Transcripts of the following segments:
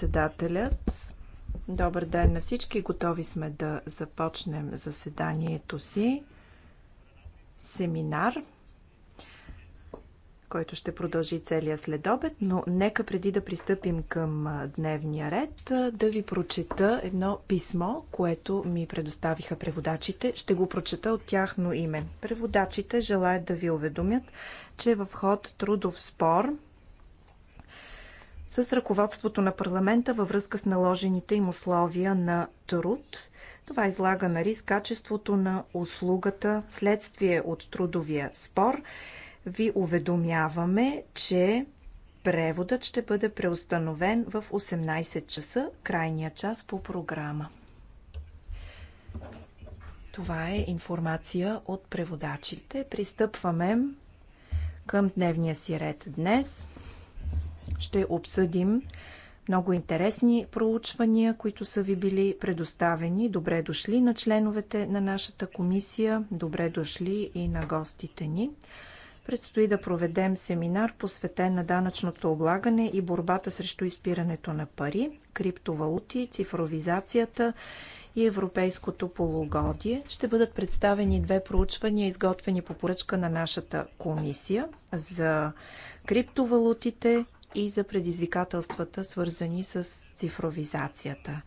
председателят. Добър ден на всички. Готови сме да започнем заседанието си. Семинар, който ще продължи целия следобед, но нека преди да пристъпим към дневния ред, да ви прочета едно писмо, което ми предоставиха преводачите. Ще го прочета от тяхно име. Преводачите желаят да ви уведомят, че е в ход трудов спор – с ръководството на парламента във връзка с наложените им условия на труд. Това излага на риск качеството на услугата следствие от трудовия спор. Ви уведомяваме, че преводът ще бъде преустановен в 18 часа, крайния час по програма. Това е информация от преводачите. Пристъпваме към дневния си ред днес – ще обсъдим много интересни проучвания, които са ви били предоставени. Добре дошли на членовете на нашата комисия, добре дошли и на гостите ни. Предстои да проведем семинар, посветен на данъчното облагане и борбата срещу изпирането на пари, криптовалути, цифровизацията и европейското полугодие. Ще бъдат представени две проучвания, изготвени по поръчка на нашата комисия за криптовалутите и за предизвикателствата, свързани с цифровизацията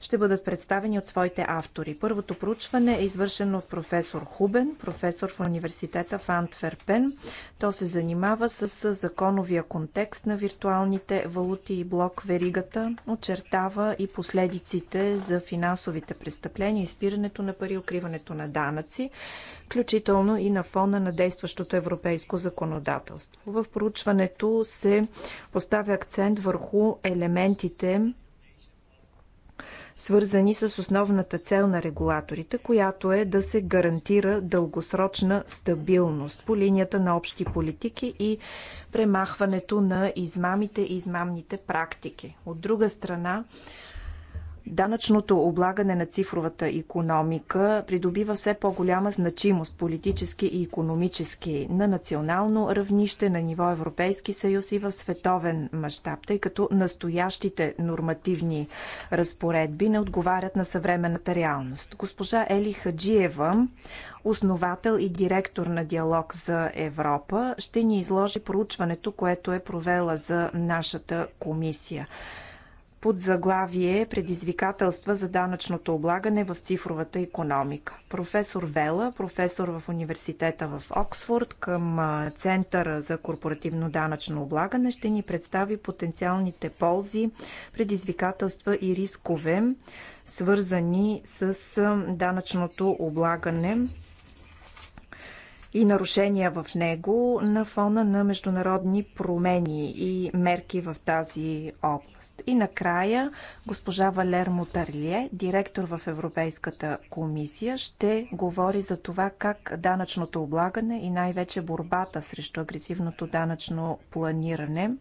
ще бъдат представени от своите автори. Първото проучване е извършено от професор Хубен, професор в университета в Антверпен. То се занимава с законовия контекст на виртуалните валути и блок веригата, очертава и последиците за финансовите престъпления, изпирането на пари, укриването на данъци, включително и на фона на действащото европейско законодателство. В проучването се поставя акцент върху елементите свързани с основната цел на регулаторите, която е да се гарантира дългосрочна стабилност по линията на общи политики и премахването на измамите и измамните практики. От друга страна, Данъчното облагане на цифровата економика придобива все по-голяма значимост политически и економически на национално равнище, на ниво Европейски съюз и в световен мащаб, тъй като настоящите нормативни разпоредби не отговарят на съвременната реалност. Госпожа Ели Хаджиева, основател и директор на Диалог за Европа, ще ни изложи проучването, което е провела за нашата комисия под заглавие Предизвикателства за данъчното облагане в цифровата економика. Професор Вела, професор в университета в Оксфорд към Центъра за корпоративно данъчно облагане, ще ни представи потенциалните ползи, предизвикателства и рискове, свързани с данъчното облагане и нарушения в него на фона на международни промени и мерки в тази област. И накрая госпожа Валер Мутарлие, директор в Европейската комисия, ще говори за това как данъчното облагане и най-вече борбата срещу агресивното данъчно планиране –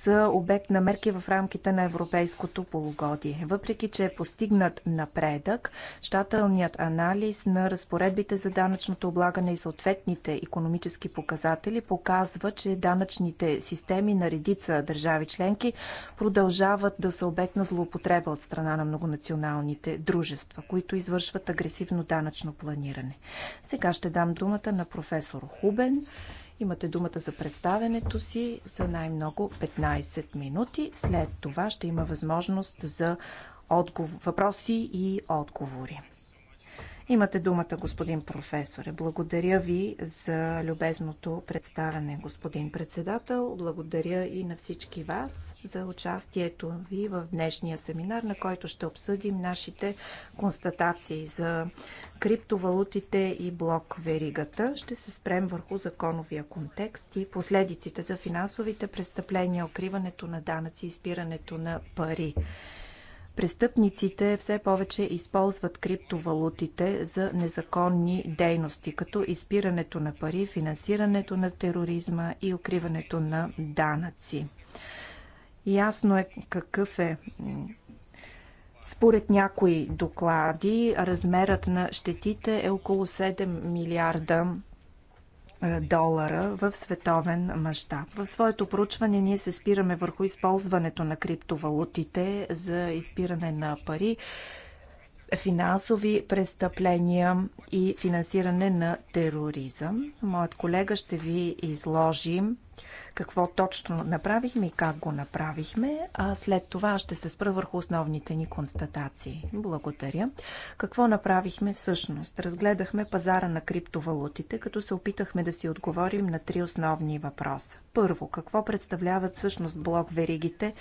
са обект на мерки в рамките на европейското полугодие. Въпреки, че е постигнат напредък, щателният анализ на разпоредбите за данъчното облагане и съответните економически показатели показва, че данъчните системи на редица държави членки продължават да са обект на злоупотреба от страна на многонационалните дружества, които извършват агресивно данъчно планиране. Сега ще дам думата на професор Хубен. Имате думата за представенето си за най-много 15 минути. След това ще има възможност за отговор... въпроси и отговори. Имате думата, господин професоре. Благодаря ви за любезното представяне, господин председател. Благодаря и на всички вас за участието ви в днешния семинар, на който ще обсъдим нашите констатации за криптовалутите и блок веригата. Ще се спрем върху законовия контекст и последиците за финансовите престъпления, укриването на данъци и спирането на пари престъпниците все повече използват криптовалутите за незаконни дейности, като изпирането на пари, финансирането на тероризма и укриването на данъци. Ясно е какъв е според някои доклади, размерът на щетите е около 7 милиарда е, долара в световен мащаб. В своето проучване ние се спираме върху използването на криптовалутите за изпиране на пари, финансови престъпления и финансиране на тероризъм. Моят колега ще ви изложи какво точно направихме и как го направихме, а след това ще се спра върху основните ни констатации. Благодаря. Какво направихме всъщност? Разгледахме пазара на криптовалутите, като се опитахме да си отговорим на три основни въпроса. Първо, какво представляват всъщност блок веригите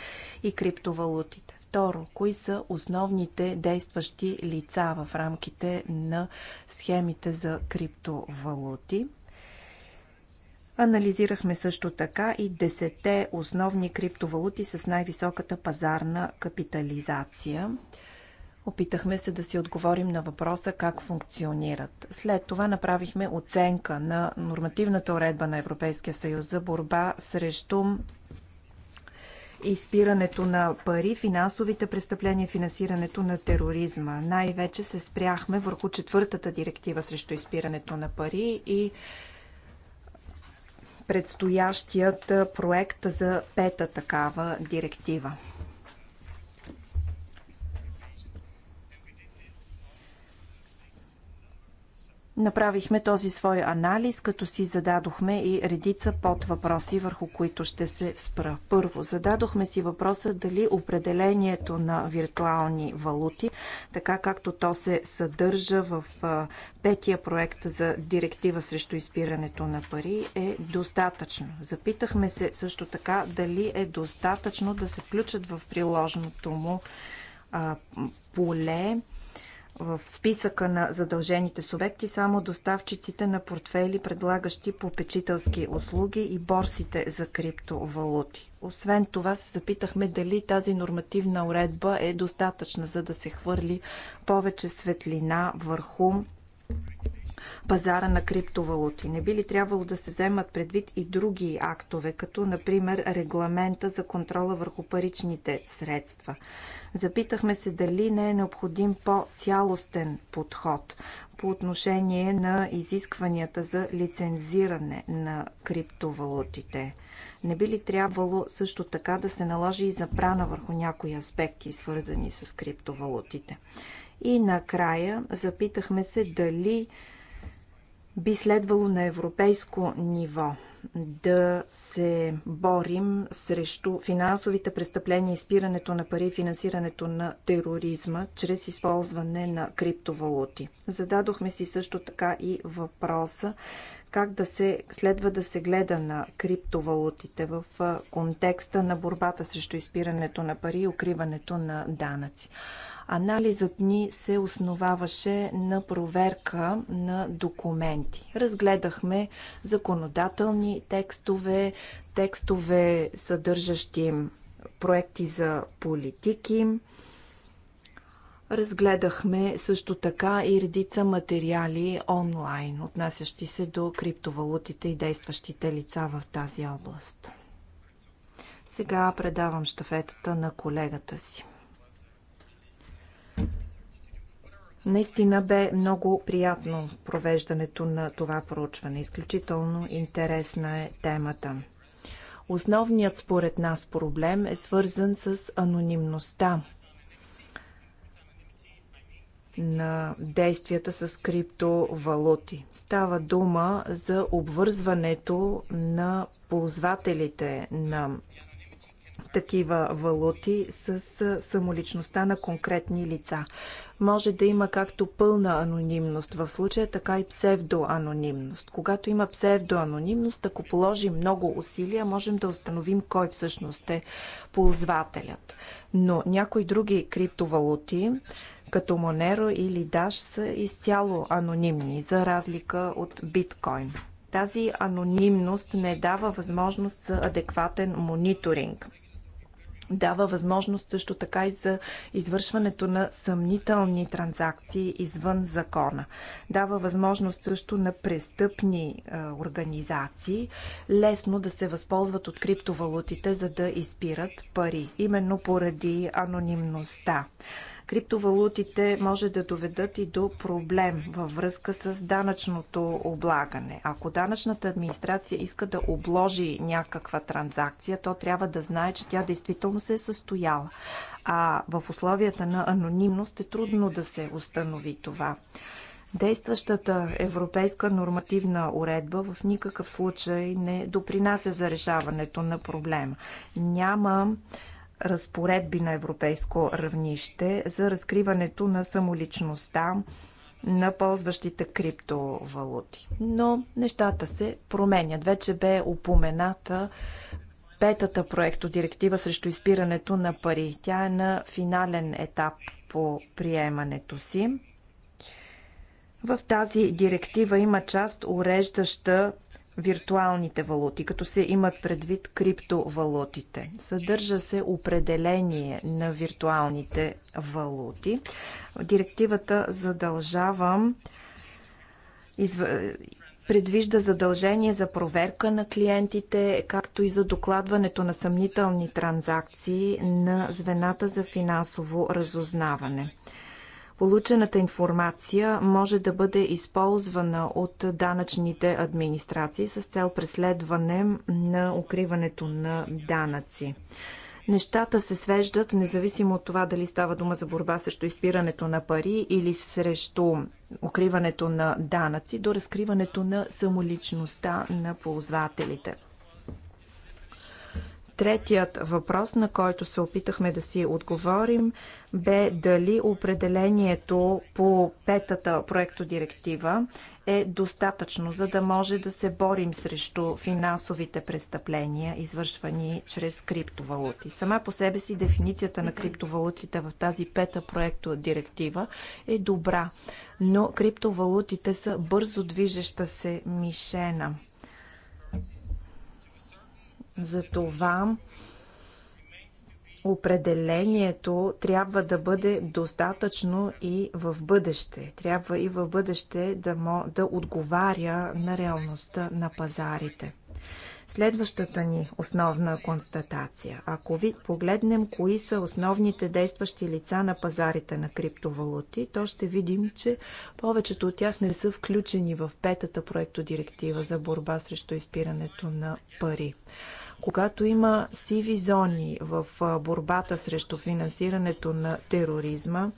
и криптовалутите? Второ, кои са основните действащи лица в рамките на схемите за криптовалути? Анализирахме също така и 10 основни криптовалути с най-високата пазарна капитализация. Опитахме се да си отговорим на въпроса как функционират. След това направихме оценка на нормативната уредба на Европейския съюз за борба срещу изпирането на пари, финансовите престъпления, финансирането на тероризма. Най-вече се спряхме върху четвъртата директива срещу изпирането на пари и предстоящият проект за пета такава директива. Направихме този свой анализ, като си зададохме и редица под въпроси, върху които ще се спра. Първо, зададохме си въпроса дали определението на виртуални валути, така както то се съдържа в петия проект за директива срещу изпирането на пари, е достатъчно. Запитахме се също така дали е достатъчно да се включат в приложното му поле в списъка на задължените субекти само доставчиците на портфели, предлагащи попечителски услуги и борсите за криптовалути. Освен това се запитахме дали тази нормативна уредба е достатъчна, за да се хвърли повече светлина върху пазара на криптовалути. Не би ли трябвало да се вземат предвид и други актове, като например регламента за контрола върху паричните средства? Запитахме се дали не е необходим по-цялостен подход по отношение на изискванията за лицензиране на криптовалутите. Не би ли трябвало също така да се наложи и забрана върху някои аспекти, свързани с криптовалутите? И накрая запитахме се дали би следвало на европейско ниво да се борим срещу финансовите престъпления, изпирането на пари и финансирането на тероризма чрез използване на криптовалути. Зададохме си също така и въпроса как да се следва да се гледа на криптовалутите в контекста на борбата срещу изпирането на пари и укриването на данъци. Анализът ни се основаваше на проверка на документи. Разгледахме законодателни текстове, текстове съдържащи проекти за политики. Разгледахме също така и редица материали онлайн, отнасящи се до криптовалутите и действащите лица в тази област. Сега предавам щафетата на колегата си. Наистина бе много приятно провеждането на това проучване. Изключително интересна е темата. Основният според нас проблем е свързан с анонимността на действията с криптовалути. Става дума за обвързването на ползвателите на такива валути с самоличността на конкретни лица. Може да има както пълна анонимност в случая, така и псевдоанонимност. Когато има псевдоанонимност, ако положим много усилия, можем да установим кой всъщност е ползвателят. Но някои други криптовалути, като Monero или Dash, са изцяло анонимни, за разлика от биткоин. Тази анонимност не дава възможност за адекватен мониторинг дава възможност също така и за извършването на съмнителни транзакции извън закона. Дава възможност също на престъпни а, организации лесно да се възползват от криптовалутите, за да изпират пари, именно поради анонимността криптовалутите може да доведат и до проблем във връзка с данъчното облагане. Ако данъчната администрация иска да обложи някаква транзакция, то трябва да знае, че тя действително се е състояла. А в условията на анонимност е трудно да се установи това. Действащата европейска нормативна уредба в никакъв случай не допринася за решаването на проблема. Няма разпоредби на европейско равнище за разкриването на самоличността на ползващите криптовалути. Но нещата се променят. Вече бе упомената петата проекто директива срещу изпирането на пари. Тя е на финален етап по приемането си. В тази директива има част, уреждаща виртуалните валути, като се имат предвид криптовалутите. Съдържа се определение на виртуалните валути. Директивата задължава изв... предвижда задължение за проверка на клиентите, както и за докладването на съмнителни транзакции на звената за финансово разузнаване. Получената информация може да бъде използвана от данъчните администрации с цел преследване на укриването на данъци. Нещата се свеждат, независимо от това дали става дума за борба срещу изпирането на пари или срещу укриването на данъци, до разкриването на самоличността на ползвателите. Третият въпрос, на който се опитахме да си отговорим, бе дали определението по петата проектодиректива е достатъчно, за да може да се борим срещу финансовите престъпления, извършвани чрез криптовалути. Сама по себе си дефиницията на криптовалутите в тази пета проекто директива е добра, но криптовалутите са бързо движеща се мишена – затова определението трябва да бъде достатъчно и в бъдеще. Трябва и в бъдеще да, да отговаря на реалността на пазарите. Следващата ни основна констатация. Ако ви погледнем кои са основните действащи лица на пазарите на криптовалути, то ще видим, че повечето от тях не са включени в петата проекто директива за борба срещу изпирането на пари. Когато има сиви зони в борбата срещу финансирането на тероризма,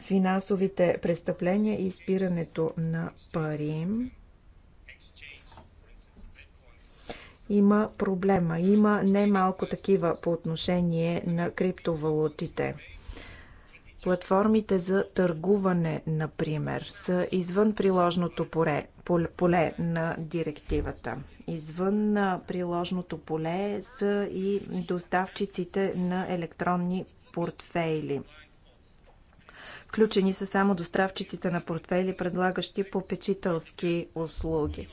финансовите престъпления и изпирането на пари, има проблема. Има немалко такива по отношение на криптовалутите. Платформите за търгуване, например, са извън приложното поле, поле на директивата извън приложното поле са и доставчиците на електронни портфейли. Включени са само доставчиците на портфейли, предлагащи попечителски услуги.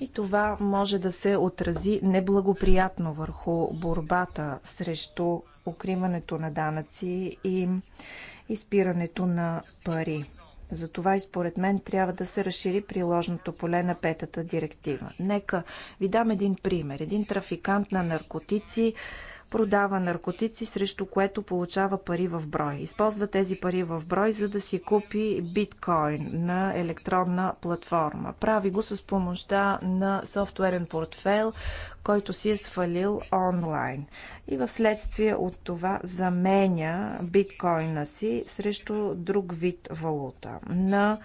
И това може да се отрази неблагоприятно върху борбата срещу укриването на данъци и изпирането на пари. Затова и според мен трябва да се разшири приложното поле на петата директива. Нека ви дам един пример. Един трафикант на наркотици продава наркотици, срещу което получава пари в брой. Използва тези пари в брой, за да си купи биткоин на електронна платформа. Прави го с помощта на софтуерен портфел, който си е свалил онлайн. И в следствие от това заменя биткоина си срещу друг вид валута на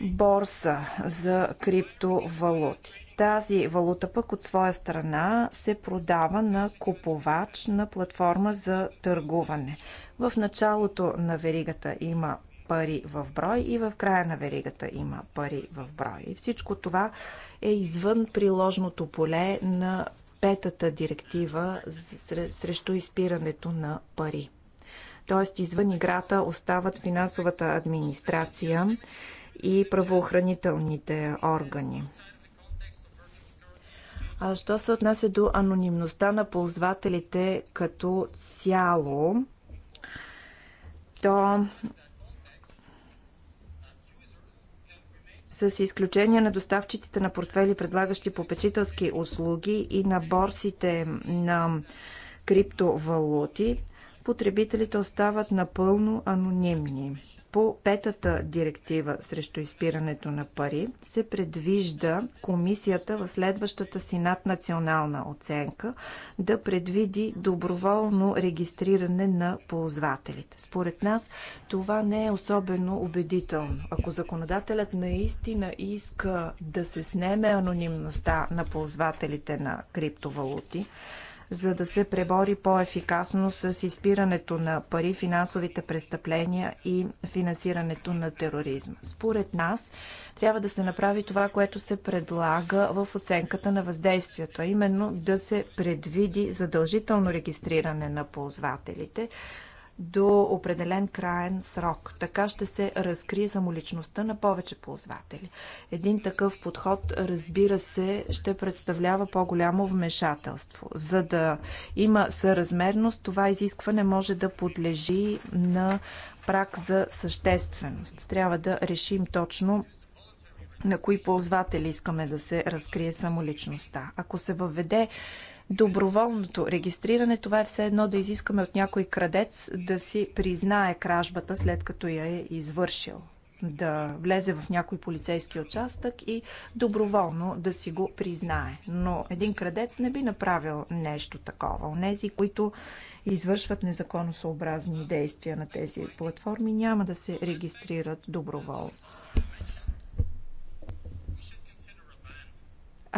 борса за криптовалути. Тази валута пък от своя страна се продава на купувач на платформа за търгуване. В началото на веригата има пари в брой и в края на веригата има пари в брой. И всичко това е извън приложното поле на петата директива срещу изпирането на пари. Тоест извън играта остават финансовата администрация и правоохранителните органи. А що се отнася до анонимността на ползвателите като цяло, то с изключение на доставчиците на портфели, предлагащи попечителски услуги и на борсите на криптовалути, потребителите остават напълно анонимни. По петата директива срещу изпирането на пари се предвижда комисията в следващата си наднационална оценка да предвиди доброволно регистриране на ползвателите. Според нас това не е особено убедително. Ако законодателят наистина иска да се снеме анонимността на ползвателите на криптовалути, за да се пребори по-ефикасно с изпирането на пари, финансовите престъпления и финансирането на тероризма. Според нас трябва да се направи това, което се предлага в оценката на въздействието, а именно да се предвиди задължително регистриране на ползвателите, до определен краен срок. Така ще се разкрие самоличността на повече ползватели. Един такъв подход, разбира се, ще представлява по-голямо вмешателство. За да има съразмерност, това изискване може да подлежи на прак за същественост. Трябва да решим точно на кои ползватели искаме да се разкрие самоличността. Ако се въведе доброволното регистриране, това е все едно да изискаме от някой крадец да си признае кражбата след като я е извършил. Да влезе в някой полицейски участък и доброволно да си го признае. Но един крадец не би направил нещо такова. Онези, които извършват незаконосъобразни действия на тези платформи, няма да се регистрират доброволно.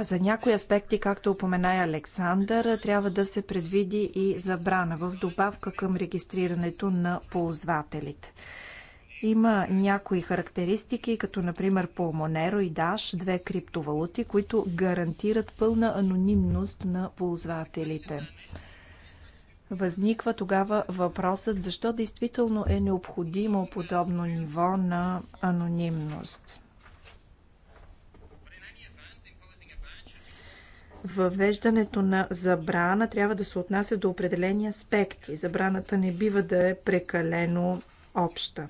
А за някои аспекти, както упомена и Александър, трябва да се предвиди и забрана в добавка към регистрирането на ползвателите. Има някои характеристики, като например по Monero и Dash, две криптовалути, които гарантират пълна анонимност на ползвателите. Възниква тогава въпросът защо действително е необходимо подобно ниво на анонимност. въвеждането на забрана трябва да се отнася до определени аспекти. Забраната не бива да е прекалено обща.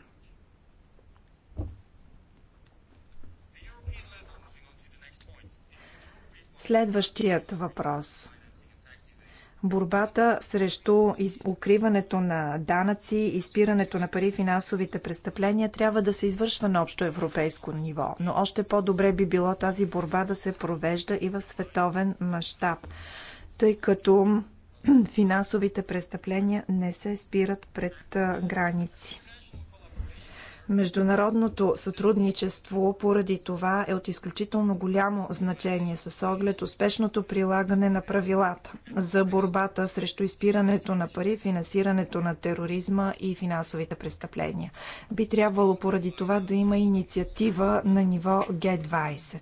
Следващият въпрос борбата срещу укриването на данъци, изпирането на пари, финансовите престъпления трябва да се извършва на общо европейско ниво, но още по-добре би било тази борба да се провежда и в световен мащаб, тъй като финансовите престъпления не се спират пред граници. Международното сътрудничество поради това е от изключително голямо значение с оглед успешното прилагане на правилата за борбата срещу изпирането на пари, финансирането на тероризма и финансовите престъпления. Би трябвало поради това да има инициатива на ниво g 20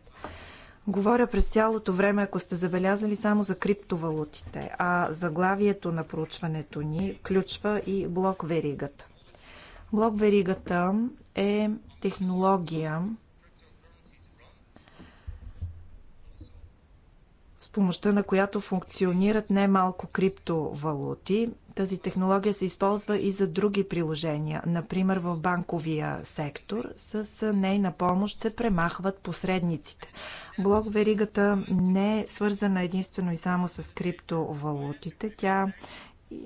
Говоря през цялото време, ако сте забелязали, само за криптовалутите, а заглавието на проучването ни включва и блок веригата. Блок веригата е технология, с помощта на която функционират немалко криптовалути. Тази технология се използва и за други приложения, например в банковия сектор. С нейна помощ се премахват посредниците. Блок веригата не е свързана единствено и само с криптовалутите. Тя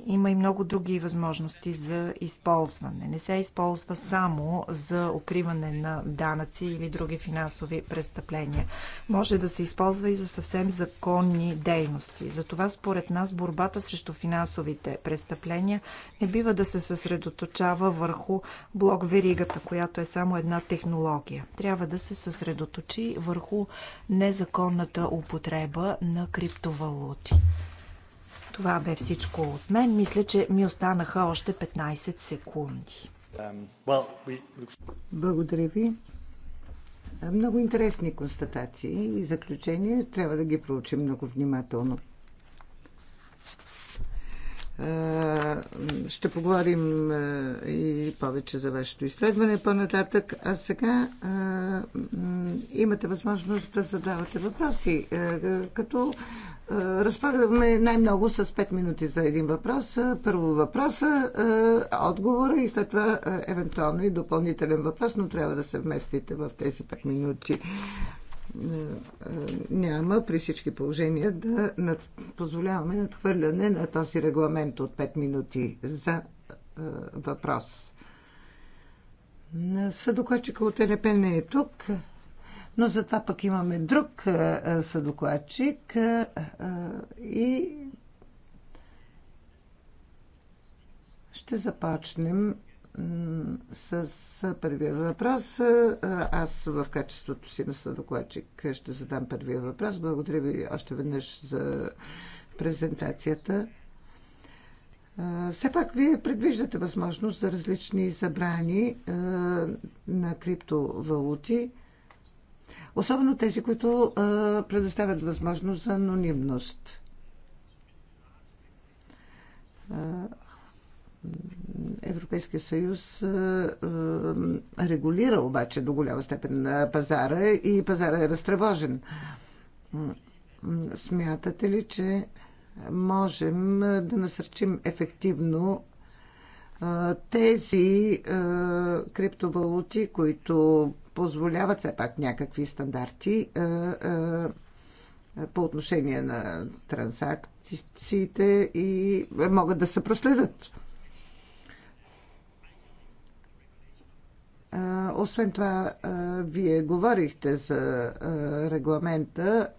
има и много други възможности за използване. Не се използва само за укриване на данъци или други финансови престъпления. Може да се използва и за съвсем законни дейности. Затова според нас борбата срещу финансовите престъпления не бива да се съсредоточава върху блок веригата, която е само една технология. Трябва да се съсредоточи върху незаконната употреба на криптовалути. Това бе всичко от мен. Мисля, че ми останаха още 15 секунди. Um, Благодаря ви. Много интересни констатации и заключения. Трябва да ги проучим много внимателно. Ще поговорим и повече за вашето изследване по-нататък. А сега имате възможност да задавате въпроси, като е, разполагаме най-много с 5 минути за един въпрос. Е, първо въпроса, е, отговора и след това евентуално и допълнителен въпрос, но трябва да се вместите в тези 5 минути. Няма при всички положения да над... позволяваме надхвърляне на този регламент от 5 минути за въпрос. Съдокладчика от ЕРП не е тук но затова пък имаме друг е, е, съдокладчик е, и ще започнем с първия въпрос. Аз в качеството си на съдокладчик ще задам първия въпрос. Благодаря ви още веднъж за презентацията. Все пак вие предвиждате възможност за различни забрани на криптовалути особено тези, които предоставят възможност за анонимност. Европейския съюз регулира обаче до голяма степен пазара и пазара е разтревожен. Смятате ли, че можем да насърчим ефективно тези криптовалути, които позволяват все пак някакви стандарти по отношение на транзакциите и могат да се проследят. Освен това, вие говорихте за регламента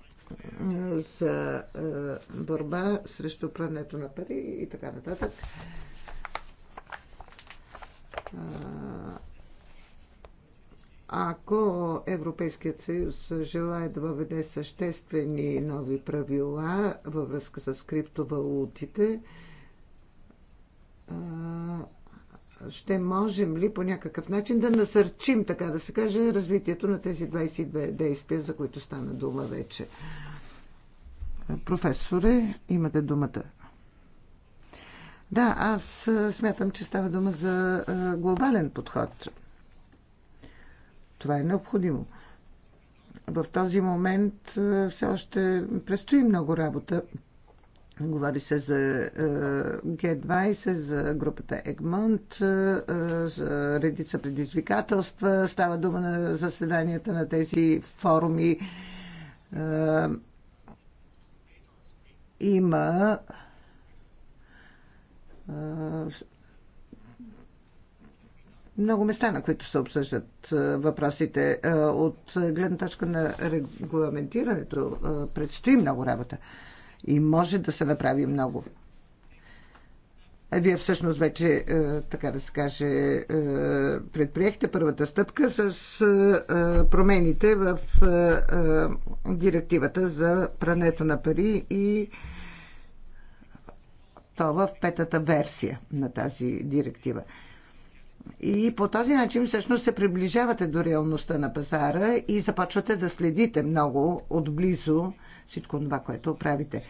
за борба срещу прането на пари и така нататък. Ако Европейският съюз желая да въведе съществени нови правила във връзка с криптовалутите, ще можем ли по някакъв начин да насърчим, така да се каже, развитието на тези 22 действия, за които стана дума вече? Професоре, имате думата. Да, аз смятам, че става дума за глобален подход. Това е необходимо. В този момент е, все още предстои много работа. Говори се за g е, 20 за групата Егмонт, е, за редица предизвикателства. Става дума на заседанията на тези форуми. Има много места, на които се обсъждат въпросите. От гледна точка на регламентирането предстои много работа и може да се направи много. Вие всъщност вече, така да се каже, предприехте първата стъпка с промените в директивата за прането на пари и то в петата версия на тази директива. И по този начин всъщност се приближавате до реалността на пазара и започвате да следите много отблизо всичко това, което правите.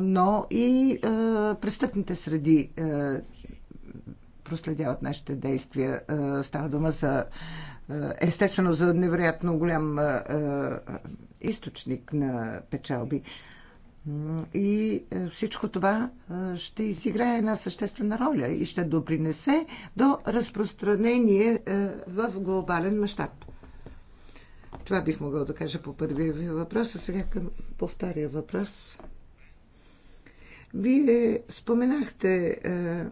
Но и престъпните среди проследяват нашите действия. Става дума за естествено за невероятно голям източник на печалби. И е, всичко това е, ще изиграе една съществена роля и ще допринесе до разпространение е, в глобален мащаб. Това бих могъл да кажа по първия ви въпрос, а сега към по втория въпрос. Вие споменахте е,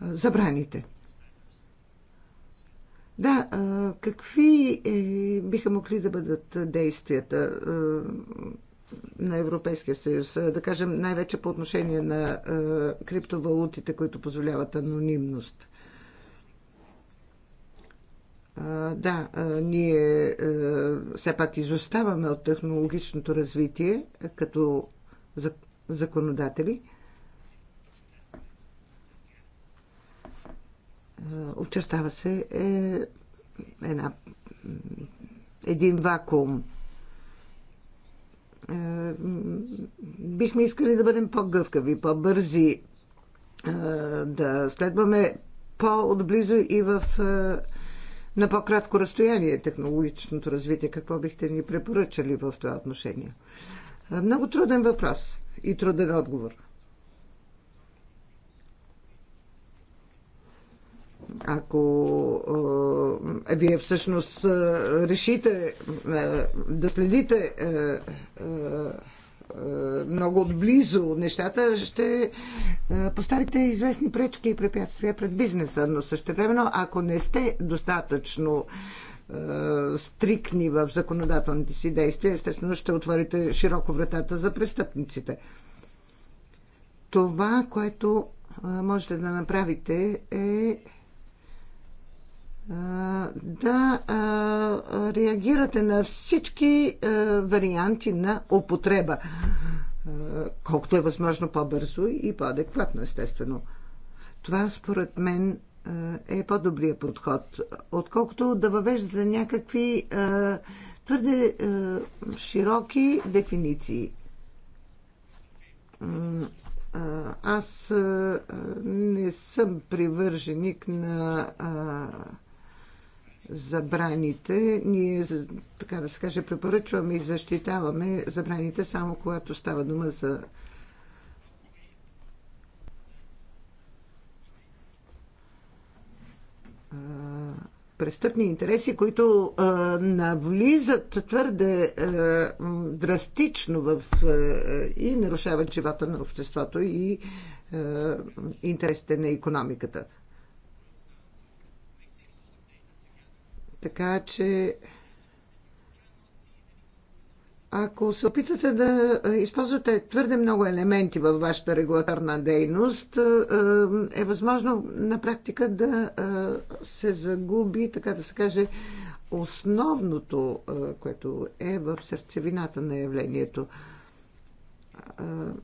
забраните. Да, е, какви е, биха могли да бъдат действията? Е, на Европейския съюз, е, да кажем най-вече по отношение на е, криптовалутите, които позволяват анонимност. Е, да, е, ние е, все пак изоставаме от технологичното развитие като законодатели. Е, очертава се е, една, един вакуум е, бихме искали да бъдем по-гъвкави, по-бързи, е, да следваме по-отблизо и в, е, на по-кратко разстояние технологичното развитие. Какво бихте ни препоръчали в това отношение? Много труден въпрос и труден отговор. ако е, вие всъщност е, решите е, да следите е, е, е много отблизо нещата, ще е, поставите известни пречки и препятствия пред бизнеса, но времено, ако не сте достатъчно е, стрикни в законодателните си действия, естествено ще отворите широко вратата за престъпниците. Това, което можете да направите е да реагирате на всички варианти на употреба, колкото е възможно по-бързо и по-адекватно, естествено. Това, според мен, е по-добрият подход, отколкото да въвеждате някакви твърде широки дефиниции. Аз не съм привърженик на забраните. Ние, така да се каже, препоръчваме и защитаваме забраните само когато става дума за престъпни интереси, които а, навлизат твърде а, драстично в, а, и нарушават живота на обществото и а, интересите на економиката. Така че ако се опитате да използвате твърде много елементи във вашата регулаторна дейност, е, е възможно на практика да е, се загуби, така да се каже, основното, е, което е в сърцевината на явлението.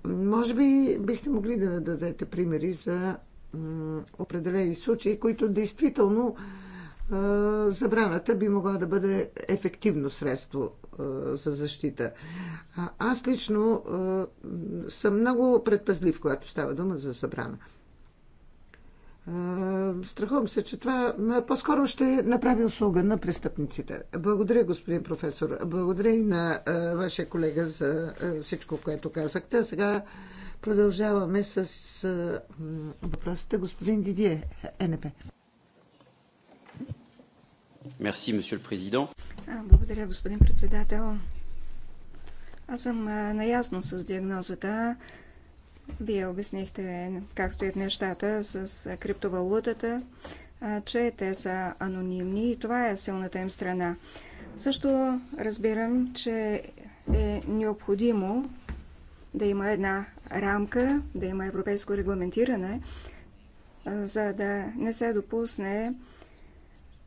Може би бихте могли да дадете примери за определени случаи, които действително забраната би могла да бъде ефективно средство за защита. Аз лично съм много предпазлив, когато става дума за забрана. Страхувам се, че това по-скоро ще направи услуга на престъпниците. Благодаря, господин професор. Благодаря и на вашия колега за всичко, което казахте. А сега продължаваме с въпросите. Господин Дидие, е НП. Благодаря, господин председател. Аз съм наясно с диагнозата. Вие обяснихте как стоят нещата с криптовалутата, че те са анонимни и това е силната им страна. Също разбирам, че е необходимо да има една рамка, да има европейско регламентиране, за да не се допусне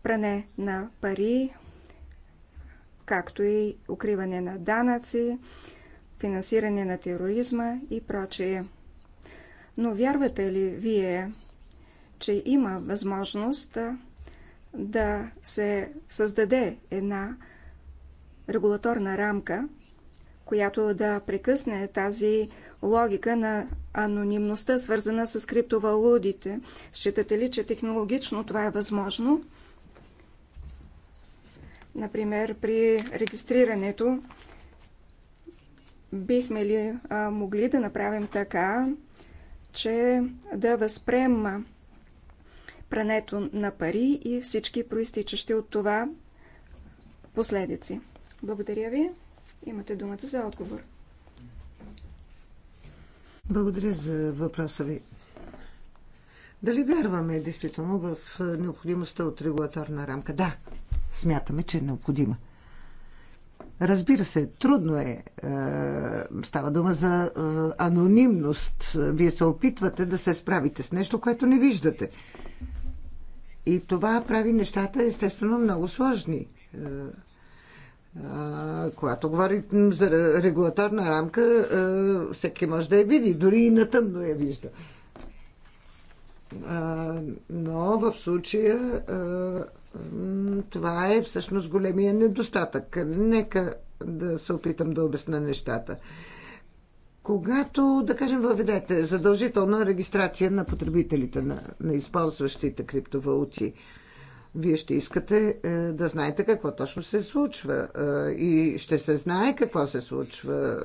пране на пари, както и укриване на данъци, финансиране на тероризма и прочее. Но вярвате ли вие, че има възможност да се създаде една регулаторна рамка, която да прекъсне тази логика на анонимността, свързана с криптовалудите. Считате ли, че технологично това е възможно? Например, при регистрирането бихме ли могли да направим така, че да възпрем прането на пари и всички проистичащи от това последици. Благодаря ви. Имате думата за отговор. Благодаря за въпроса ви. Дали вярваме действително в необходимостта от регулаторна рамка? Да, смятаме, че е необходима. Разбира се, трудно е. е става дума за е, анонимност. Вие се опитвате да се справите с нещо, което не виждате. И това прави нещата, естествено, много сложни. Е, когато говорим за регулаторна рамка, всеки може да я види, дори и на тъмно я вижда. Но в случая това е всъщност големия недостатък. Нека да се опитам да обясна нещата. Когато, да кажем, въведете задължителна регистрация на потребителите, на, на използващите криптовалути, вие ще искате е, да знаете какво точно се случва е, и ще се знае какво се случва.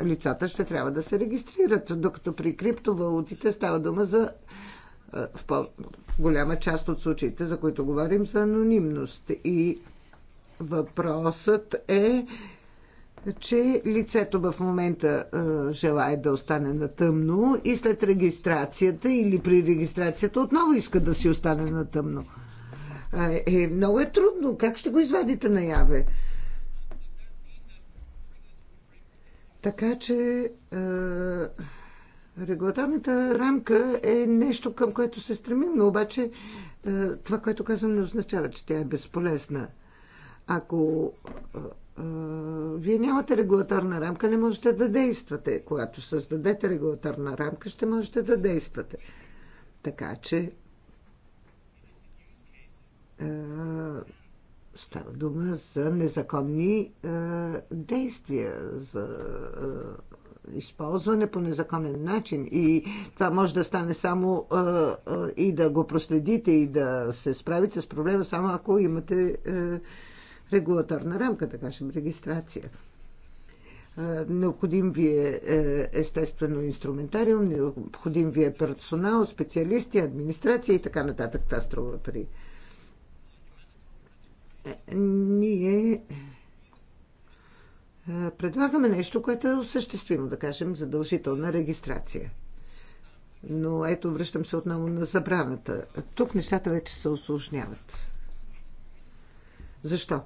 Е, лицата ще трябва да се регистрират, докато при криптовалутите става дума за е, в голяма част от случаите, за които говорим, за анонимност. И въпросът е, че лицето в момента е, желая да остане на тъмно и след регистрацията или при регистрацията отново иска да си остане на тъмно. Е, е, много е трудно. Как ще го извадите наяве? Така че. Е, Регулаторната рамка е нещо, към което се стремим, но обаче е, това, което казвам, не означава, че тя е безполезна. Ако е, е, вие нямате регулаторна рамка, не можете да действате. Когато създадете регулаторна рамка, ще можете да действате. Така че става дума за незаконни действия, за използване по незаконен начин. И това може да стане само и да го проследите и да се справите с проблема, само ако имате регулаторна рамка, да кажем, регистрация. Необходим ви е, е естествено инструментариум, необходим ви е персонал, специалисти, администрация и така нататък. Това струва пари. Е, ние е, предлагаме нещо, което е осъществимо, да кажем, задължителна регистрация. Но ето, връщам се отново на забраната. Тук нещата вече се осложняват. Защо?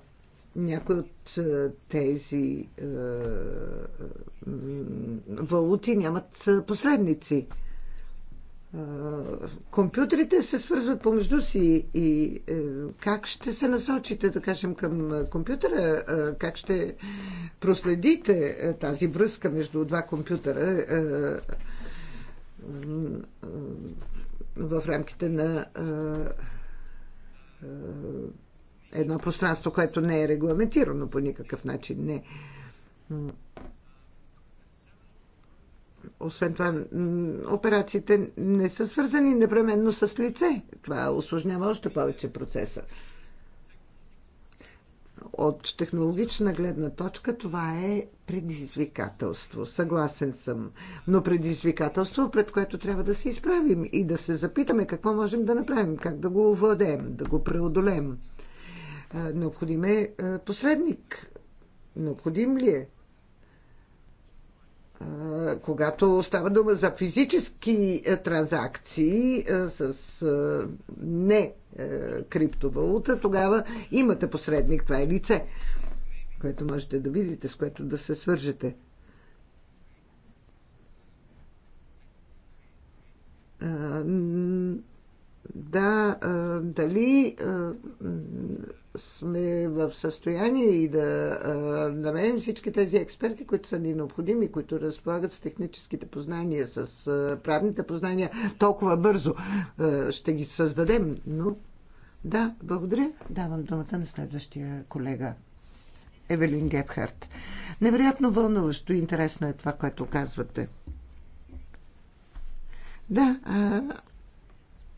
Някои от е, тези е, валути нямат е, посредници компютрите се свързват помежду си и е, как ще се насочите, да кажем, към компютъра, как ще проследите е, тази връзка между два компютъра е, в рамките на едно пространство, което не е регламентирано по никакъв начин. Не. Освен това, операциите не са свързани непременно с лице. Това осложнява още повече процеса. От технологична гледна точка това е предизвикателство. Съгласен съм. Но предизвикателство, пред което трябва да се изправим и да се запитаме какво можем да направим, как да го владеем, да го преодолеем. Необходим е посредник. Необходим ли е? когато става дума за физически е, транзакции е, с е, не криптовалута, тогава имате посредник, това е лице, което можете да видите, с което да се свържете. Да, дали сме в състояние и да намерим всички тези експерти, които са ни необходими, които разполагат с техническите познания, с правните познания, толкова бързо ще ги създадем. Но да, благодаря. Давам думата на следващия колега. Евелин Гепхарт. Невероятно вълнуващо и интересно е това, което казвате. Да,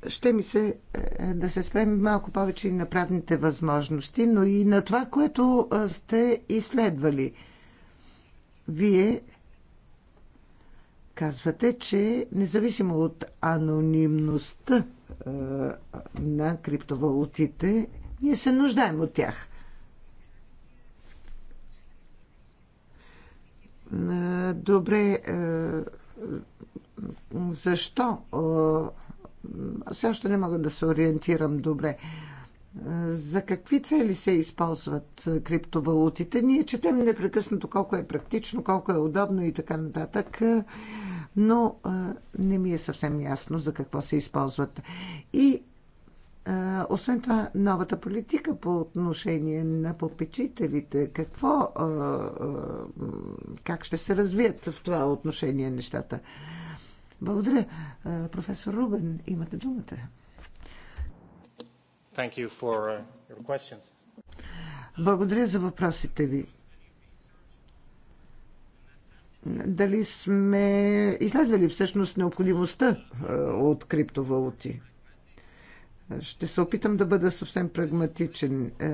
ще ми се е, да се спрем малко повече и на правните възможности, но и на това, което е, сте изследвали. Вие казвате, че независимо от анонимността е, на криптовалутите, ние се нуждаем от тях. Добре, защо все още не мога да се ориентирам добре. За какви цели се използват криптовалутите? Ние четем непрекъснато колко е практично, колко е удобно и така нататък, но не ми е съвсем ясно за какво се използват. И освен това, новата политика по отношение на попечителите, какво, как ще се развият в това отношение нещата? Благодаря. Професор Рубен, имате думата. Thank you for uh, your questions. Благодаря за въпросите ви. Дали сме изследвали всъщност необходимостта от криптовалути? Ще се опитам да бъда съвсем прагматичен. Е,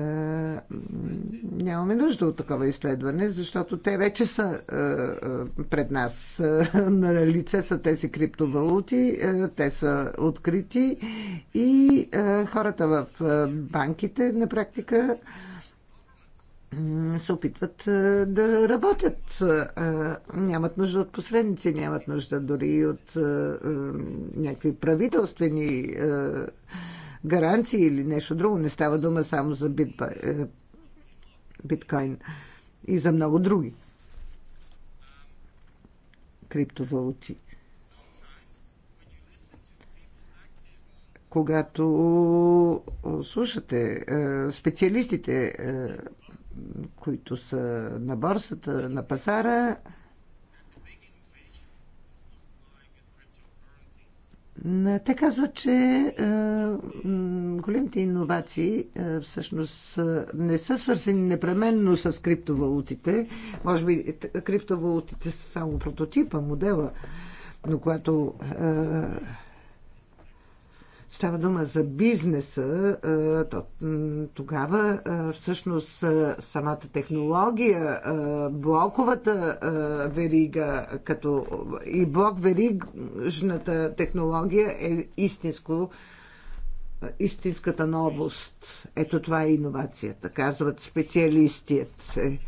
нямаме нужда от такова изследване, защото те вече са е, е, пред нас. На лице са тези криптовалути, те са открити и хората в банките на практика се опитват да работят. Нямат нужда от посредници, нямат нужда дори и от някакви правителствени гаранции или нещо друго. Не става дума само за е, биткоин и за много други криптовалути. Когато слушате е, специалистите, е, които са на борсата, на пазара, Те казват, че е, големите иновации е, всъщност е, не са свързани непременно с криптовалутите. Може би е, криптовалутите са само прототипа, модела, но когато е, става дума за бизнеса, то, тогава всъщност самата технология, блоковата верига като и блок верижната технология е истинско истинската новост. Ето това е иновацията, казват специалистият. Е,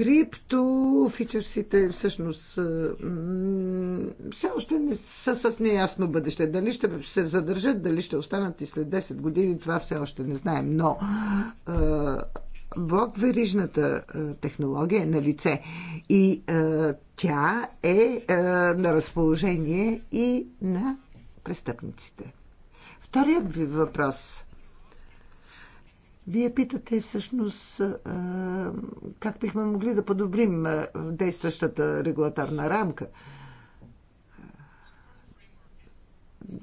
Крипто, криптофичерсите всъщност все още не са с неясно бъдеще. Дали ще се задържат, дали ще останат и след 10 години, това все още не знаем. Но блокверижната технология е на лице и тя е на разположение и на престъпниците. Вторият ви въпрос – вие питате всъщност как бихме могли да подобрим действащата регулаторна рамка.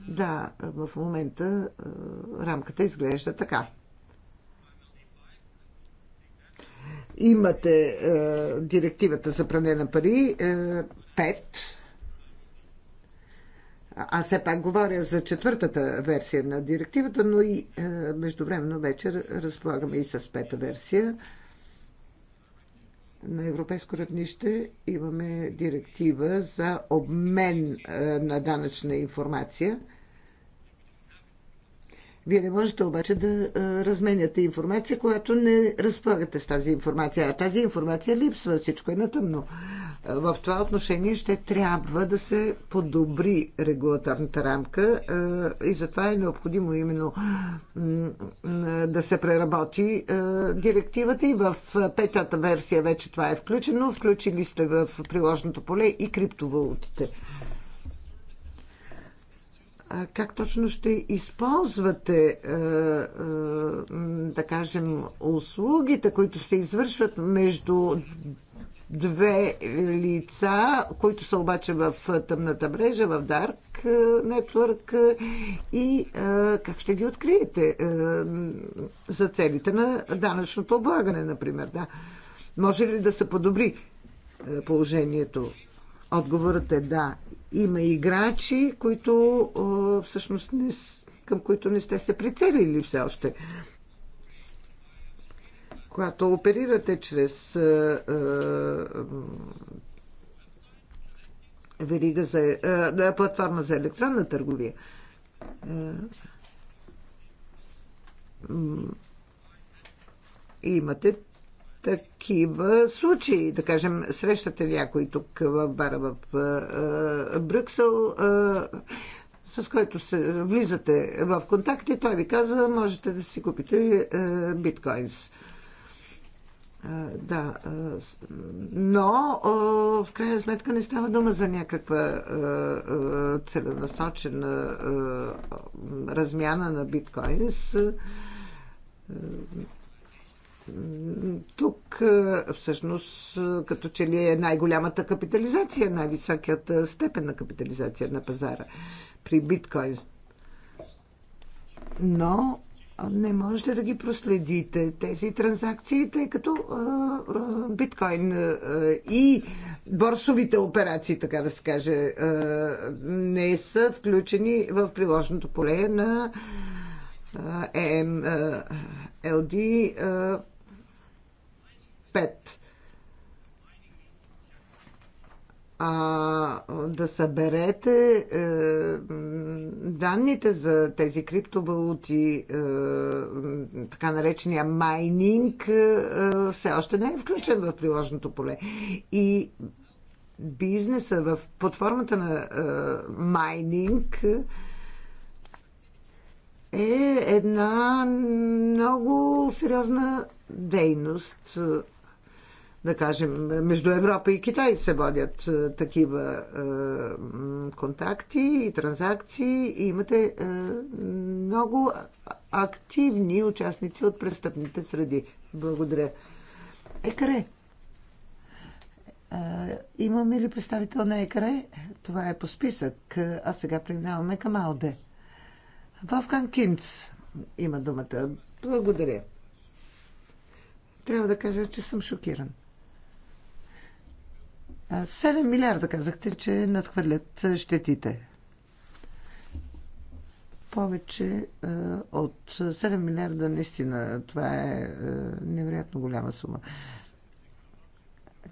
Да, в момента рамката изглежда така. Имате директивата за пране на пари 5 аз все пак говоря за четвъртата версия на директивата, но и е, междувременно вече разполагаме и с пета версия. На европейско равнище имаме директива за обмен е, на данъчна информация. Вие не можете обаче да е, разменяте информация, която не разполагате с тази информация. А тази информация липсва, всичко е на тъмно. В това отношение ще трябва да се подобри регулаторната рамка е, и затова е необходимо именно да се преработи е, директивата и в петата версия вече това е включено. Включили сте в приложното поле и криптовалутите. как точно ще използвате, е, да кажем, услугите, които се извършват между две лица, които са обаче в тъмната мрежа, в Dark е, Network е, и е, как ще ги откриете за целите на данъчното облагане, например. Да. Може ли да се подобри положението? Отговорът е да. Има играчи, които всъщност не, към които не сте се прицелили все още когато оперирате чрез е, е, верига за, е, платформа за електронна търговия, имате такива случаи. Да кажем, срещате някой тук в бара в Брюксел, с който се влизате в контакти, той ви каза, можете да си купите биткоинс да, но в крайна сметка не става дума за някаква целенасочена размяна на биткоинс. Тук всъщност като че ли е най-голямата капитализация, най-високият степен на капитализация на пазара при биткоин. Но не можете да ги проследите тези транзакции, тъй като биткоин и борсовите операции, така да се каже, не са включени в приложното поле на а, 5. а да съберете е, данните за тези криптовалути, е, така наречения майнинг, е, все още не е включен в приложното поле. И бизнеса в, платформата на е, майнинг е една много сериозна дейност да кажем, между Европа и Китай се водят е, такива е, контакти и транзакции и имате е, много активни участници от престъпните среди. Благодаря. Екаре. Имаме ли представител на Екаре? Това е по списък. А сега преминаваме към Алде. Вовкан Кинц има думата. Благодаря. Трябва да кажа, че съм шокиран. 7 милиарда казахте, че надхвърлят щетите. Повече от 7 милиарда наистина. Това е невероятно голяма сума.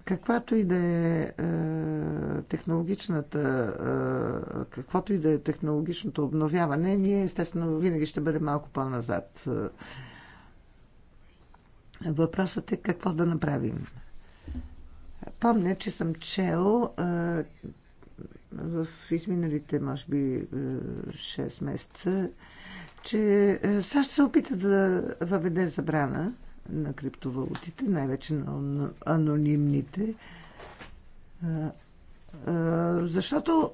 Каквато и да е, технологичната, каквото и да е технологичното обновяване, ние естествено винаги ще бъдем малко по-назад. Въпросът е какво да направим спомня, че съм чел в изминалите, може би, 6 месеца, че САЩ се опита да въведе забрана на криптовалутите, най-вече на анонимните, защото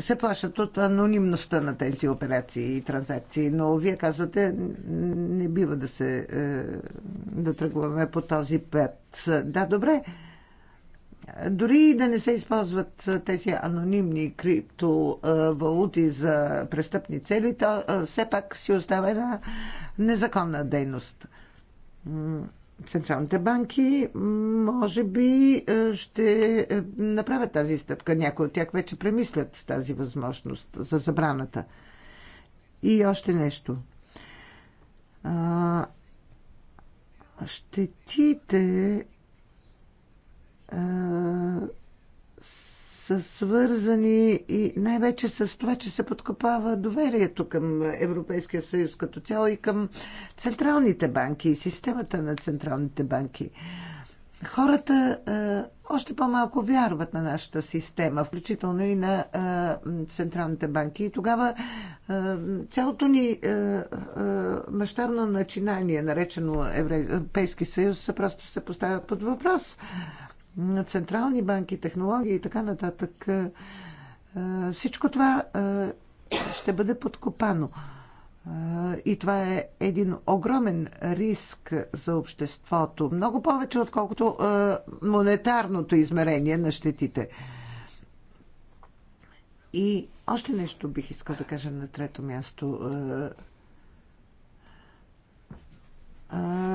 се плащат от анонимността на тези операции и транзакции. Но вие казвате, не бива да се е, да тръгваме по този път. Да, добре. Дори да не се използват е, тези анонимни криптовалути за престъпни цели, то е, все пак си остава една незаконна дейност централните банки може би е, ще е, направят тази стъпка. Някои от тях вече премислят тази възможност за забраната. И още нещо. А, щетите а, са свързани и най-вече с това, че се подкопава доверието към Европейския съюз като цяло и към централните банки и системата на централните банки. Хората а, е, още по-малко вярват на нашата система, включително и на а, е, централните банки. И тогава а, е, цялото ни мащабно начинание, наречено Европейски съюз, просто се поставя под въпрос. На централни банки, технологии и така нататък. Е, е, всичко това е, ще бъде подкопано. И това е един огромен риск за обществото, много повече отколкото монетарното измерение на щетите. И още нещо бих искал да кажа на трето място.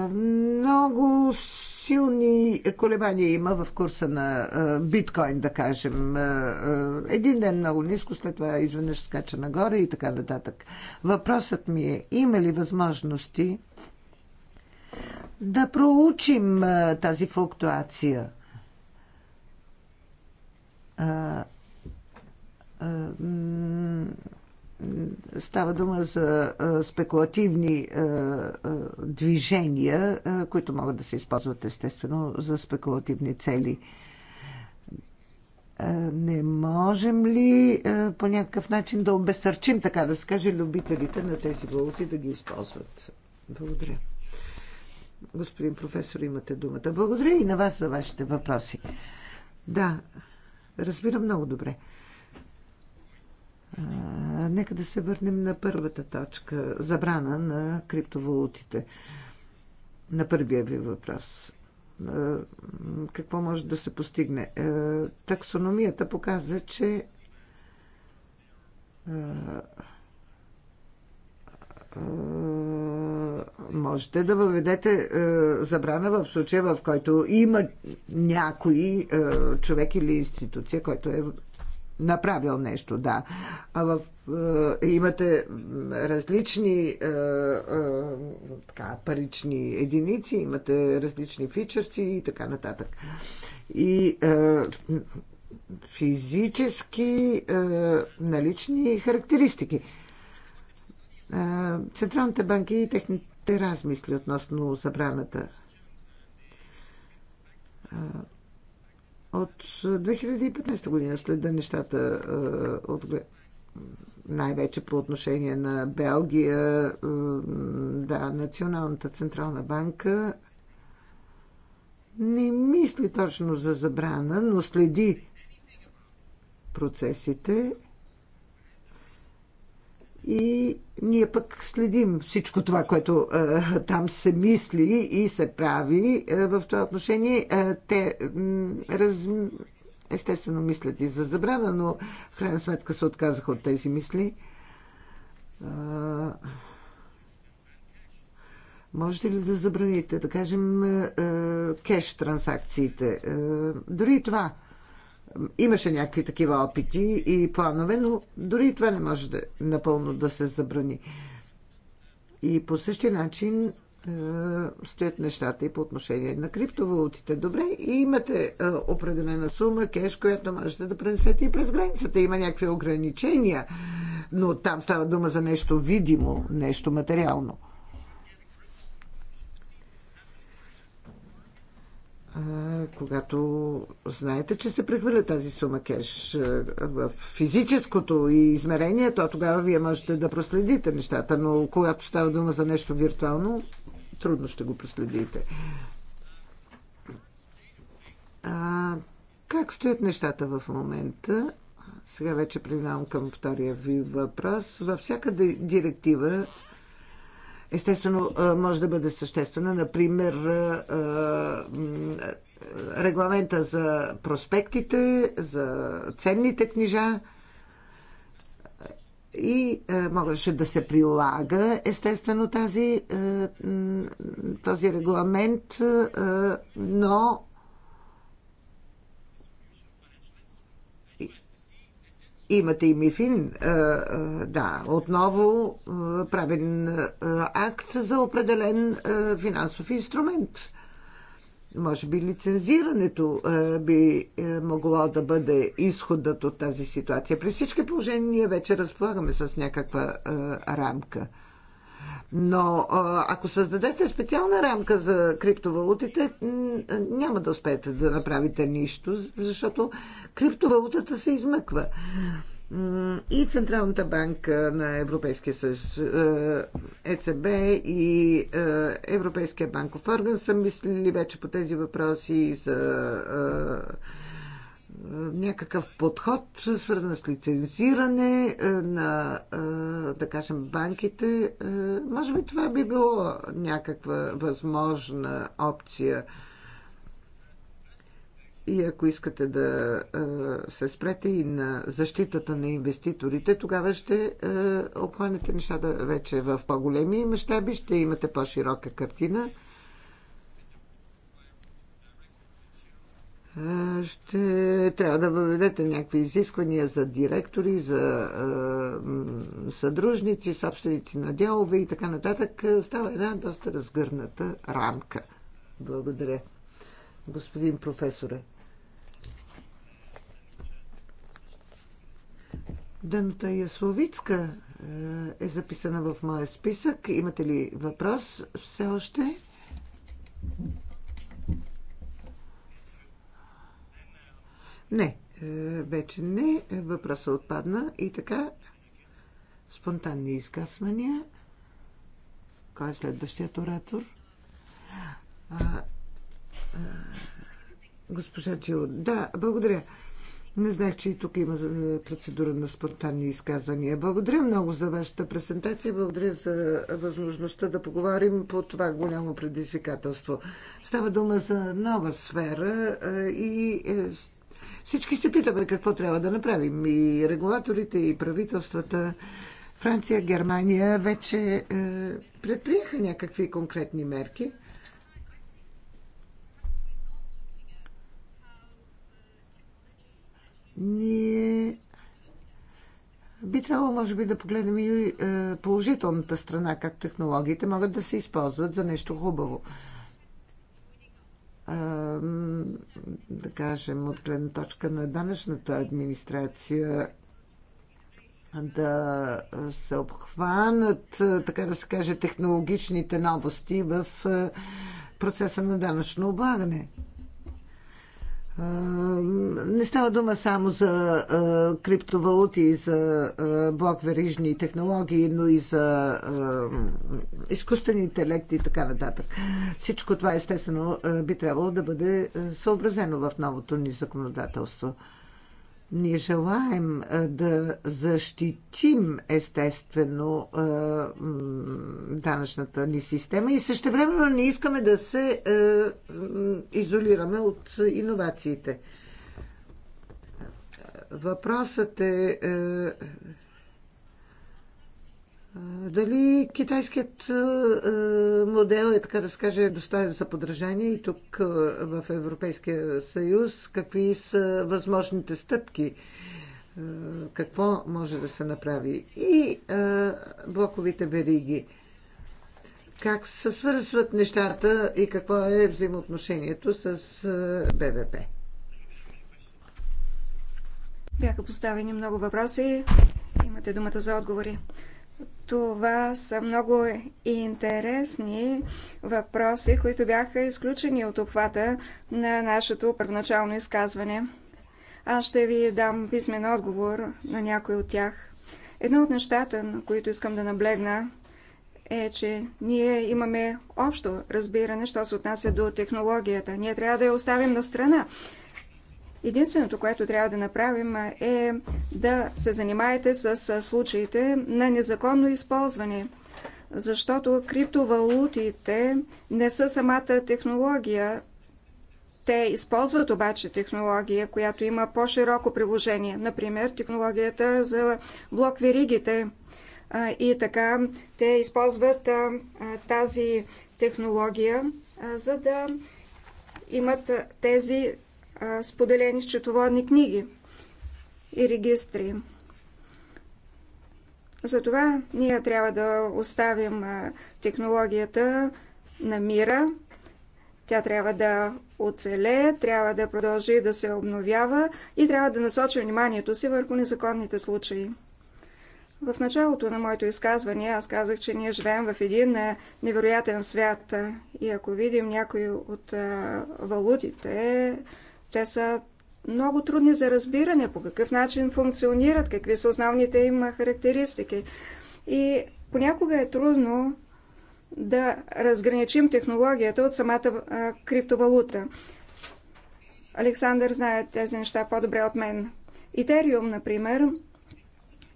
Много силни колебания има в курса на биткоин, да кажем. Един ден много ниско, след това изведнъж скача нагоре и така нататък. Въпросът ми е, има ли възможности да проучим тази флуктуация? Става дума за спекулативни движения, които могат да се използват естествено за спекулативни цели. Не можем ли по някакъв начин да обесърчим, така да се каже, любителите на тези валути да ги използват? Благодаря. Господин професор, имате думата. Благодаря и на вас за вашите въпроси. Да, разбирам много добре. Нека да се върнем на първата точка забрана на криптовалутите. На първия ви въпрос. Какво може да се постигне? Таксономията показа, че можете да въведете забрана в случая, в който има някой човек или институция, който е направил нещо, да. А в, е, имате различни е, е, така, парични единици, имате различни фичърси и така нататък. И е, физически е, налични характеристики. Е, централните банки и техните размисли относно забраната е, от 2015 година да нещата от най-вече по отношение на Белгия, да, Националната централна банка не мисли точно за забрана, но следи процесите и ние пък следим всичко това, което а, е, там се мисли и се прави а, е, в това отношение. А, е, те раз... естествено мислят и за забрана, но в крайна сметка се отказаха от тези мисли. А, можете ли да забраните, да кажем, а, кеш транзакциите? А, дори и това Имаше някакви такива опити и планове, но дори и това не може да, напълно да се забрани. И по същия начин е, стоят нещата и по отношение на криптовалутите. Добре, и имате е, определена сума кеш, която можете да пренесете и през границата. Има някакви ограничения, но там става дума за нещо видимо, нещо материално. Е, когато знаете, че се прехвърля тази сума кеш е, в физическото и измерение, то тогава вие можете да проследите нещата, но когато става дума за нещо виртуално, трудно ще го проследите. А, как стоят нещата в момента? Сега вече преминавам към втория ви въпрос. Във всяка директива естествено е, може да бъде съществена. Например, е, регламента за проспектите, за ценните книжа и е, можеше да се прилага естествено тази, е, този регламент, е, но имате и Мифин, е, е, да, отново е, правен акт за определен финансов инструмент – може би лицензирането е, би е, могло да бъде изходът от тази ситуация. При всички положения ние вече разполагаме с някаква е, рамка. Но ако създадете специална рамка за криптовалутите, няма да успеете да направите нищо, защото криптовалутата се измъква и Централната банка на Европейския съюз, ЕЦБ е и е, Европейския банков орган са мислили вече по тези въпроси за е, някакъв подход, свързан с лицензиране на, да кажем, банките. Може би това би било някаква възможна опция. И ако искате да се спрете и на защитата на инвеститорите, тогава ще обхванете нещата вече в по-големи мащаби, ще имате по-широка картина. ще трябва да въведете някакви изисквания за директори, за е, съдружници, собственици на дялове и така нататък. Става една доста разгърната рамка. Благодаря, господин професоре. Дънута Ясловицка е, е записана в моя списък. Имате ли въпрос все още? Не, е, вече не. Въпросът отпадна и така. Спонтанни изказвания. Кой е следващият оратор? А, а, госпожа Чио, Да, благодаря. Не знаех, че и тук има е, процедура на спонтанни изказвания. Благодаря много за вашата презентация. Благодаря за възможността да поговорим по това голямо предизвикателство. Става дума за нова сфера е, и е, всички се питаме какво трябва да направим. И регулаторите, и правителствата. Франция, Германия вече предприеха някакви конкретни мерки – Ние би трябвало, може би, да погледнем и е, положителната страна, как технологиите могат да се използват за нещо хубаво. Е, да кажем, от гледна точка на данъчната администрация, да се обхванат, е, така да се каже, технологичните новости в процеса на данъчно облагане. Не става дума само за криптовалути и за блокверижни технологии, но и за изкуствен интелект и така нататък. Всичко това естествено би трябвало да бъде съобразено в новото ни законодателство. Ние желаем да защитим естествено данъчната ни система и същевременно не искаме да се изолираме от иновациите. Въпросът е дали китайският модел е, така да се каже, достоен за подражание и тук в Европейския съюз? Какви са възможните стъпки? Какво може да се направи? И блоковите вериги. Как се свързват нещата и какво е взаимоотношението с БВП? Бяха поставени много въпроси. Имате думата за отговори. Това са много интересни въпроси, които бяха изключени от обхвата на нашето първоначално изказване. Аз ще ви дам писмен отговор на някой от тях. Едно от нещата, на които искам да наблегна, е, че ние имаме общо разбиране, що се отнася до технологията. Ние трябва да я оставим на страна. Единственото, което трябва да направим е да се занимаете с случаите на незаконно използване, защото криптовалутите не са самата технология. Те използват обаче технология, която има по-широко приложение. Например, технологията за блок веригите. И така те използват тази технология, за да имат тези споделени счетоводни книги и регистри. Затова ние трябва да оставим технологията на мира. Тя трябва да оцеле, трябва да продължи да се обновява и трябва да насочи вниманието си върху незаконните случаи. В началото на моето изказване аз казах, че ние живеем в един невероятен свят и ако видим някои от валутите, те са много трудни за разбиране по какъв начин функционират, какви са основните им характеристики. И понякога е трудно да разграничим технологията от самата а, криптовалута. Александър знае тези неща по-добре от мен. Итериум, например,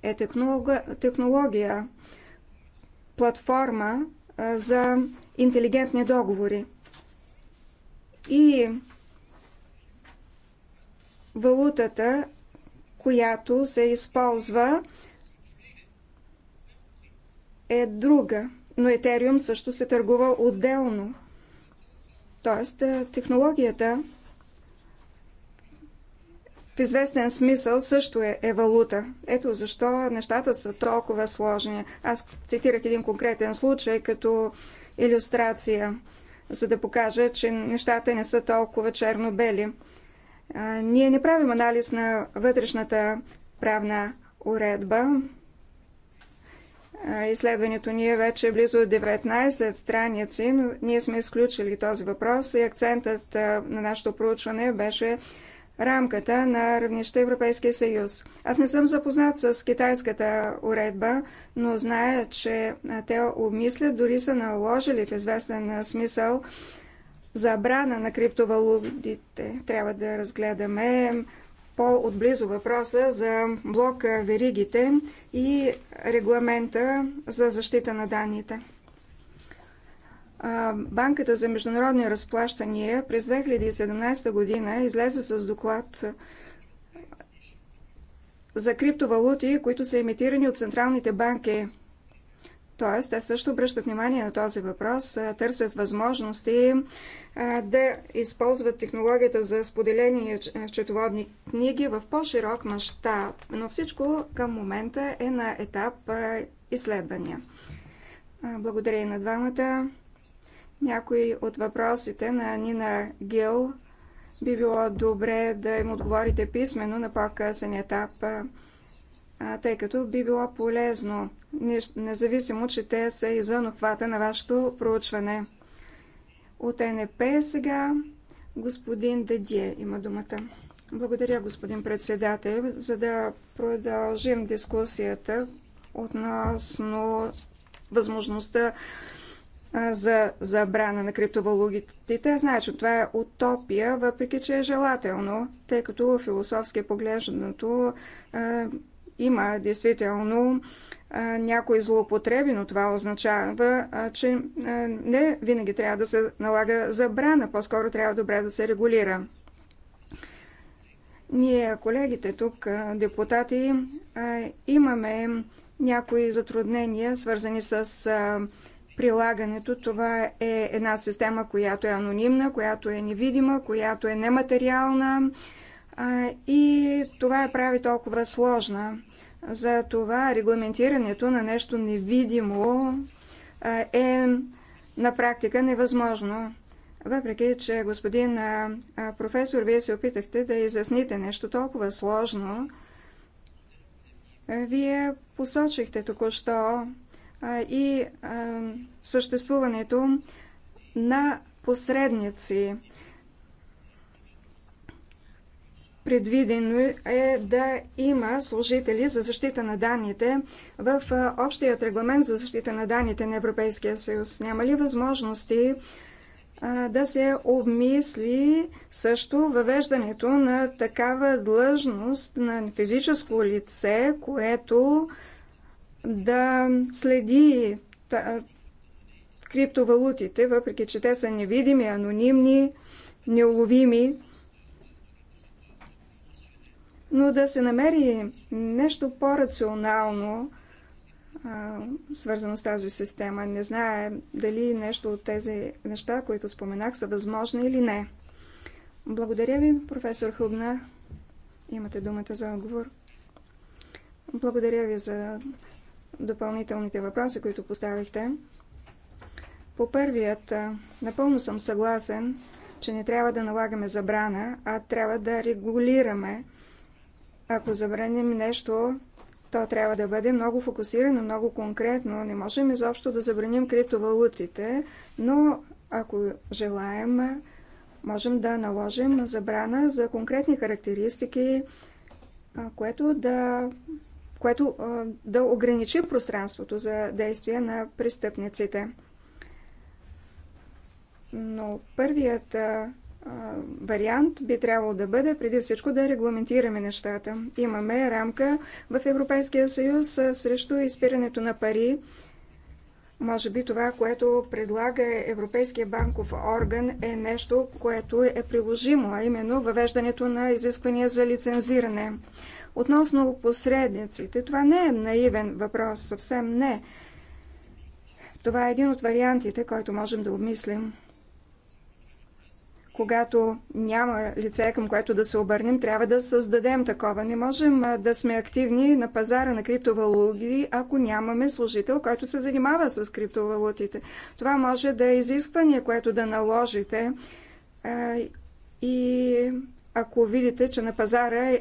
е технолога, технология, платформа а, за интелигентни договори. И валутата, която се използва, е друга, но Етериум също се търгува отделно. Тоест, е, технологията в известен смисъл също е, е валута. Ето защо нещата са толкова сложни. Аз цитирах един конкретен случай като иллюстрация, за да покажа, че нещата не са толкова черно-бели. Ние не правим анализ на вътрешната правна уредба. Изследването ни е вече близо 19 страници, но ние сме изключили този въпрос и акцентът на нашето проучване беше рамката на равнище Европейския съюз. Аз не съм запознат с китайската уредба, но зная, че те обмислят, дори са наложили в известен смисъл забрана на криптовалутите. Трябва да разгледаме по-отблизо въпроса за блока веригите и регламента за защита на данните. Банката за международни разплащания през 2017 година излезе с доклад за криптовалути, които са имитирани от централните банки. Тоест, те също обръщат внимание на този въпрос, търсят възможности да използват технологията за споделени четоводни книги в по-широк мащаб. Но всичко към момента е на етап изследвания. Благодаря и на двамата. Някои от въпросите на Нина Гил би било добре да им отговорите писменно на по-късен етап, тъй като би било полезно независимо, че те са извън обхвата на вашето проучване. От НП сега господин Дедие има думата. Благодаря, господин председател, за да продължим дискусията относно възможността за забрана на криптовалутите. Те знаят, че това е утопия, въпреки че е желателно, тъй като философски поглеждането е, има действително някои злоупотреби, но това означава, че не винаги трябва да се налага забрана, по-скоро трябва добре да се регулира. Ние, колегите тук, депутати, имаме някои затруднения, свързани с прилагането. Това е една система, която е анонимна, която е невидима, която е нематериална и това я прави толкова сложна. За това регламентирането на нещо невидимо е на практика невъзможно. Въпреки, че господин професор, вие се опитахте да изясните нещо толкова сложно, вие посочихте току-що и съществуването на посредници. Предвидено е да има служители за защита на данните в общият регламент за защита на данните на Европейския съюз. Няма ли възможности да се обмисли също въвеждането на такава длъжност на физическо лице, което да следи криптовалутите, въпреки че те са невидими, анонимни, неуловими но да се намери нещо по-рационално, свързано с тази система. Не знае дали нещо от тези неща, които споменах, са възможни или не. Благодаря ви, професор Хубна. Имате думата за отговор. Благодаря ви за допълнителните въпроси, които поставихте. По първият, напълно съм съгласен, че не трябва да налагаме забрана, а трябва да регулираме ако забраним нещо, то трябва да бъде много фокусирано, много конкретно. Не можем изобщо да забраним криптовалутите, но ако желаем, можем да наложим забрана за конкретни характеристики, което да, което да ограничи пространството за действие на престъпниците. Но първият вариант би трябвало да бъде преди всичко да регламентираме нещата. Имаме рамка в Европейския съюз срещу изпирането на пари. Може би това, което предлага Европейския банков орган е нещо, което е приложимо, а именно въвеждането на изисквания за лицензиране. Относно посредниците, това не е наивен въпрос, съвсем не. Това е един от вариантите, който можем да обмислим когато няма лице, към което да се обърнем, трябва да създадем такова. Не можем да сме активни на пазара на криптовалути, ако нямаме служител, който се занимава с криптовалутите. Това може да е изискване, което да наложите. И ако видите, че на пазара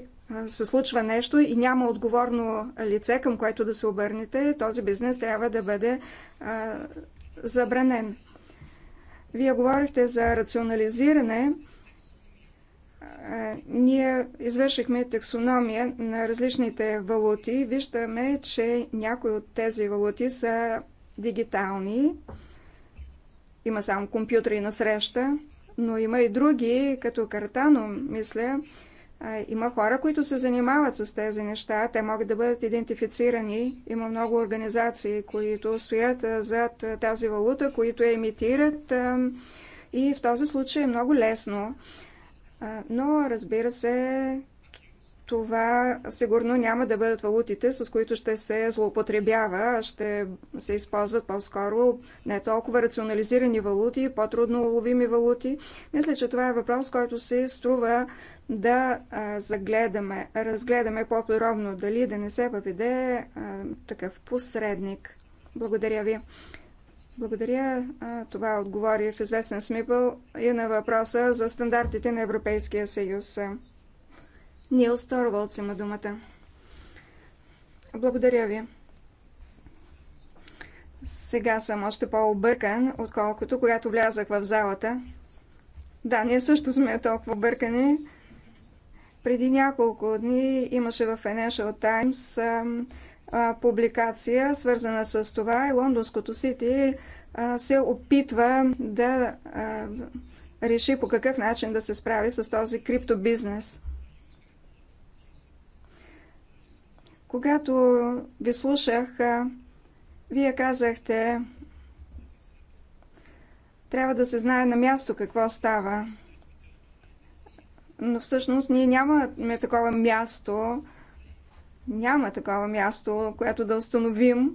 се случва нещо и няма отговорно лице, към което да се обърнете, този бизнес трябва да бъде забранен. Вие говорихте за рационализиране. Е, ние извършихме таксономия на различните валути. Виждаме, че някои от тези валути са дигитални. Има само компютри на среща, но има и други, като Картано, мисля, има хора, които се занимават с тези неща. Те могат да бъдат идентифицирани. Има много организации, които стоят зад тази валута, които я имитират. И в този случай е много лесно. Но, разбира се, това сигурно няма да бъдат валутите, с които ще се злоупотребява, а ще се използват по-скоро не толкова рационализирани валути, по-трудно уловими валути. Мисля, че това е въпрос, който се струва да загледаме, разгледаме по-подробно дали да не се въведе такъв посредник. Благодаря ви. Благодаря. Това отговори в известен смисъл и на въпроса за стандартите на Европейския съюз. Нил Сторвалд има думата. Благодаря ви. Сега съм още по-объркан, отколкото когато влязах в залата. Да, ние също сме толкова объркани. Преди няколко дни имаше в Financial Times публикация, свързана с това и Лондонското Сити се опитва да реши по какъв начин да се справи с този криптобизнес. Когато ви слушах, вие казахте, трябва да се знае на място какво става но всъщност ние нямаме такова място, няма такова място, което да установим,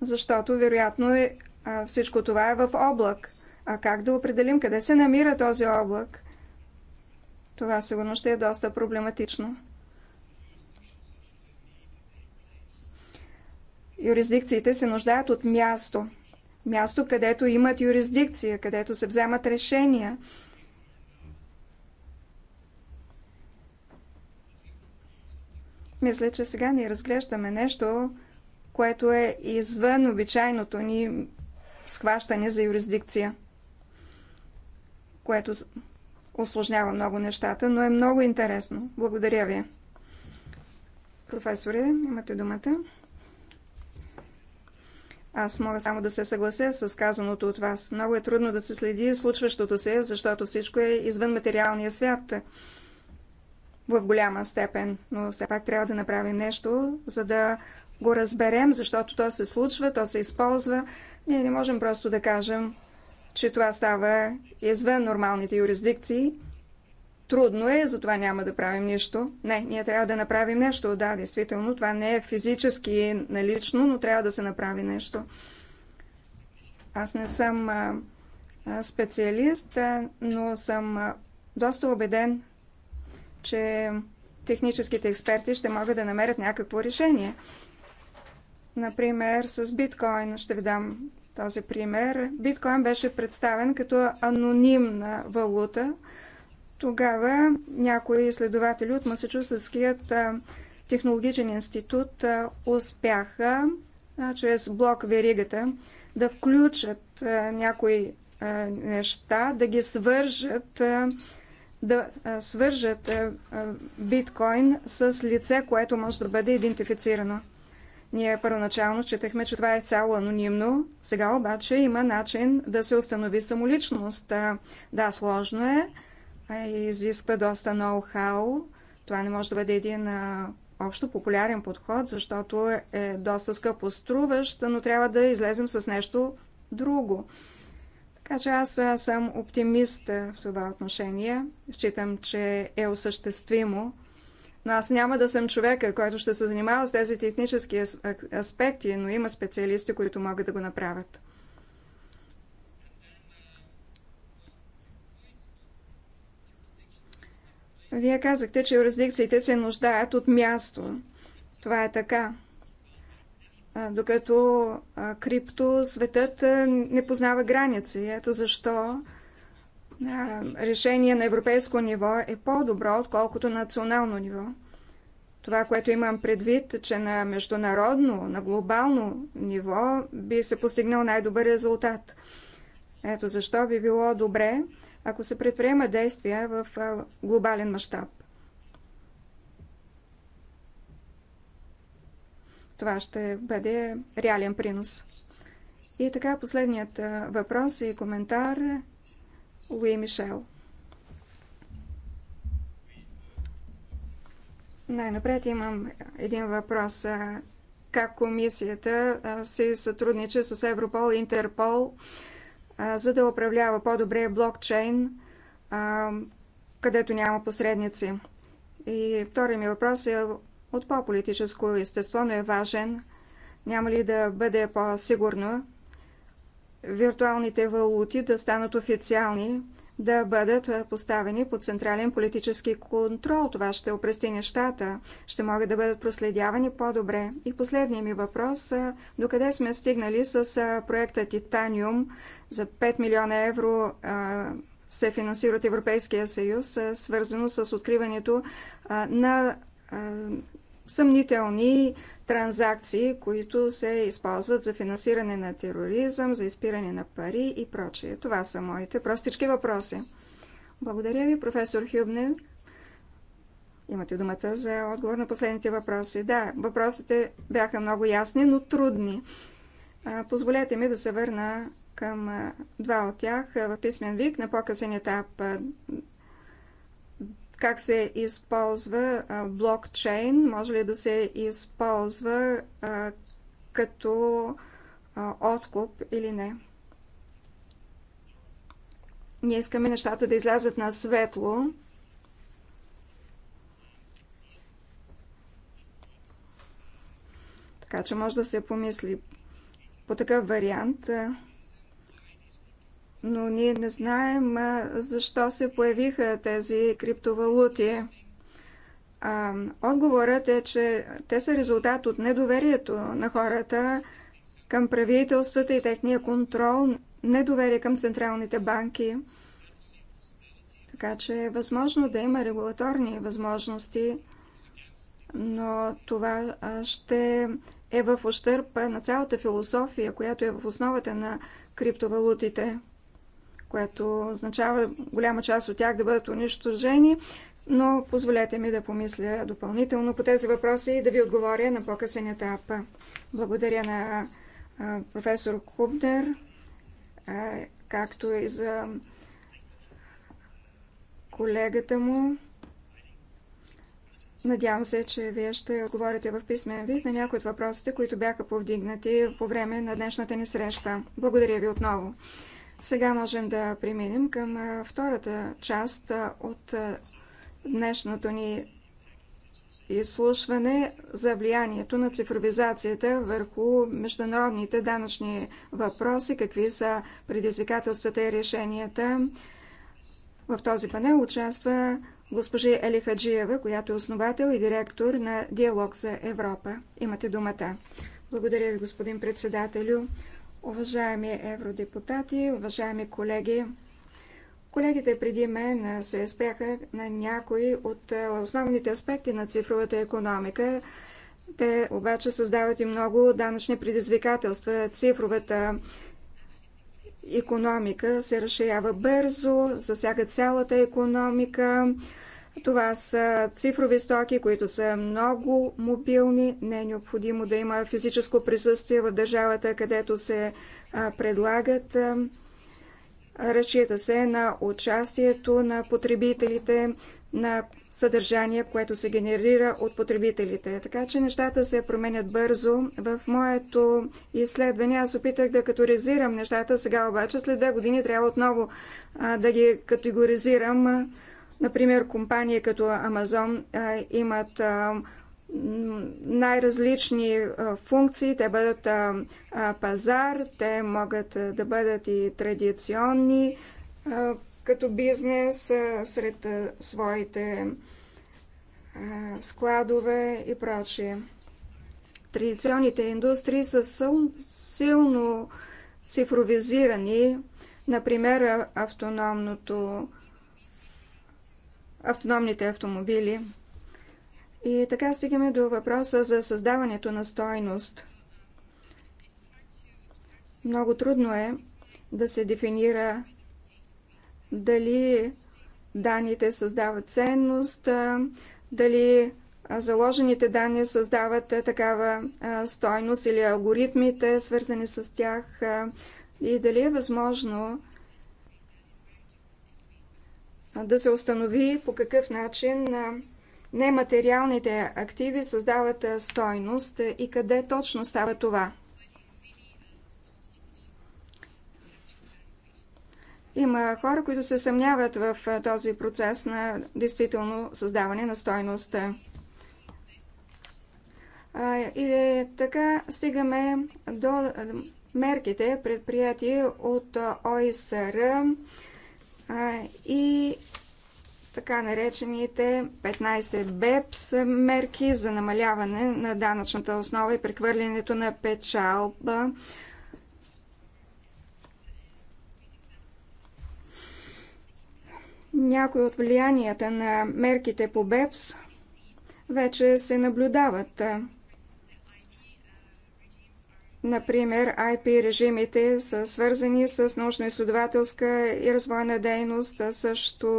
защото вероятно е, а, всичко това е в облак. А как да определим къде се намира този облак? Това сигурно ще е доста проблематично. Юрисдикциите се нуждаят от място. Място, където имат юрисдикция, където се вземат решения – Мисля, че сега ние разглеждаме нещо, което е извън обичайното ни схващане за юрисдикция, което осложнява много нещата, но е много интересно. Благодаря ви. Професоре, имате думата. Аз мога само да се съглася с казаното от вас. Много е трудно да се следи случващото се, защото всичко е извън материалния свят в голяма степен, но все пак трябва да направим нещо, за да го разберем, защото то се случва, то се използва. Ние не можем просто да кажем, че това става извън нормалните юрисдикции. Трудно е, затова няма да правим нищо. Не, ние трябва да направим нещо. Да, действително, това не е физически налично, но трябва да се направи нещо. Аз не съм специалист, но съм доста убеден, че техническите експерти ще могат да намерят някакво решение. Например, с биткоин ще ви дам този пример. Биткоин беше представен като анонимна валута. Тогава някои изследователи от Масачусетският технологичен институт успяха чрез блок веригата да включат някои неща, да ги свържат да свържат биткоин с лице, което може да бъде идентифицирано. Ние първоначално четахме, че това е цяло анонимно. Сега обаче има начин да се установи самоличност. Да, сложно е. Изисква доста ноу-хау. Това не може да бъде един общо популярен подход, защото е доста скъпо струващ, но трябва да излезем с нещо друго. Така че аз съм оптимист в това отношение. Считам, че е осъществимо. Но аз няма да съм човека, който ще се занимава с тези технически аспекти, но има специалисти, които могат да го направят. Вие казахте, че юрисдикциите се нуждаят от място. Това е така докато крипто светът не познава граници. Ето защо решение на европейско ниво е по-добро, отколкото национално ниво. Това, което имам предвид, че на международно, на глобално ниво би се постигнал най-добър резултат. Ето защо би било добре, ако се предприема действия в глобален мащаб. Това ще бъде реален принос. И така последният въпрос и коментар Луи Мишел. Най-напред имам един въпрос. Как комисията се сътрудничи с Европол и Интерпол, за да управлява по-добре блокчейн, където няма посредници? И втори ми въпрос е от по-политическо естество, но е важен. Няма ли да бъде по-сигурно виртуалните валути да станат официални, да бъдат поставени под централен политически контрол. Това ще опрести нещата, ще могат да бъдат проследявани по-добре. И последният ми въпрос – докъде сме стигнали с проекта Титаниум за 5 милиона евро се финансира от Европейския съюз, свързано с откриването на съмнителни транзакции, които се използват за финансиране на тероризъм, за изпиране на пари и прочие. Това са моите простички въпроси. Благодаря ви, професор Хюбнен. Имате думата за отговор на последните въпроси. Да, въпросите бяха много ясни, но трудни. Позволете ми да се върна към два от тях в писмен вик на по-късен етап как се използва блокчейн, може ли да се използва като откуп или не. Ние искаме нещата да излязат на светло. Така че може да се помисли по такъв вариант но ние не знаем защо се появиха тези криптовалути. отговорът е, че те са резултат от недоверието на хората към правителствата и техния контрол, недоверие към централните банки. Така че е възможно да има регулаторни възможности, но това ще е в ущърп на цялата философия, която е в основата на криптовалутите което означава голяма част от тях да бъдат унищожени, но позволете ми да помисля допълнително по тези въпроси и да ви отговоря на по-късен етап. Благодаря на професор Кубнер, както и за колегата му. Надявам се, че вие ще отговорите в писмен вид на някои от въпросите, които бяха повдигнати по време на днешната ни среща. Благодаря ви отново. Сега можем да преминем към втората част от днешното ни изслушване за влиянието на цифровизацията върху международните данъчни въпроси, какви са предизвикателствата и решенията. В този панел участва госпожи Ели Хаджиева, която е основател и директор на Диалог за Европа. Имате думата. Благодаря ви, господин председателю. Уважаеми евродепутати, уважаеми колеги, колегите преди мен се спряха на някои от е, основните аспекти на цифровата економика. Те обаче създават и много данъчни предизвикателства. Цифровата економика се разширява бързо, засяга цялата економика, това са цифрови стоки, които са много мобилни. Не е необходимо да има физическо присъствие в държавата, където се предлагат. Разчита се на участието на потребителите, на съдържание, което се генерира от потребителите. Така че нещата се променят бързо. В моето изследване аз опитах да категоризирам нещата, сега обаче след две години трябва отново а, да ги категоризирам Например, компании като Амазон имат най-различни функции. Те бъдат пазар, те могат да бъдат и традиционни като бизнес сред своите складове и прочие. Традиционните индустрии са силно цифровизирани. Например, автономното автономните автомобили. И така стигаме до въпроса за създаването на стойност. Много трудно е да се дефинира дали данните създават ценност, дали заложените данни създават такава стойност или алгоритмите, свързани с тях, и дали е възможно да се установи по какъв начин нематериалните активи създават стойност и къде точно става това. Има хора, които се съмняват в този процес на действително създаване на стойност. И така стигаме до мерките, предприяти от ОИСР, и така наречените 15 БЕПС мерки за намаляване на данъчната основа и прехвърлянето на печалба. Някои от влиянията на мерките по БЕПС вече се наблюдават. Например, IP режимите са свързани с научно-изследователска и развойна дейност, също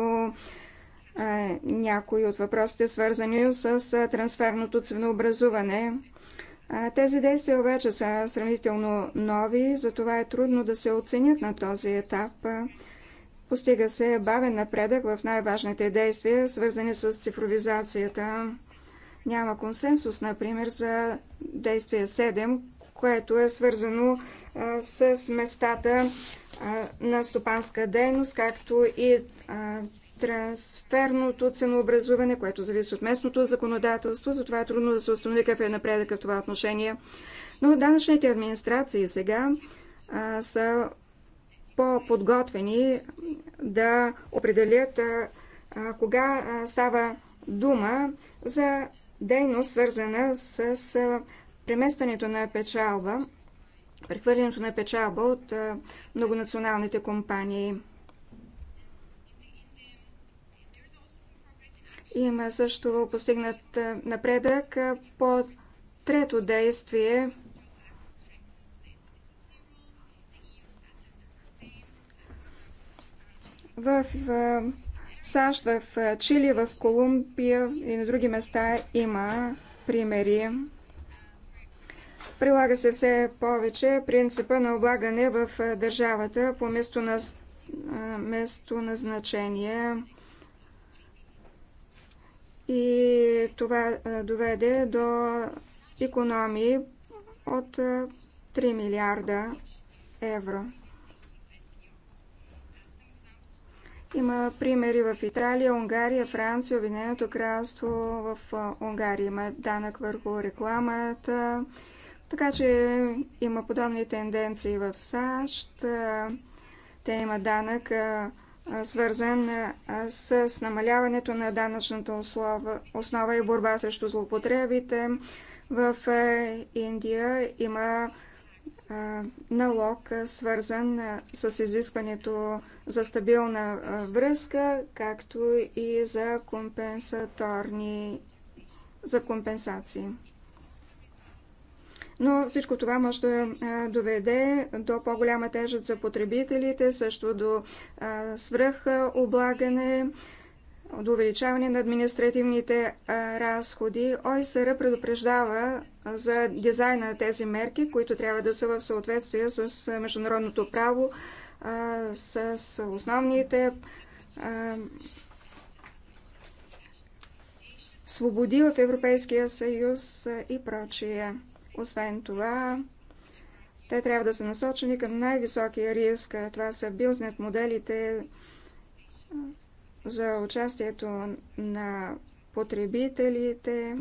някои от въпросите свързани с трансферното ценообразуване. тези действия обаче са сравнително нови, затова е трудно да се оценят на този етап. Постига се бавен напредък в най-важните действия, свързани с цифровизацията. Няма консенсус, например, за действие 7, което е свързано с местата на стопанска дейност, както и трансферното ценообразуване, което зависи от местното законодателство, затова е трудно да се установи какъв е напредък в това отношение. Но данъчните администрации сега а, са по-подготвени да определят а, а, кога а, става дума за дейност, свързана с а, Преместването на печалба, прехвърлянето на печалба от многонационалните компании. Има също постигнат напредък по трето действие в САЩ, в Чили, в Колумбия и на други места има примери Прилага се все повече принципа на облагане в държавата по местоназначение. И това доведе до економии от 3 милиарда евро. Има примери в Италия, Унгария, Франция, Обединеното кралство. В Унгария има данък върху рекламата. Така че има подобни тенденции в САЩ. Те има данък, свързан с намаляването на данъчната основа, основа и борба срещу злоупотребите. В Индия има налог, свързан с изискването за стабилна връзка, както и за компенсаторни за компенсации. Но всичко това може да доведе до по-голяма тежест за потребителите, също до свръхоблагане, до увеличаване на административните разходи. ОИСР предупреждава за дизайна на тези мерки, които трябва да са в съответствие с международното право, с основните свободи в Европейския съюз и прочие. Освен това, те трябва да са насочени към най-високия риск. Това са билзнет моделите за участието на потребителите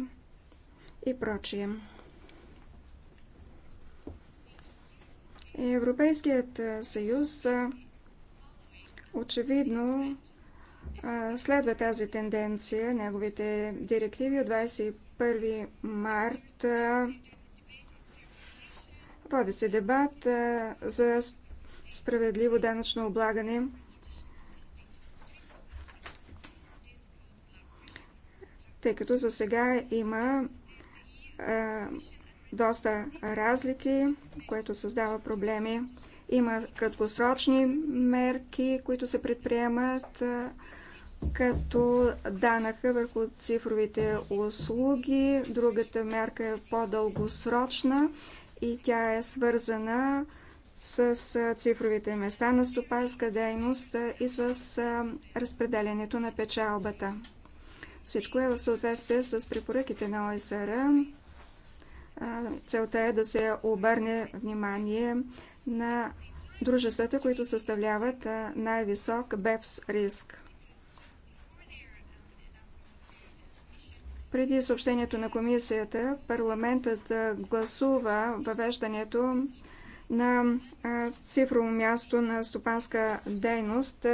и прочие. Европейският съюз очевидно следва тази тенденция. Неговите директиви от 21 март Води се дебат за справедливо данъчно облагане. Тъй като за сега има а, доста разлики, което създава проблеми. Има краткосрочни мерки, които се предприемат а, като данъка върху цифровите услуги. Другата мерка е по-дългосрочна и тя е свързана с цифровите места на стопанска дейност и с разпределянето на печалбата. Всичко е в съответствие с препоръките на ОСР. Целта е да се обърне внимание на дружествата, които съставляват най-висок БЕПС риск. Преди съобщението на комисията, парламентът гласува въвеждането на цифрово място на стопанска дейност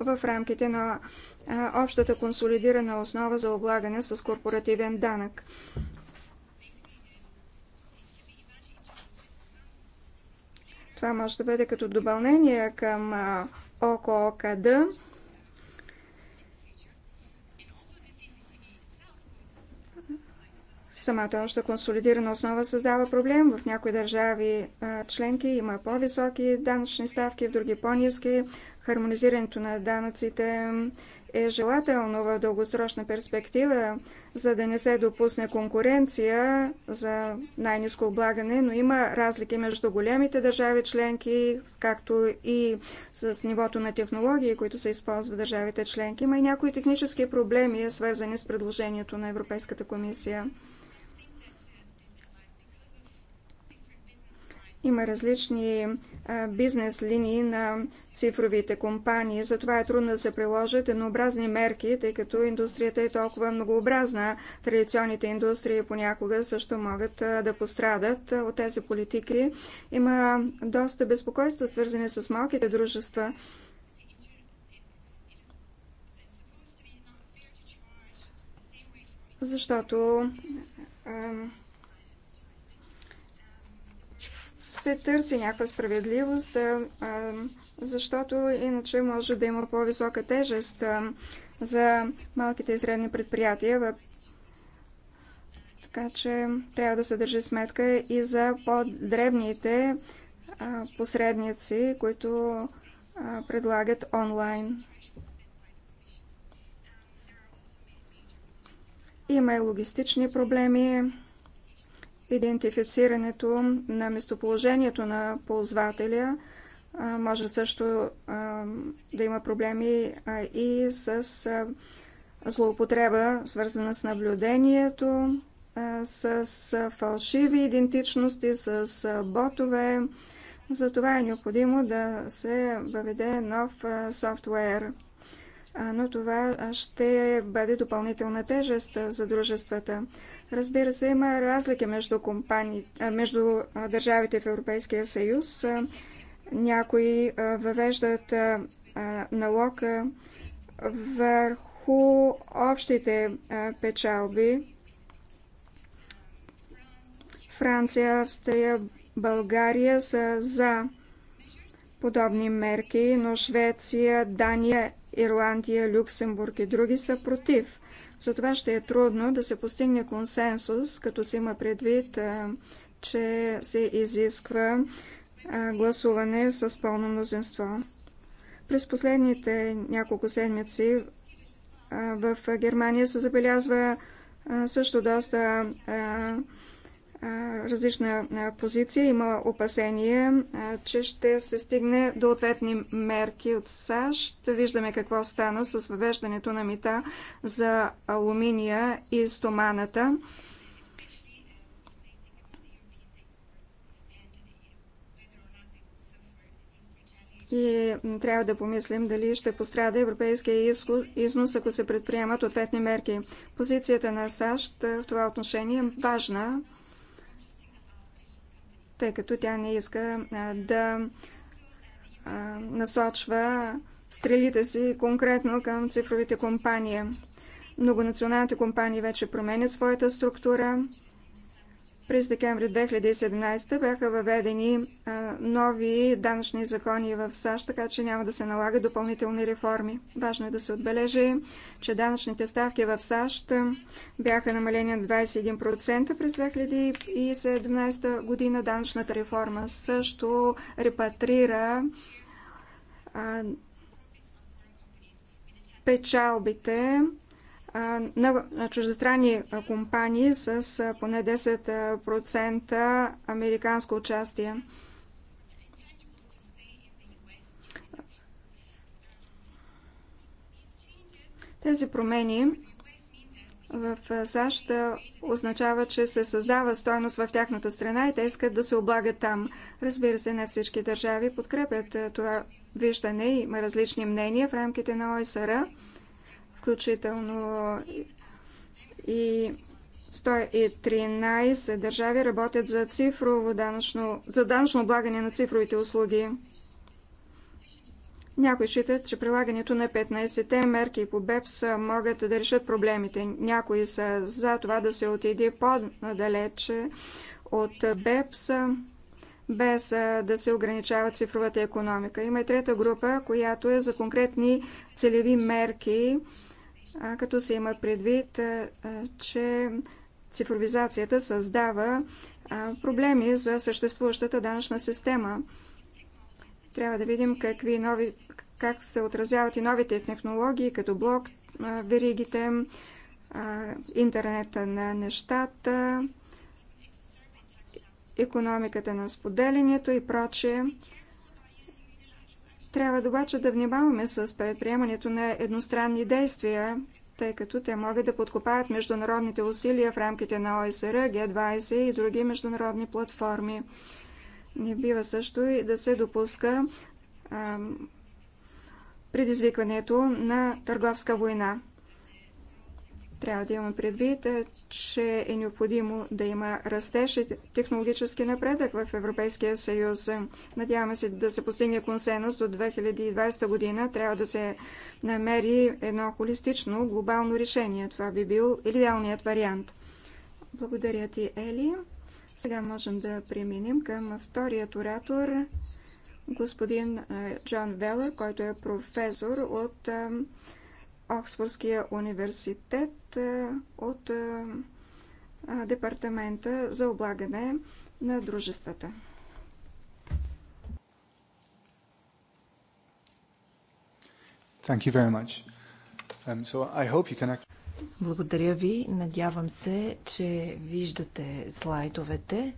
в рамките на общата консолидирана основа за облагане с корпоративен данък. Това може да бъде като допълнение към ОКОКД. Самата обща консолидирана основа създава проблем. В някои държави членки има по-високи данъчни ставки, в други по-низки. Хармонизирането на данъците е желателно в дългосрочна перспектива, за да не се допусне конкуренция за най-низко облагане, но има разлики между големите държави членки, както и с нивото на технологии, които се използват в държавите членки. Има и някои технически проблеми, свързани с предложението на Европейската комисия. Има различни бизнес линии на цифровите компании, затова е трудно да се приложат еднообразни мерки, тъй като индустрията е толкова многообразна. Традиционните индустрии понякога също могат да пострадат от тези политики. Има доста безпокойства, свързани с малките дружества. Защото се търси някаква справедливост, защото иначе може да има по-висока тежест за малките и средни предприятия. Така че трябва да се държи сметка и за по-дребните посредници, които предлагат онлайн. Има и логистични проблеми идентифицирането на местоположението на ползвателя. Може също да има проблеми и с злоупотреба, свързана с наблюдението, с фалшиви идентичности, с ботове. Затова е необходимо да се въведе нов софтуер но това ще бъде допълнителна тежест за дружествата. Разбира се, има разлики между, компани... между държавите в Европейския съюз. Някои въвеждат налог върху общите печалби. Франция, Австрия, България са за подобни мерки, но Швеция, Дания Ирландия, Люксембург и други са против. Затова ще е трудно да се постигне консенсус, като се има предвид, че се изисква гласуване с пълно мнозинство. През последните няколко седмици в Германия се забелязва също доста различна позиция. Има опасение, че ще се стигне до ответни мерки от САЩ. Виждаме какво стана с въвеждането на мита за алуминия и стоманата. и трябва да помислим дали ще пострада европейския износ, ако се предприемат ответни мерки. Позицията на САЩ в това отношение е важна тъй като тя не иска да насочва стрелите си конкретно към цифровите компании. Многонационалните компании вече променят своята структура. През декември 2017 бяха въведени нови данъчни закони в САЩ, така че няма да се налага допълнителни реформи. Важно е да се отбележи, че данъчните ставки в САЩ бяха намалени на 21% през 2017 година. Данъчната реформа също репатрира печалбите на чуждестранни компании с поне 10% американско участие. Тези промени в САЩ означава, че се създава стойност в тяхната страна и те искат да се облагат там. Разбира се, не всички държави подкрепят това виждане. Има различни мнения в рамките на ОСР включително и 113 държави работят за, цифрово данъчно, за данъчно облагане на цифровите услуги. Някои считат, че прилагането на 15-те мерки по БЕПС могат да решат проблемите. Някои са за това да се отиде по-надалече от БЕПС, без да се ограничава цифровата економика. Има и трета група, която е за конкретни целеви мерки, като се има предвид, че цифровизацията създава проблеми за съществуващата данъчна система. Трябва да видим какви нови, как се отразяват и новите технологии, като блок, веригите, интернета на нещата, економиката на споделянето и прочее. Трябва обаче да внимаваме с предприемането на едностранни действия, тъй като те могат да подкопаят международните усилия в рамките на ОСР, Г20 и други международни платформи. Не бива също и да се допуска а, предизвикването на търговска война. Трябва да има предвид, е, че е необходимо да има растеж и технологически напредък в Европейския съюз. Надяваме се да се постигне консенсус до 2020 година. Трябва да се намери едно холистично глобално решение. Това би бил идеалният вариант. Благодаря ти, Ели. Сега можем да преминем към вторият оратор, господин е, Джон Велър, който е професор от е, Оксфордския университет е, от е, Департамента за облагане на дружествата. Thank you very much. Um, so I hope you can... Благодаря ви. Надявам се, че виждате слайдовете.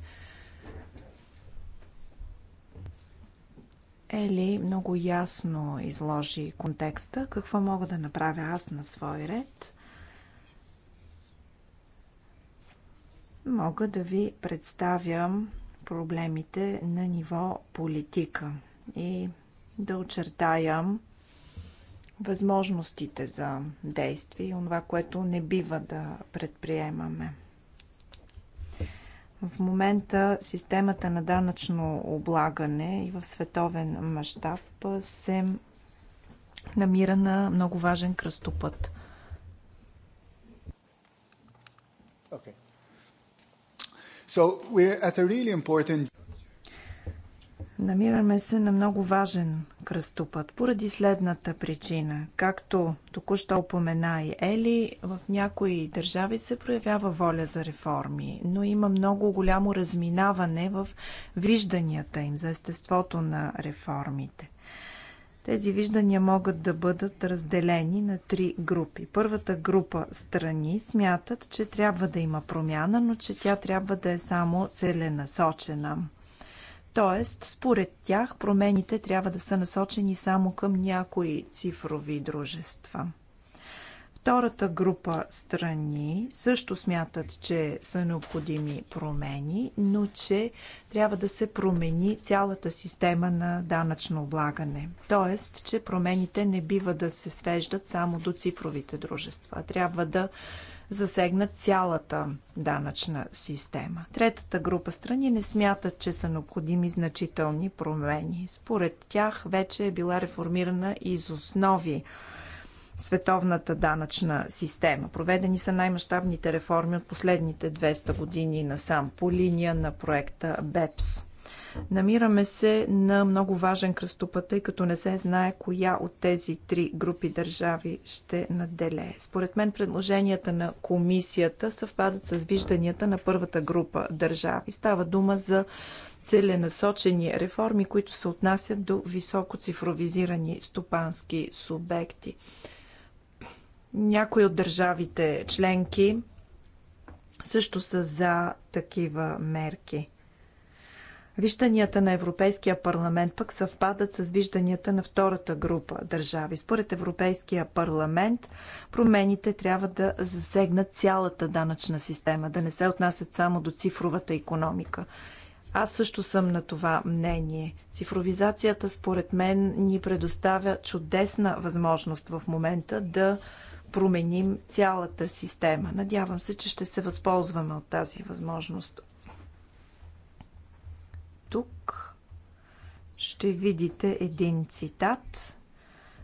Ели много ясно изложи контекста. Какво мога да направя аз на свой ред? Мога да ви представям проблемите на ниво политика и да очертаям възможностите за действие и това, което не бива да предприемаме. В момента системата на данъчно облагане и в световен мащаб се намира на много важен кръстопът. Okay. So we're at a really important Намираме се на много важен кръстопът поради следната причина. Както току-що упомена и Ели, в някои държави се проявява воля за реформи, но има много голямо разминаване в вижданията им за естеството на реформите. Тези виждания могат да бъдат разделени на три групи. Първата група страни смятат, че трябва да има промяна, но че тя трябва да е само целенасочена – Тоест, според тях промените трябва да са насочени само към някои цифрови дружества. Втората група страни също смятат, че са необходими промени, но че трябва да се промени цялата система на данъчно облагане. Тоест, че промените не бива да се свеждат само до цифровите дружества. Трябва да засегнат цялата данъчна система. Третата група страни не смятат, че са необходими значителни промени. Според тях вече е била реформирана из основи световната данъчна система. Проведени са най-мащабните реформи от последните 200 години насам по линия на проекта БЕПС. Намираме се на много важен кръстопът, тъй като не се знае коя от тези три групи държави ще наделее. Според мен предложенията на комисията съвпадат с вижданията на първата група държави. Става дума за целенасочени реформи, които се отнасят до високо цифровизирани стопански субекти. Някои от държавите членки също са за такива мерки. Вижданията на Европейския парламент пък съвпадат с вижданията на втората група държави. Според Европейския парламент промените трябва да засегнат цялата данъчна система, да не се отнасят само до цифровата економика. Аз също съм на това мнение. Цифровизацията, според мен, ни предоставя чудесна възможност в момента да променим цялата система. Надявам се, че ще се възползваме от тази възможност тук ще видите един цитат.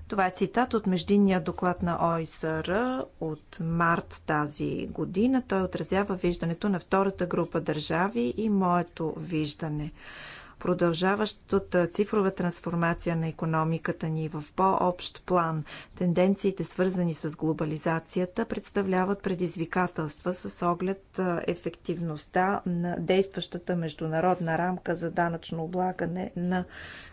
Това е цитат от междинния доклад на ОИСР от март тази година. Той отразява виждането на втората група държави и моето виждане продължаващата цифрова трансформация на економиката ни в по-общ план, тенденциите свързани с глобализацията представляват предизвикателства с оглед ефективността на действащата международна рамка за данъчно облагане на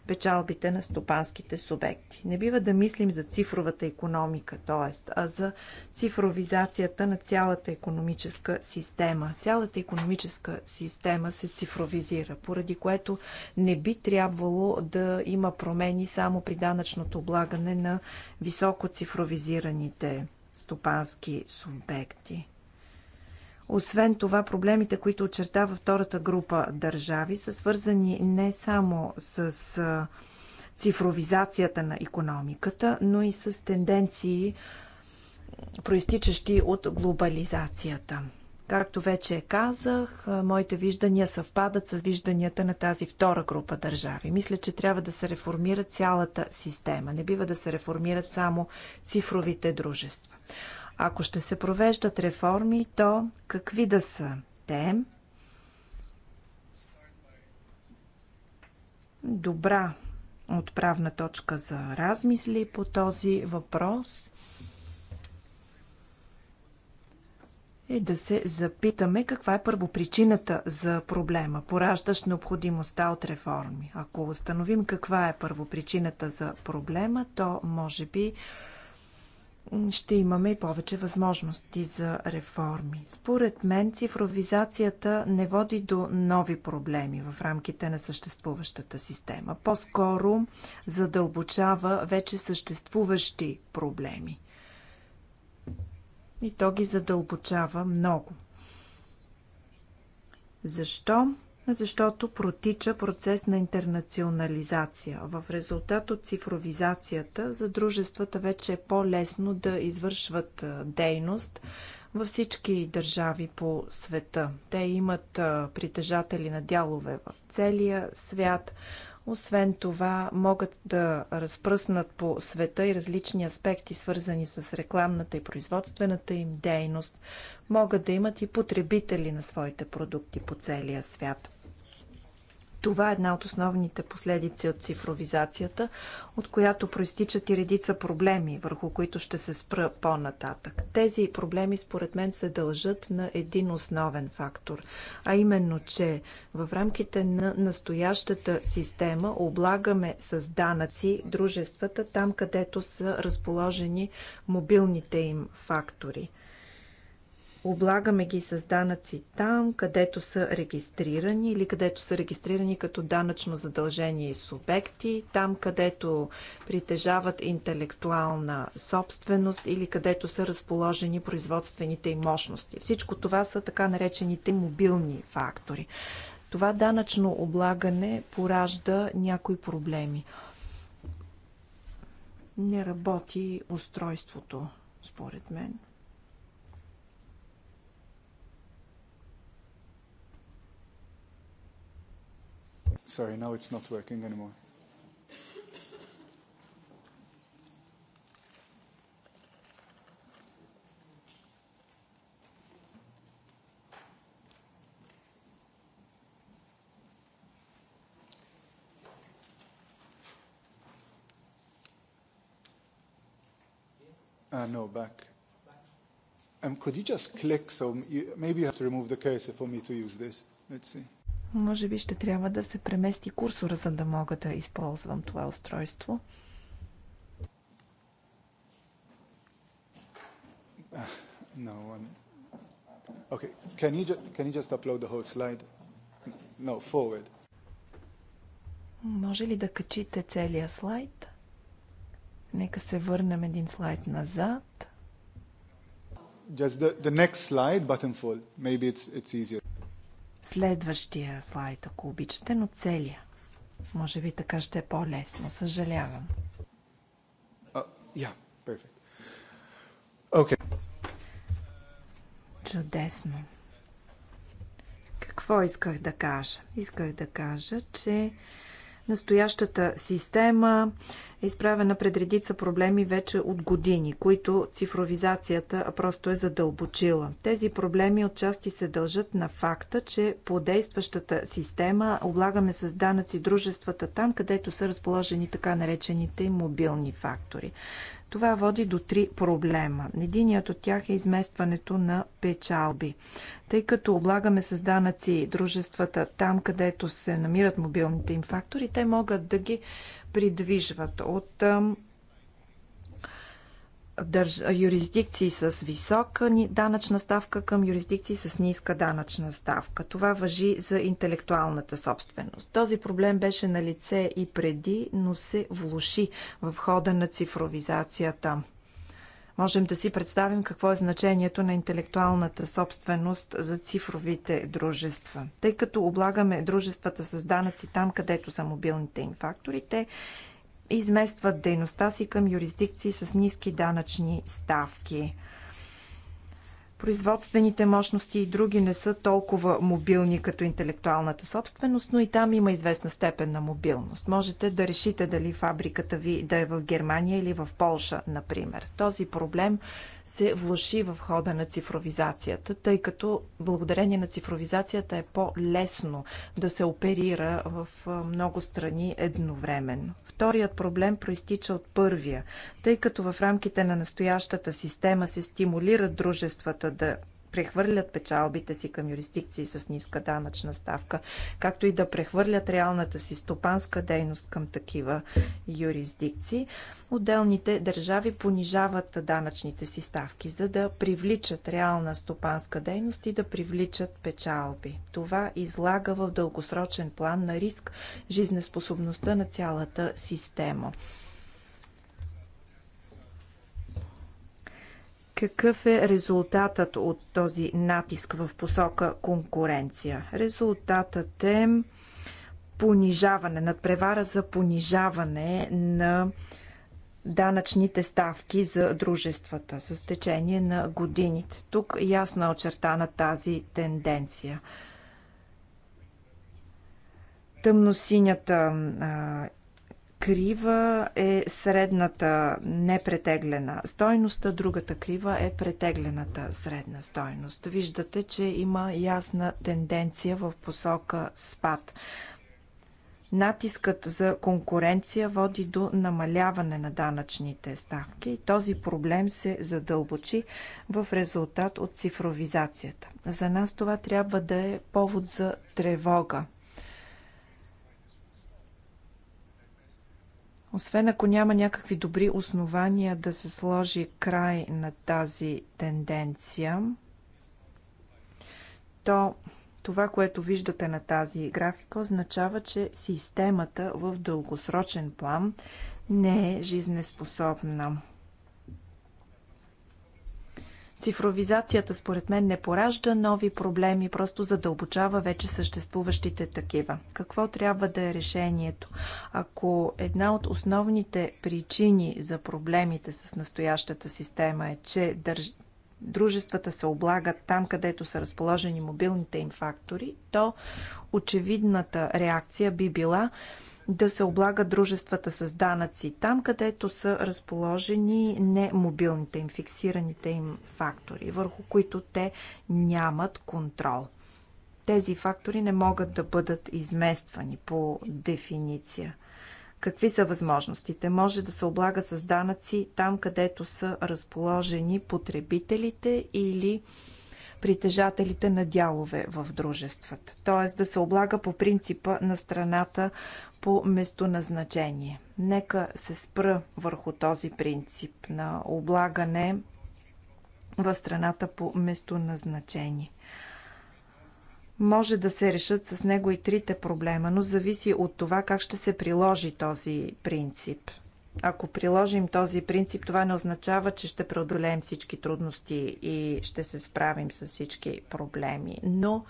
печалбите на стопанските субекти. Не бива да мислим за цифровата економика, т.е. а за цифровизацията на цялата економическа система. Цялата економическа система се цифровизира, поради което не би трябвало да има промени само при данъчното облагане на високо цифровизираните стопански субекти. Освен това, проблемите, които очертава втората група държави, са свързани не само с цифровизацията на економиката, но и с тенденции, проистичащи от глобализацията. Както вече казах, моите виждания съвпадат с вижданията на тази втора група държави. Мисля, че трябва да се реформира цялата система. Не бива да се реформират само цифровите дружества. Ако ще се провеждат реформи, то какви да са те? Добра отправна точка за размисли по този въпрос е да се запитаме каква е първопричината за проблема, пораждащ необходимостта от реформи. Ако установим каква е първопричината за проблема, то може би ще имаме и повече възможности за реформи. Според мен цифровизацията не води до нови проблеми в рамките на съществуващата система. По-скоро задълбочава вече съществуващи проблеми. И то ги задълбочава много. Защо защото протича процес на интернационализация. В резултат от цифровизацията за дружествата вече е по-лесно да извършват дейност във всички държави по света. Те имат притежатели на дялове в целия свят. Освен това, могат да разпръснат по света и различни аспекти, свързани с рекламната и производствената им дейност. Могат да имат и потребители на своите продукти по целия свят. Това е една от основните последици от цифровизацията, от която проистичат и редица проблеми, върху които ще се спра по-нататък. Тези проблеми, според мен, се дължат на един основен фактор, а именно, че в рамките на настоящата система облагаме с данъци дружествата там, където са разположени мобилните им фактори – облагаме ги с данъци там, където са регистрирани или където са регистрирани като данъчно задължени субекти, там, където притежават интелектуална собственост или където са разположени производствените им мощности. Всичко това са така наречените мобилни фактори. Това данъчно облагане поражда някои проблеми. Не работи устройството, според мен Sorry, now it's not working anymore. Uh, no, back. Um, could you just click? So you, maybe you have to remove the cursor for me to use this. Let's see. Може би ще трябва да се премести курсора, за да мога да използвам това устройство. Ah, no, I'm... Okay, can you, ju- can you just upload the whole slide? No, forward. Може ли да качите целия слайд? Нека се върнем един слайд назад. Just the, the next slide, button full. Maybe it's, it's easier. Следващия слайд, ако обичате, но целия. Може би така ще е по-лесно. Съжалявам. Да, перфектно. Окей. Чудесно. Какво исках да кажа? Исках да кажа, че Настоящата система е изправена пред редица проблеми вече от години, които цифровизацията просто е задълбочила. Тези проблеми отчасти се дължат на факта, че по действащата система облагаме с данъци дружествата там, където са разположени така наречените мобилни фактори. Това води до три проблема. Единият от тях е изместването на печалби. Тъй като облагаме с данъци дружествата там, където се намират мобилните им фактори, те могат да ги придвижват от държ... юрисдикции с висока данъчна ставка към юрисдикции с ниска данъчна ставка. Това въжи за интелектуалната собственост. Този проблем беше на лице и преди, но се влуши в хода на цифровизацията. Можем да си представим какво е значението на интелектуалната собственост за цифровите дружества. Тъй като облагаме дружествата с данъци там, където са мобилните им фактори, те изместват дейността си към юрисдикции с ниски данъчни ставки. Производствените мощности и други не са толкова мобилни като интелектуалната собственост, но и там има известна степен на мобилност. Можете да решите дали фабриката ви да е в Германия или в Полша, например. Този проблем се влуши в хода на цифровизацията, тъй като благодарение на цифровизацията е по-лесно да се оперира в много страни едновременно. Вторият проблем проистича от първия, тъй като в рамките на настоящата система се стимулират дружествата да прехвърлят печалбите си към юрисдикции с ниска данъчна ставка, както и да прехвърлят реалната си стопанска дейност към такива юрисдикции. Отделните държави понижават данъчните си ставки, за да привличат реална стопанска дейност и да привличат печалби. Това излага в дългосрочен план на риск жизнеспособността на цялата система. Какъв е резултатът от този натиск в посока конкуренция? Резултатът е понижаване, надпревара за понижаване на данъчните ставки за дружествата с течение на годините. Тук ясно е очертана тази тенденция. Тъмносинята крива е средната непретеглена стойност, а другата крива е претеглената средна стойност. Виждате, че има ясна тенденция в посока спад. Натискът за конкуренция води до намаляване на данъчните ставки. Този проблем се задълбочи в резултат от цифровизацията. За нас това трябва да е повод за тревога. Освен ако няма някакви добри основания да се сложи край на тази тенденция, то това, което виждате на тази графика, означава, че системата в дългосрочен план не е жизнеспособна. Цифровизацията според мен не поражда нови проблеми, просто задълбочава вече съществуващите такива. Какво трябва да е решението? Ако една от основните причини за проблемите с настоящата система е, че държ... дружествата се облагат там, където са разположени мобилните им фактори, то очевидната реакция би била да се облагат дружествата с данъци там, където са разположени не мобилните им, фиксираните им фактори, върху които те нямат контрол. Тези фактори не могат да бъдат измествани по дефиниция. Какви са възможностите? Може да се облага с данъци там, където са разположени потребителите или притежателите на дялове в дружествата, т.е. да се облага по принципа на страната по местоназначение. Нека се спра върху този принцип на облагане в страната по местоназначение. Може да се решат с него и трите проблема, но зависи от това как ще се приложи този принцип. Ако приложим този принцип, това не означава, че ще преодолеем всички трудности и ще се справим с всички проблеми, но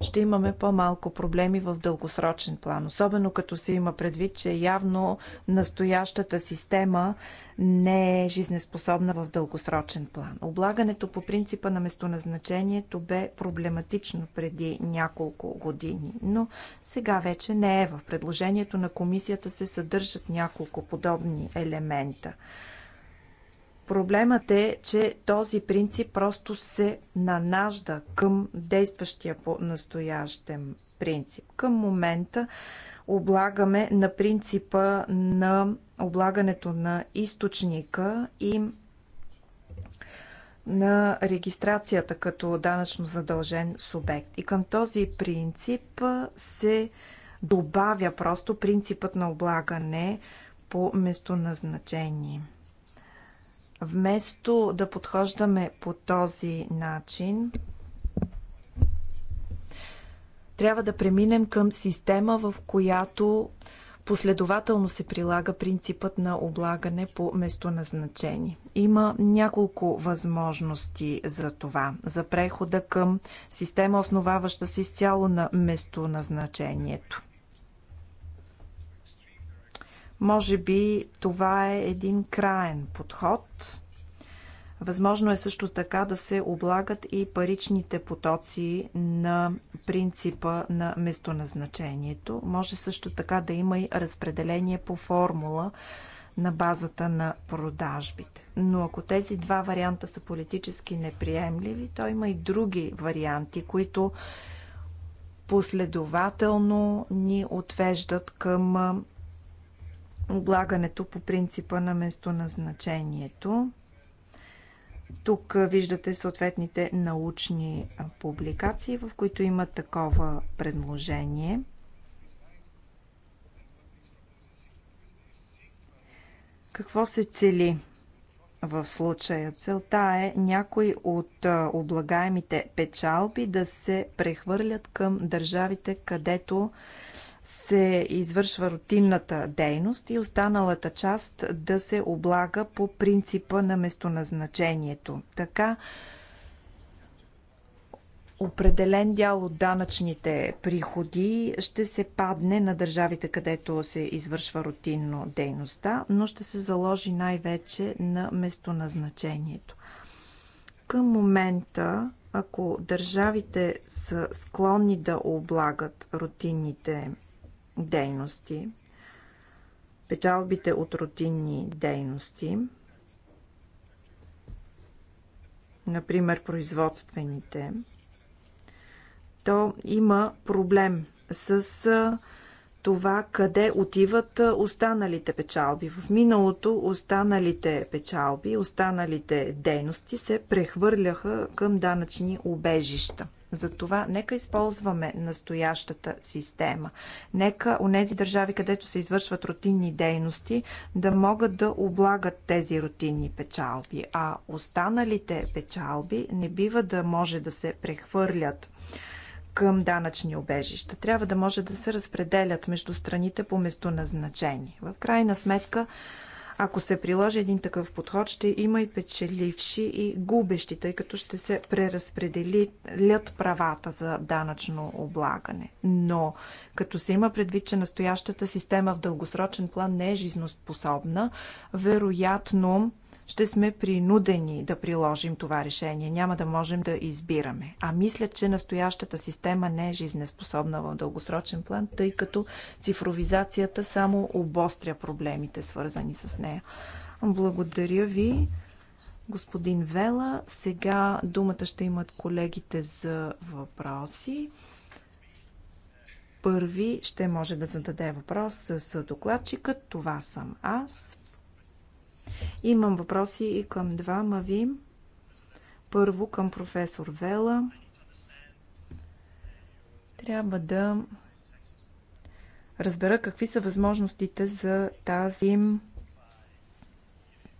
ще имаме по-малко проблеми в дългосрочен план. Особено като се има предвид, че явно настоящата система не е жизнеспособна в дългосрочен план. Облагането по принципа на местоназначението бе проблематично преди няколко години, но сега вече не е. В предложението на комисията се съдържат няколко подобни елемента. Проблемът е, че този принцип просто се нанажда към действащия по настоящем принцип. Към момента облагаме на принципа на облагането на източника и на регистрацията като данъчно задължен субект. И към този принцип се добавя просто принципът на облагане по местоназначение. Вместо да подхождаме по този начин, трябва да преминем към система, в която последователно се прилага принципът на облагане по местоназначение. Има няколко възможности за това. За прехода към система, основаваща се изцяло на местоназначението. Може би това е един краен подход. Възможно е също така да се облагат и паричните потоци на принципа на местоназначението. Може също така да има и разпределение по формула на базата на продажбите. Но ако тези два варианта са политически неприемливи, то има и други варианти, които последователно ни отвеждат към облагането по принципа на местоназначението. Тук виждате съответните научни публикации, в които има такова предложение. Какво се цели в случая? Целта е някои от облагаемите печалби да се прехвърлят към държавите, където се извършва рутинната дейност и останалата част да се облага по принципа на местоназначението. Така определен дял от данъчните приходи ще се падне на държавите, където се извършва рутинно дейността, но ще се заложи най-вече на местоназначението. Към момента, ако държавите са склонни да облагат рутинните дейности, печалбите от рутинни дейности, например производствените, то има проблем с това къде отиват останалите печалби. В миналото останалите печалби, останалите дейности се прехвърляха към данъчни обежища. Затова нека използваме настоящата система. Нека у нези държави, където се извършват рутинни дейности, да могат да облагат тези рутинни печалби, а останалите печалби не бива да може да се прехвърлят към данъчни обежища. Трябва да може да се разпределят между страните по местоназначение. В крайна сметка, ако се приложи един такъв подход, ще има и печеливши и губещи, тъй като ще се преразпределят правата за данъчно облагане. Но, като се има предвид, че настоящата система в дългосрочен план не е жизноспособна, вероятно ще сме принудени да приложим това решение. Няма да можем да избираме. А мисля, че настоящата система не е жизнеспособна в дългосрочен план, тъй като цифровизацията само обостря проблемите, свързани с нея. Благодаря ви, господин Вела. Сега думата ще имат колегите за въпроси първи ще може да зададе въпрос с докладчика. Това съм аз. Имам въпроси и към двама ви. Първо към професор Вела. Трябва да разбера какви са възможностите за тази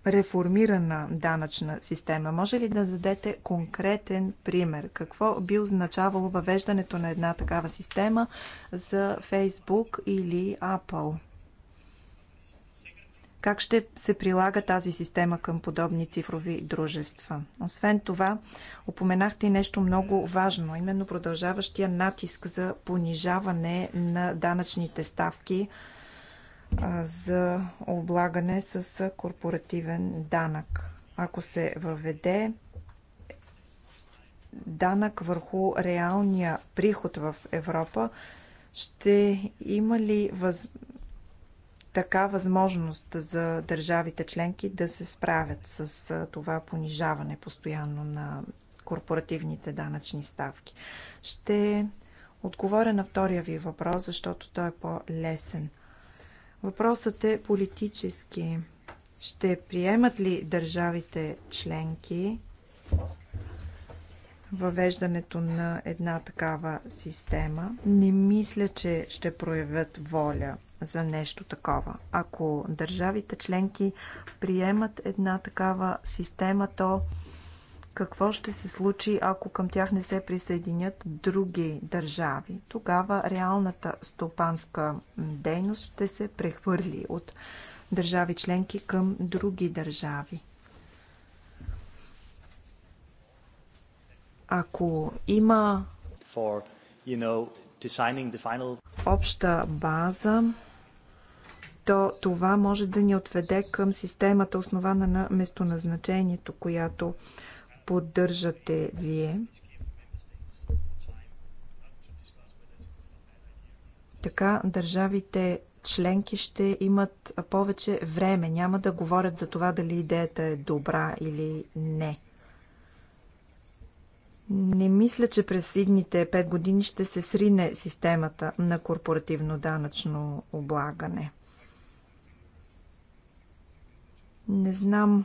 реформирана данъчна система. Може ли да дадете конкретен пример? Какво би означавало въвеждането на една такава система за Facebook или Apple? Как ще се прилага тази система към подобни цифрови дружества? Освен това, опоменахте и нещо много важно, именно продължаващия натиск за понижаване на данъчните ставки за облагане с корпоративен данък. Ако се въведе данък върху реалния приход в Европа, ще има ли въз така възможност за държавите членки да се справят с това понижаване постоянно на корпоративните данъчни ставки. Ще отговоря на втория ви въпрос, защото той е по-лесен. Въпросът е политически. Ще приемат ли държавите членки въвеждането на една такава система? Не мисля, че ще проявят воля за нещо такова. Ако държавите членки приемат една такава система, то какво ще се случи, ако към тях не се присъединят други държави? Тогава реалната стопанска дейност ще се прехвърли от държави членки към други държави. Ако има For, you know, final... обща база то това може да ни отведе към системата, основана на местоназначението, която поддържате вие. Така държавите членки ще имат повече време. Няма да говорят за това дали идеята е добра или не. Не мисля, че през идните 5 години ще се срине системата на корпоративно данъчно облагане – не знам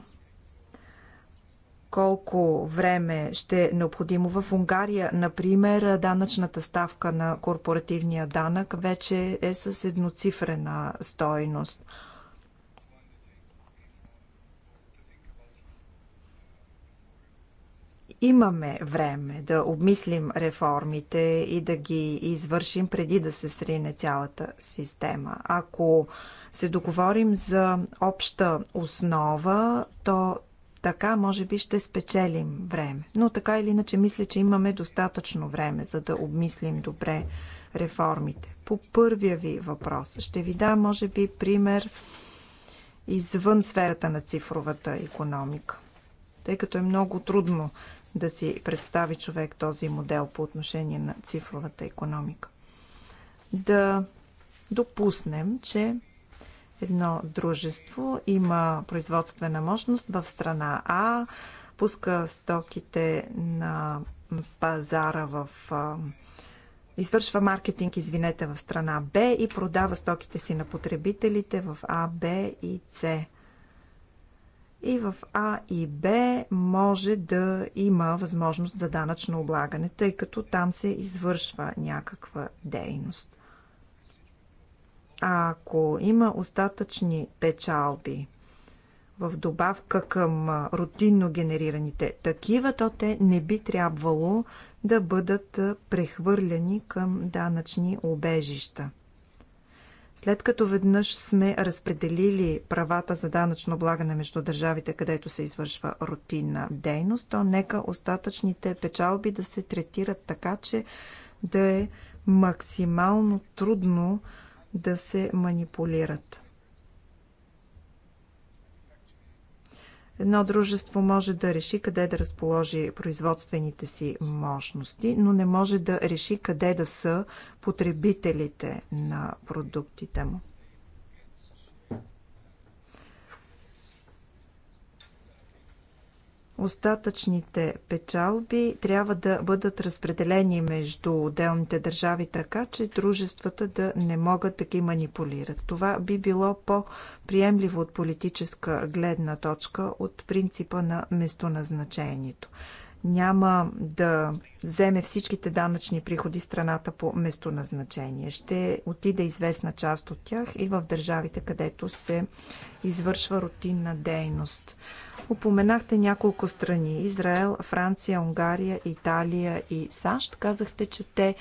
колко време ще е необходимо. В Унгария, например, данъчната ставка на корпоративния данък вече е с едноцифрена стойност. имаме време да обмислим реформите и да ги извършим преди да се срине цялата система. Ако се договорим за обща основа, то така може би ще спечелим време. Но така или иначе мисля, че имаме достатъчно време, за да обмислим добре реформите. По първия ви въпрос ще ви дам, може би, пример извън сферата на цифровата економика, тъй като е много трудно да си представи човек този модел по отношение на цифровата економика. Да допуснем, че едно дружество има производствена мощност в страна А, пуска стоките на пазара в извършва маркетинг, извинете, в страна Б и продава стоките си на потребителите в А, Б и С и в А и Б може да има възможност за данъчно облагане, тъй като там се извършва някаква дейност. А ако има остатъчни печалби в добавка към рутинно генерираните такива, то те не би трябвало да бъдат прехвърляни към данъчни обежища. След като веднъж сме разпределили правата за данъчно облагане между държавите, където се извършва рутинна дейност, то нека остатъчните печалби да се третират така, че да е максимално трудно да се манипулират. Едно дружество може да реши къде да разположи производствените си мощности, но не може да реши къде да са потребителите на продуктите му. Остатъчните печалби трябва да бъдат разпределени между отделните държави така, че дружествата да не могат да ги манипулират. Това би било по-приемливо от политическа гледна точка от принципа на местоназначението няма да вземе всичките данъчни приходи страната по местоназначение. Ще отиде известна част от тях и в държавите, където се извършва рутинна дейност. Упоменахте няколко страни Израел, Франция, Унгария, Италия и САЩ. Казахте, че те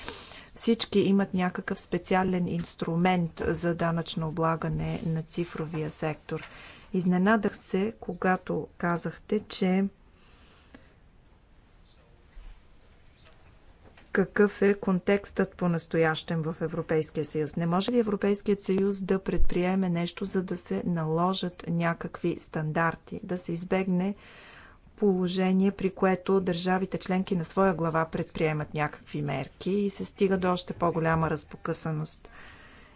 всички имат някакъв специален инструмент за данъчно облагане на цифровия сектор. Изненадах се, когато казахте, че какъв е контекстът по настоящем в Европейския съюз. Не може ли Европейският съюз да предприеме нещо, за да се наложат някакви стандарти, да се избегне положение, при което държавите членки на своя глава предприемат някакви мерки и се стига до още по-голяма разпокъсаност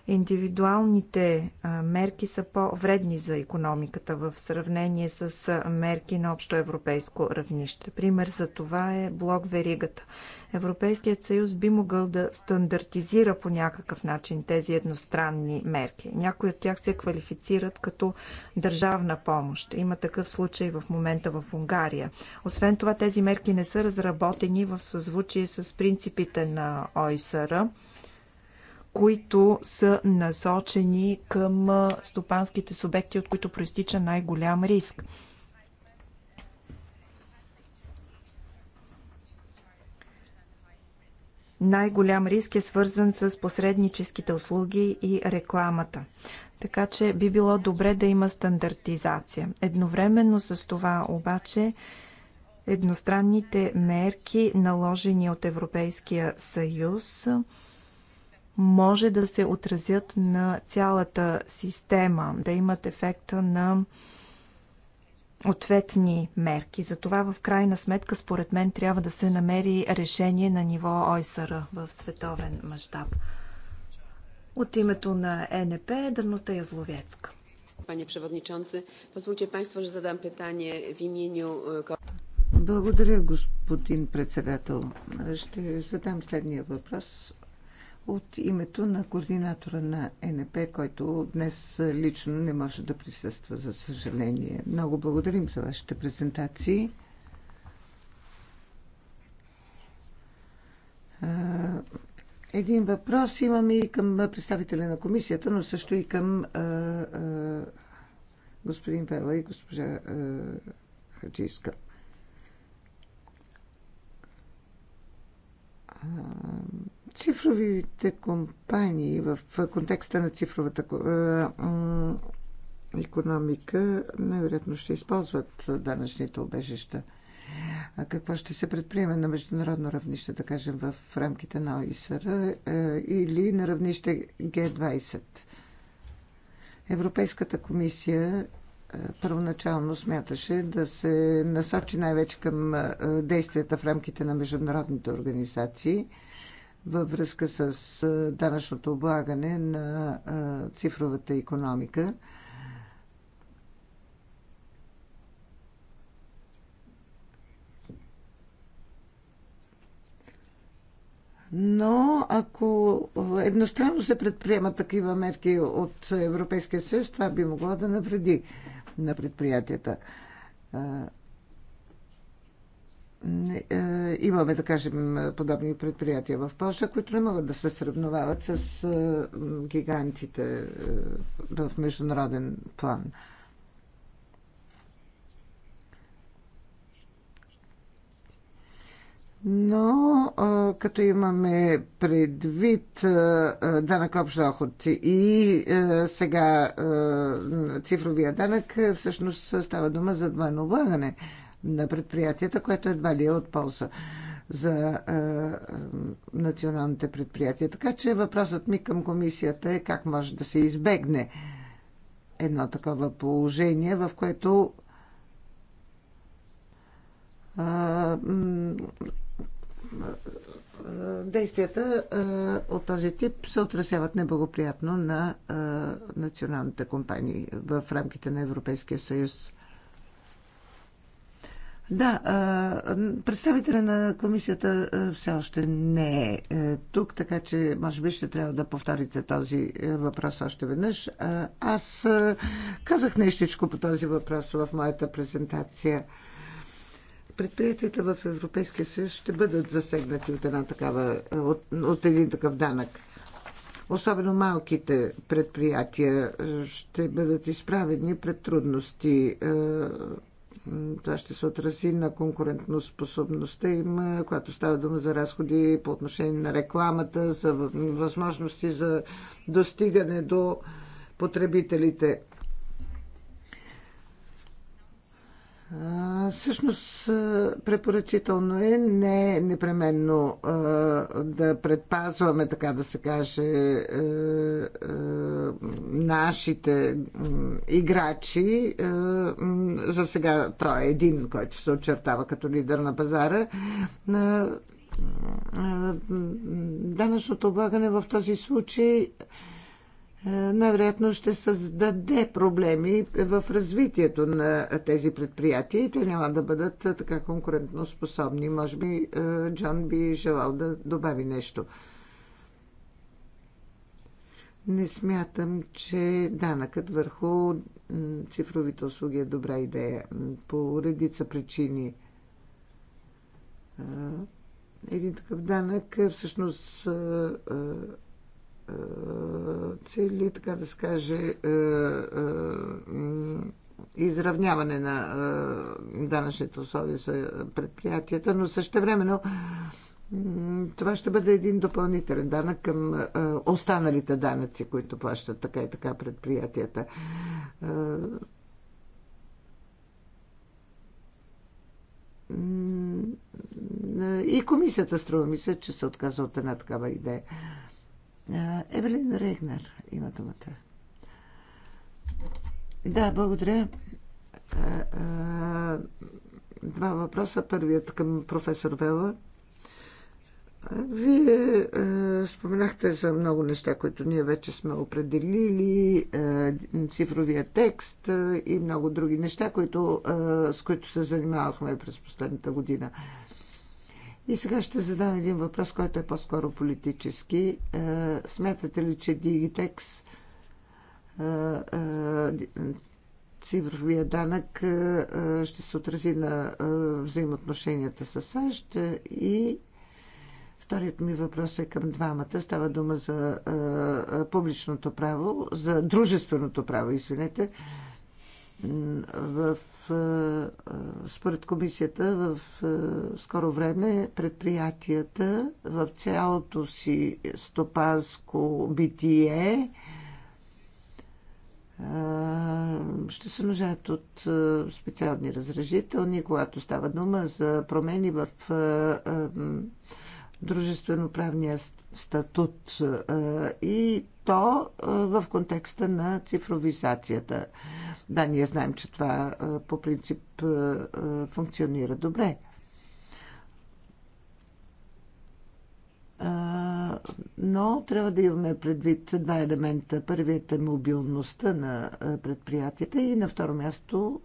индивидуалните мерки са по-вредни за економиката в сравнение с мерки на общо европейско равнище. Пример за това е блок Веригата. Европейският съюз би могъл да стандартизира по някакъв начин тези едностранни мерки. Някои от тях се квалифицират като държавна помощ. Има такъв случай в момента в Унгария. Освен това, тези мерки не са разработени в съзвучие с принципите на ОИСР които са насочени към стопанските субекти, от които проистича най-голям риск. Най-голям риск е свързан с посредническите услуги и рекламата. Така че би било добре да има стандартизация. Едновременно с това обаче едностранните мерки, наложени от Европейския съюз, може да се отразят на цялата система, да имат ефекта на ответни мерки. Затова в крайна сметка, според мен, трябва да се намери решение на ниво ОСР в световен мащаб. От името на ЕНП Дърнота Язловецка. Пане Przewodniczący, позволите Państwo, че задам питание в именю... Е, Благодаря, господин председател. Ще задам следния въпрос от името на координатора на НП, който днес лично не може да присъства, за съжаление. Много благодарим за вашите презентации. Един въпрос имам и към представителя на комисията, но също и към господин Вела и госпожа Хаджиска. Цифровите компании в контекста на цифровата економика най-вероятно ще използват данъчните обежища. А какво ще се предприеме на международно равнище, да кажем, в рамките на ОИСР е, или на равнище Г20? Европейската комисия е, първоначално смяташе да се насочи най-вече към е, действията в рамките на международните организации – във връзка с данъчното облагане на цифровата економика. Но ако едностранно се предприемат такива мерки от Европейския съюз, това би могло да навреди на предприятията. Е, имаме, да кажем, подобни предприятия в Польша, които не могат да се сравновават с е, гигантите е, в международен план. Но като имаме предвид данък общ доход и сега цифровия данък, всъщност става дума за двойно облагане на предприятията, което едва ли е от полза за е, е, националните предприятия. Така че въпросът ми към комисията е как може да се избегне едно такова положение, в което е, е действията е, от този тип се отразяват неблагоприятно на националните компании в рамките на Европейския съюз. Да, представителя на комисията все още не е, е тук, така че може би ще трябва да повторите този е, въпрос още веднъж. Аз казах нещичко по този въпрос в моята презентация. Предприятията в Европейския съюз ще бъдат засегнати от, една такава, е, от, от един такъв данък. Особено малките предприятия ще бъдат изправени пред трудности това ще се отрази на конкурентноспособността им, когато става дума за разходи по отношение на рекламата, за възможности за достигане до потребителите. Всъщност препоръчително е не непременно да предпазваме, така да се каже, нашите играчи. За сега той е един, който се очертава като лидер на пазара. Данъчното облагане в този случай е, най-вероятно ще създаде проблеми в развитието на тези предприятия и те няма да бъдат е, така конкурентно способни. Може би е, Джон би желал да добави нещо. Не смятам, че данъкът върху цифровите услуги е добра идея по редица причини. Един такъв данък всъщност е, цели, така да се каже, е, е, изравняване на данъчните условия за предприятията, но също времено това ще бъде един допълнителен данък към останалите данъци, които плащат така и така предприятията. И комисията струва мисля, че се отказва от една такава идея. Евелин Регнер има думата. Да, благодаря. Два въпроса. Първият към професор Вела. Вие е, споменахте за много неща, които ние вече сме определили, е, цифровия текст е, и много други неща, които, е, с които се занимавахме през последната година. Е, и сега ще задам един въпрос, който е по-скоро политически. Е, смятате ли, че Digitex е, е, цифровия данък ще се отрази на взаимоотношенията с САЩ и Вторият ми въпрос е към двамата. Става дума за а, публичното право, за дружественото право, извинете в, според комисията в скоро време предприятията в цялото си стопанско битие ще се нуждаят от специални разрешителни, когато става дума за промени в дружествено-правния статут и то в контекста на цифровизацията. Да, ние знаем, че това е, по принцип е, е, функционира добре. но трябва да имаме предвид два елемента. Първият е мобилността на предприятията и на второ място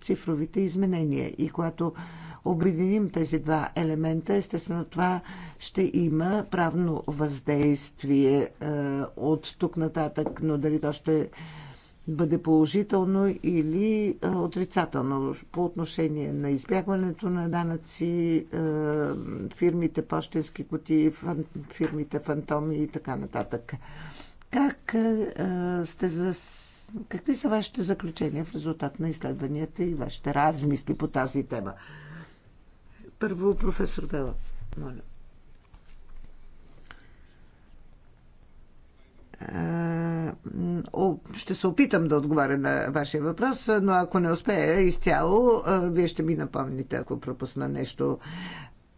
цифровите изменения. И когато обединим тези два елемента, естествено това ще има правно въздействие от тук нататък, но дали то ще бъде положително или отрицателно по отношение на избягването на данъци, фирмите почтенски фан, фирмите фантоми и така нататък. Как сте за... Какви са вашите заключения в резултат на изследванията и вашите размисли по тази тема? Първо, професор Белов, моля. Ще се опитам да отговаря на вашия въпрос, но ако не успея изцяло, вие ще ми напомните, ако пропусна нещо.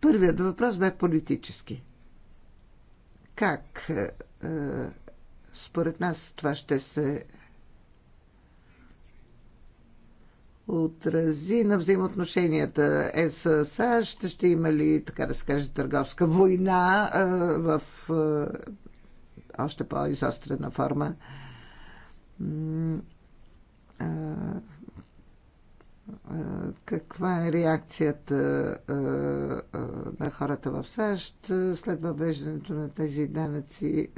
Първият въпрос бе политически. Как според нас това ще се отрази на взаимоотношенията е с САЩ? Ще има ли, така да се каже, търговска война в още по-изострена форма. Каква е реакцията на хората в САЩ след въвеждането на тези данъци?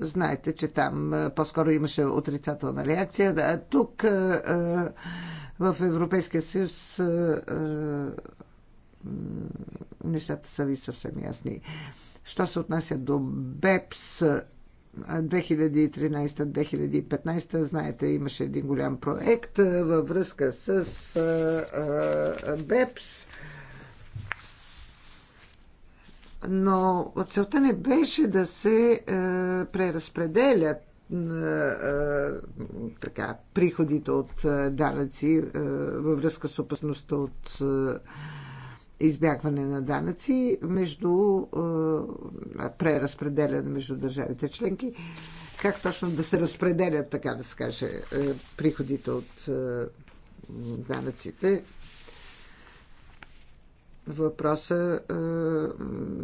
знаете, че там по-скоро имаше отрицателна реакция. Да, тук в Европейския съюз нещата са ви съвсем ясни. Що се отнася до БЕПС 2013-2015, знаете, имаше един голям проект във връзка с БЕПС но целта не беше да се преразпределят така, приходите от данъци във връзка с опасността от избягване на данъци, между е, преразпределяне между държавите членки. Как точно да се разпределят, така да се каже, е, приходите от е, данъците? Въпроса е,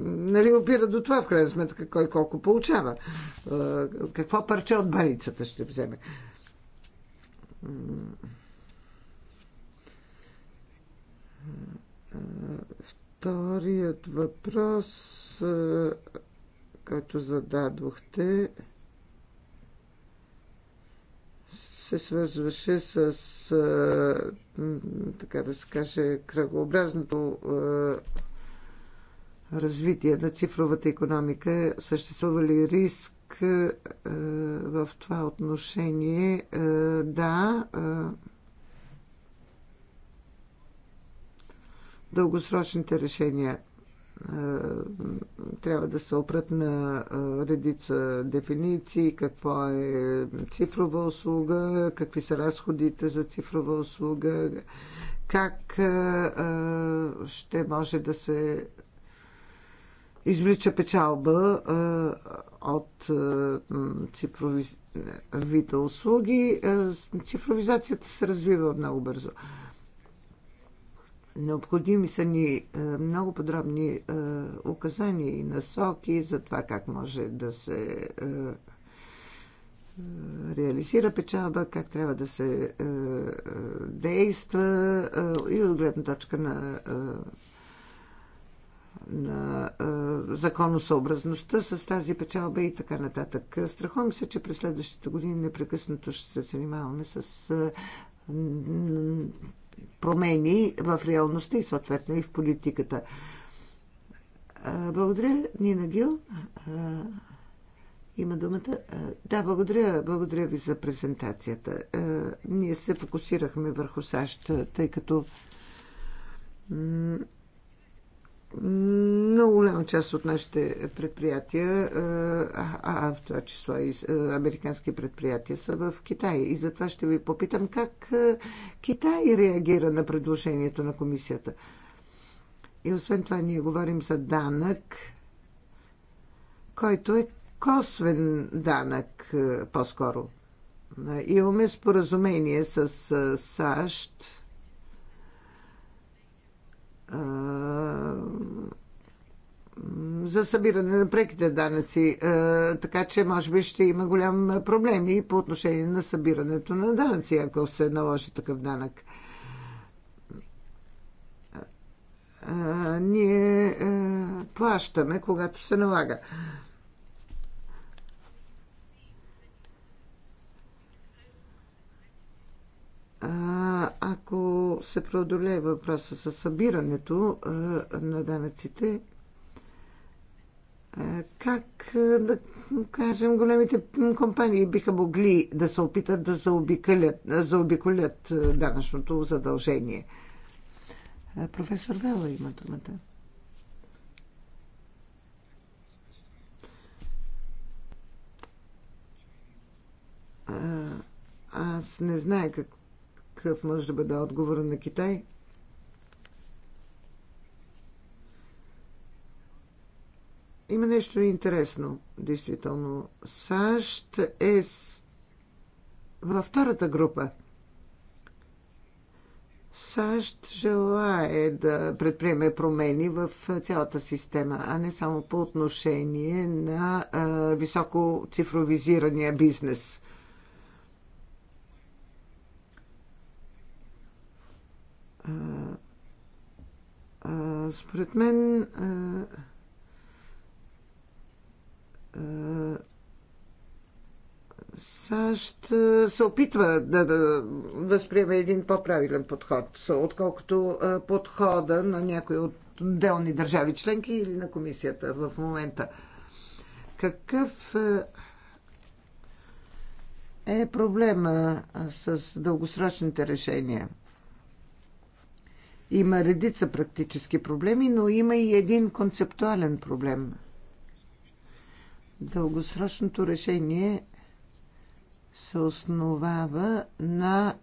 нали опира до това, в крайна сметка, кой колко получава. Е, какво парче от баницата ще вземе? Е, Вторият въпрос, който зададохте, се свързваше с, така да се каже, кръгообразното развитие на цифровата економика. Съществува ли риск в това отношение? Да дългосрочните решения е, трябва да се опрат на е, редица дефиниции, какво е цифрова услуга, какви са разходите за цифрова услуга, как е, ще може да се извлича печалба от цифровите услуги. Цифровизацията се развива много бързо. Необходими са ни е, много подробни е, указания и насоки за това как може да се е, реализира печалба, как трябва да се действа и от гледна точка на, на законосъобразността с тази печалба и така нататък. Страхувам се, че през следващите години непрекъснато ще се занимаваме с промени в реалността и съответно и в политиката. Благодаря, Нина Гил. Има думата. Да, благодаря, благодаря ви за презентацията. Ние се фокусирахме върху САЩ, тъй като много голяма част от нашите предприятия, а в това число и американски предприятия, са в Китай. И затова ще ви попитам как Китай реагира на предложението на комисията. И освен това ние говорим за данък, който е косвен данък по-скоро. Имаме споразумение с САЩ, за събиране на преките данъци. Така че, може би, ще има голям проблем и по отношение на събирането на данъци, ако се наложи такъв данък. Ние плащаме, когато се налага. ако се преодолее въпроса с събирането на данъците, как, да кажем, големите компании биха могли да се опитат да заобиколят, заобиколят данъчното задължение? Професор Вела има думата. Аз не знае какво какъв може да бъде отговора на Китай? Има нещо интересно, действително. САЩ е във втората група. САЩ желае да предприеме промени в цялата система, а не само по отношение на а, високо цифровизирания бизнес. според мен САЩ се опитва да, да възприема един по-правилен подход, отколкото подхода на някои от отделни държави членки или на комисията в момента. Какъв е проблема с дългосрочните решения? Има редица практически проблеми, но има и един концептуален проблем. Дългосрочното решение се основава на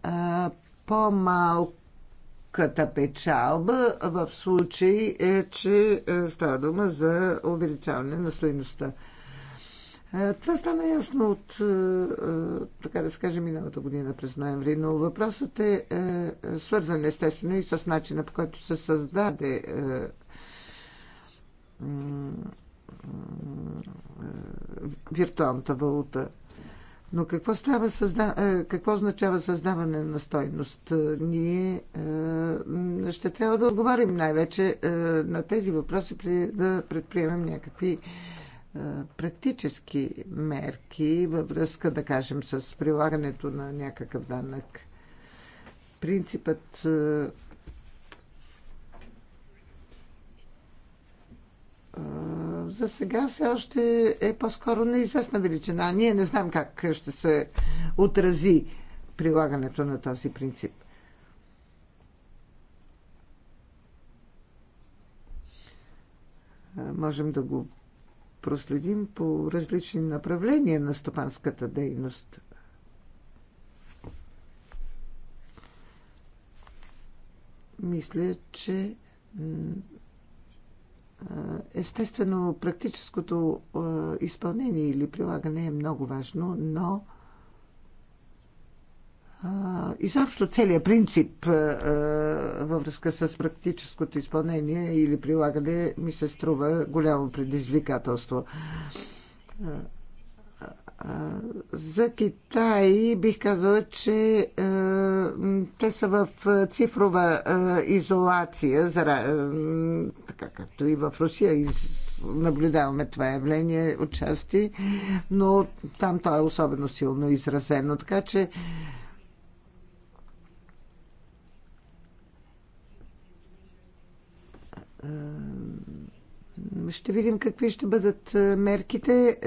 по-малката печалба в случай, е, че е, става дума за увеличаване на стоеността. Това стана ясно от, така да се каже, миналата година през ноември, но въпросът е, е свързан естествено и с начина по който се създаде е, е, виртуалната валута. Но какво, става създа... какво означава създаване на стойност? Ние ще трябва да отговорим най-вече на тези въпроси, преди да предприемем някакви е, практически мерки във връзка, да кажем, с прилагането на някакъв данък. Принципът е, е, за сега все още е по-скоро неизвестна величина. Ние не знаем как ще се отрази прилагането на този принцип. Можем да го проследим по различни направления на стопанската дейност. Мисля, че естествено практическото изпълнение или прилагане е много важно, но изобщо целият принцип във връзка с практическото изпълнение или прилагане ми се струва голямо предизвикателство. За Китай бих казала, че е, те са в цифрова е, изолация, за, е, така както и в Русия из, наблюдаваме това явление отчасти, но там то е особено силно изразено. Така че е, ще видим какви ще бъдат мерките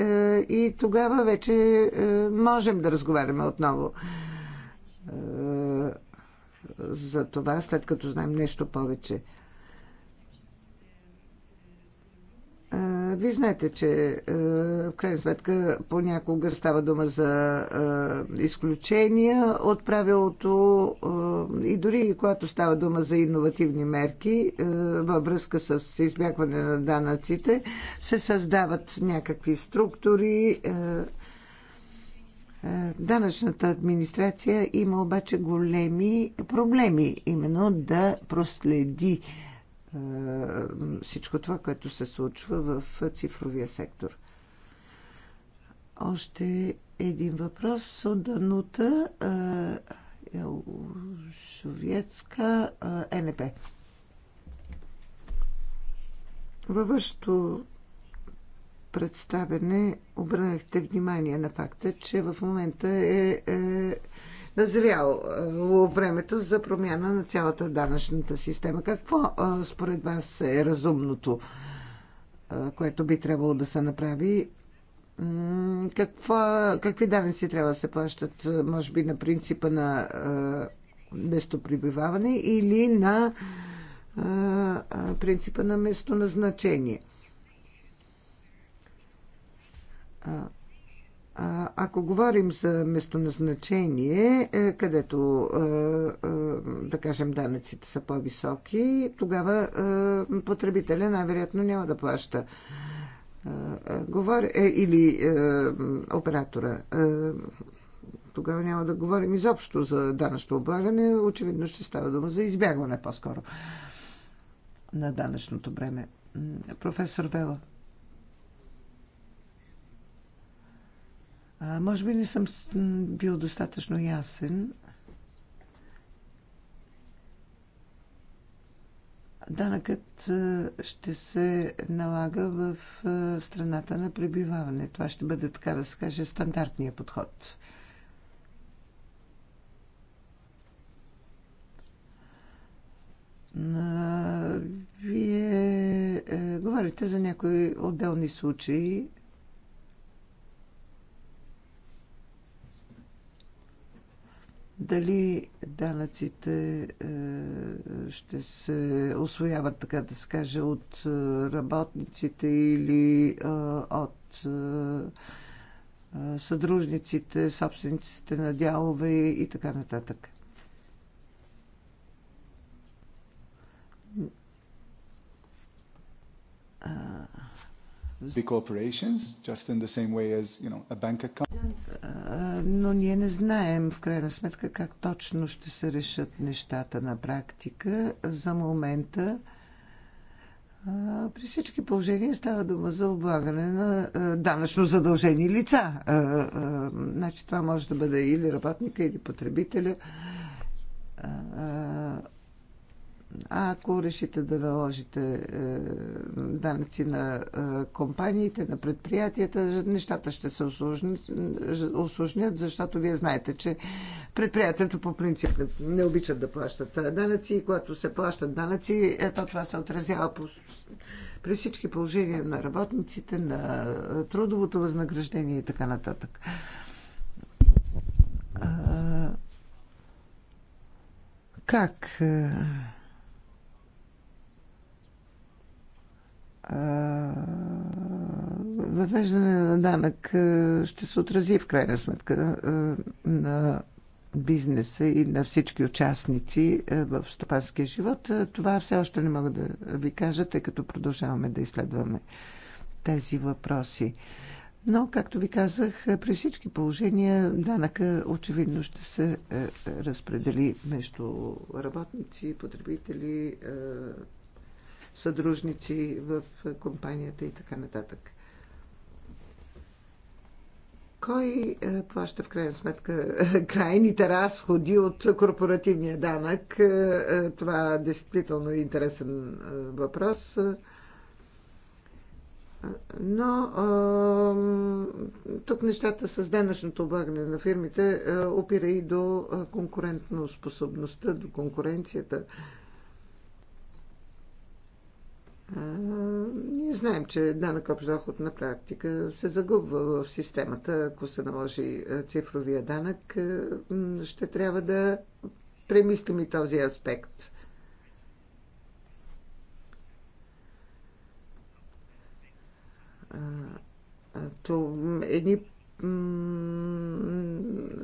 и тогава вече можем да разговаряме отново за това, след като знаем нещо повече. Вие знаете, че в крайна сметка понякога става дума за изключения от правилото и дори когато става дума за иновативни мерки във връзка с избягване на данъците, се създават някакви структури. Данъчната администрация има обаче големи проблеми именно да проследи всичко това, което се случва в цифровия сектор. Още един въпрос от Данута Шовецка е НП. Във вашето представене обърнахте внимание на факта, че в момента е, е назряло времето за промяна на цялата данъчната система. Какво според вас е разумното, което би трябвало да се направи? Каква, какви данъци трябва да се плащат, може би, на принципа на местоприбиваване или на принципа на местоназначение? Ако говорим за местоназначение, е, където, е, е, да кажем, данъците са по-високи, тогава потребителя най-вероятно няма да плаща. Говор... Или оператора. Тогава няма да говорим изобщо за данъчно облагане. Очевидно ще става дума за избягване по-скоро на данъчното бреме. Професор Вела. А, може би не съм бил достатъчно ясен. Данъкът ще се налага в страната на пребиваване. Това ще бъде, така да се каже, стандартния подход. Вие е, говорите за някои отделни случаи Дали данъците е, ще се освояват, така да се каже, от е, работниците или е, от съдружниците, собствениците на дялове и така нататък. А... Но ние не знаем в крайна сметка как точно ще се решат нещата на практика. За момента при всички положения става дума за облагане на данъчно задължени лица. Значи това може да бъде или работника, или потребителя ако решите да наложите е, данъци на е, компаниите, на предприятията, нещата ще се осложнят, е, защото вие знаете, че предприятията по принцип не обичат да плащат е, данъци и когато се плащат данъци, ето това се отразява по, при всички положения на работниците, на е, трудовото възнаграждение и така нататък. Как? въвеждане на данък ще се отрази в крайна сметка на бизнеса и на всички участници в стопанския живот. Това все още не мога да ви кажа, тъй като продължаваме да изследваме тези въпроси. Но, както ви казах, при всички положения данъка очевидно ще се разпредели между работници, потребители, съдружници в компанията и така нататък. Кой е, плаща в крайна сметка крайните разходи от корпоративния данък? Е, е, това действително е интересен въпрос. Но тук нещата с денъчното облагане на фирмите опира и до конкурентно способността, до конкуренцията. Ние знаем, че данък общ доход на практика се загубва в системата. Ако се наложи цифровия данък, ще трябва да премислим и този аспект. То едни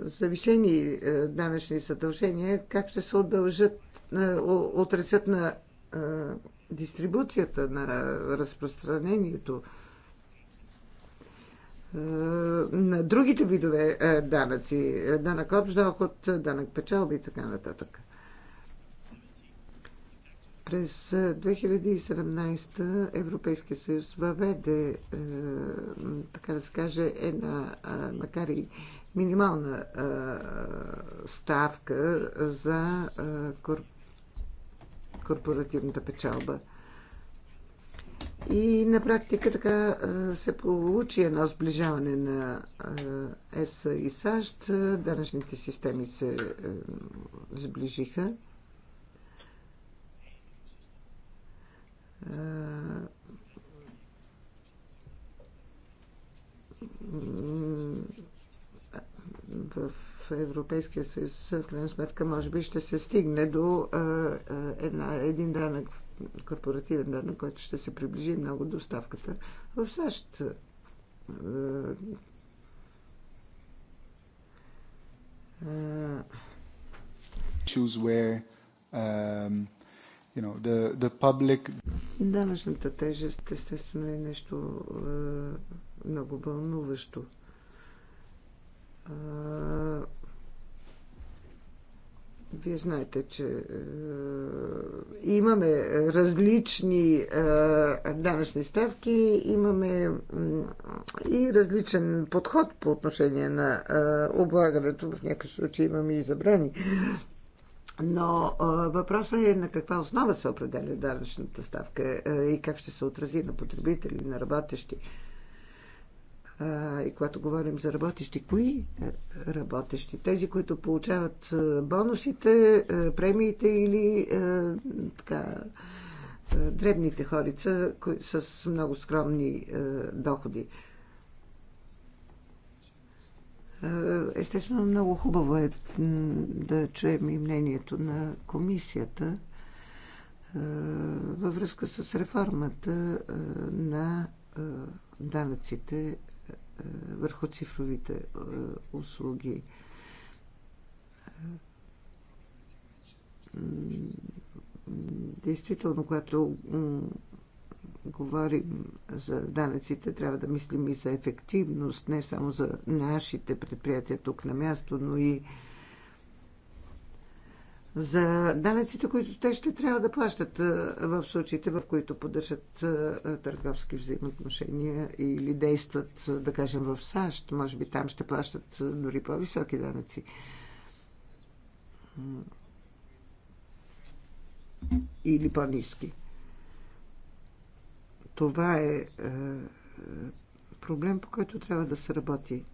завишени данъчни задължения, как ще се удължат, отрецат на дистрибуцията, на разпространението е, на другите видове е, данъци, е, данък общ доход, данък печалби и така нататък. През 2017 Европейския съюз въведе, така да се каже, една, макар и минимална ставка за корпорация корпоративната печалба. И на практика така се получи едно сближаване на ЕС и САЩ. Данъчните системи се сближиха. в Европейския съюз, в крайна сметка, може би ще се стигне до една, един данък, корпоративен данък, който ще се приближи много до ставката в САЩ. Issues where um, you know, the, the public... Данъчната тежест, естествено, е нещо е, много вълнуващо. Вие знаете, че е, имаме различни е, данъчни ставки, имаме е, и различен подход по отношение на е, облагането. В някакъв случай имаме и забрани. Но е, въпросът е на каква основа се определя данъчната ставка е, и как ще се отрази на потребители, на работещи. Е, и когато говорим за работещи, кои е, работещи? Тези, които получават е, бонусите, е, премиите или така, дребните хорица с много скромни доходи. Естествено, много хубаво е да чуем и мнението на комисията във връзка с реформата на данъците върху цифровите услуги. Действително, когато говорим за данъците, трябва да мислим и за ефективност, не само за нашите предприятия тук на място, но и за данъците, които те ще трябва да плащат в случаите, в които поддържат търговски взаимоотношения или действат, да кажем, в САЩ. Може би там ще плащат дори по-високи данъци. Или по-низки. Това е проблем, по който трябва да се работи.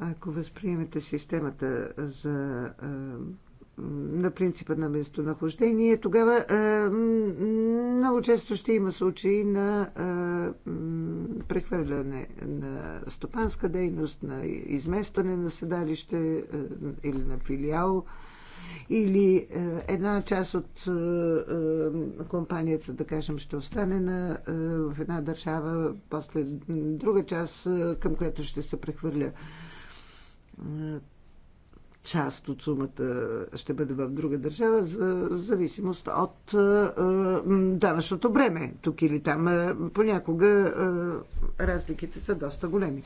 Ако възприемете системата за на принципа на местонахождение, тогава а, много често ще има случаи на а, прехвърляне на стопанска дейност, на изместване на седалище а, или на филиал, или е, една част от е, компанията, да кажем, ще остане на, е, в една държава, после друга част, е, към която ще се прехвърля. Е, част от сумата ще бъде в друга държава, за, в зависимост от е, данъчното бреме тук или там. Е, понякога е, разликите са доста големи.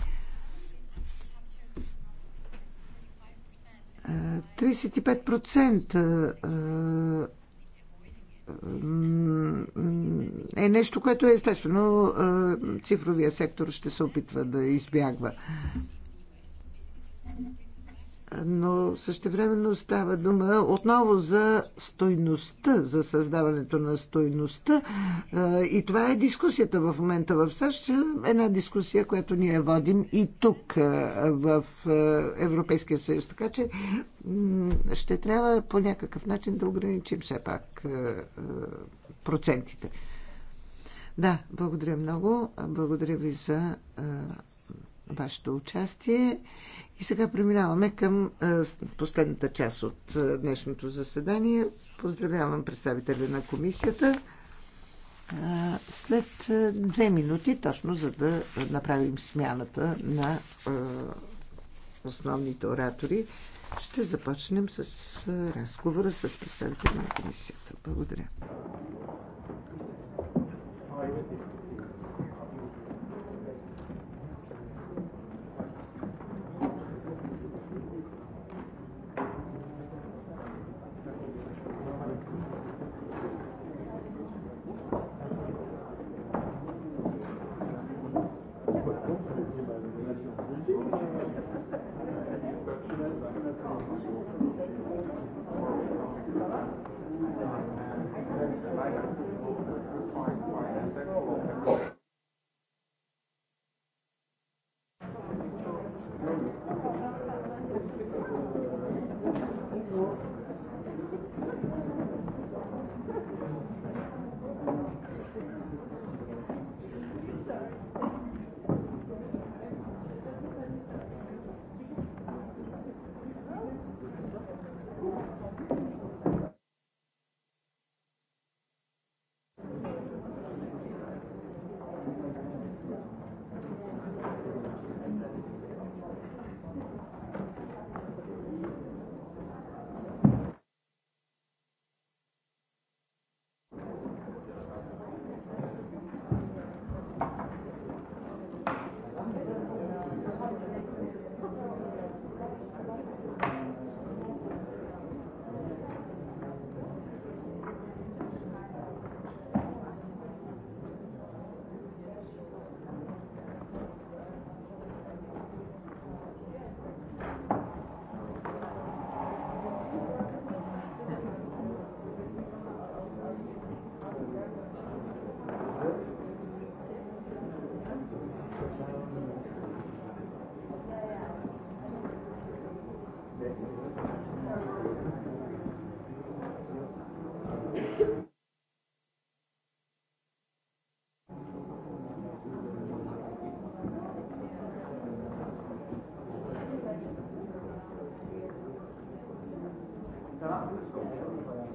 35% е нещо, което естествено цифровия сектор ще се опитва да избягва но същевременно става дума отново за стойността, за създаването на стойността. И това е дискусията в момента в САЩ. Една дискусия, която ние водим и тук в Европейския съюз. Така че ще трябва по някакъв начин да ограничим все пак процентите. Да, благодаря много. Благодаря ви за вашето участие и сега преминаваме към последната част от днешното заседание. Поздравявам представителя на комисията. След две минути, точно за да направим смяната на основните оратори, ще започнем с разговора с представителя на комисията. Благодаря.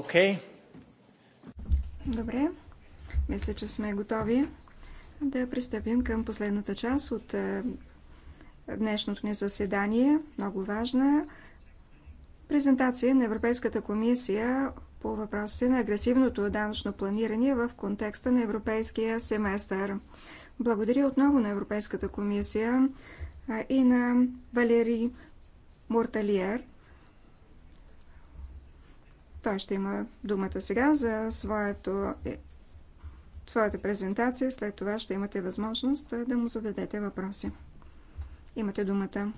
Okay. Добре. Мисля, че сме готови да пристъпим към последната част от е, днешното ни заседание. Много важна презентация на Европейската комисия по въпросите на агресивното данъчно планиране в контекста на европейския семестър. Благодаря отново на Европейската комисия и на Валери Морталиер – той ще има думата сега за своето, е, своята презентация. След това ще имате възможност е, да му зададете въпроси. Имате думата.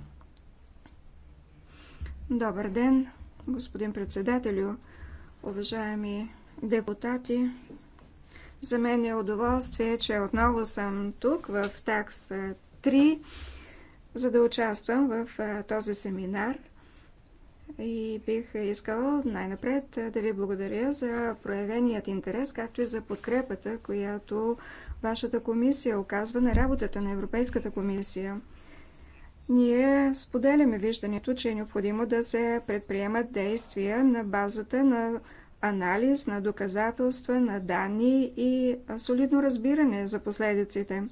Добър ден, господин председателю, уважаеми депутати. За мен е удоволствие, че отново съм тук в такс 3, е, за да участвам в този семинар – и бих искал най-напред да ви благодаря за проявеният интерес, както и за подкрепата, която вашата комисия оказва на работата на Европейската комисия. Ние споделяме виждането, че е необходимо да се предприемат действия на базата на анализ, на доказателства, на данни и солидно разбиране за последиците.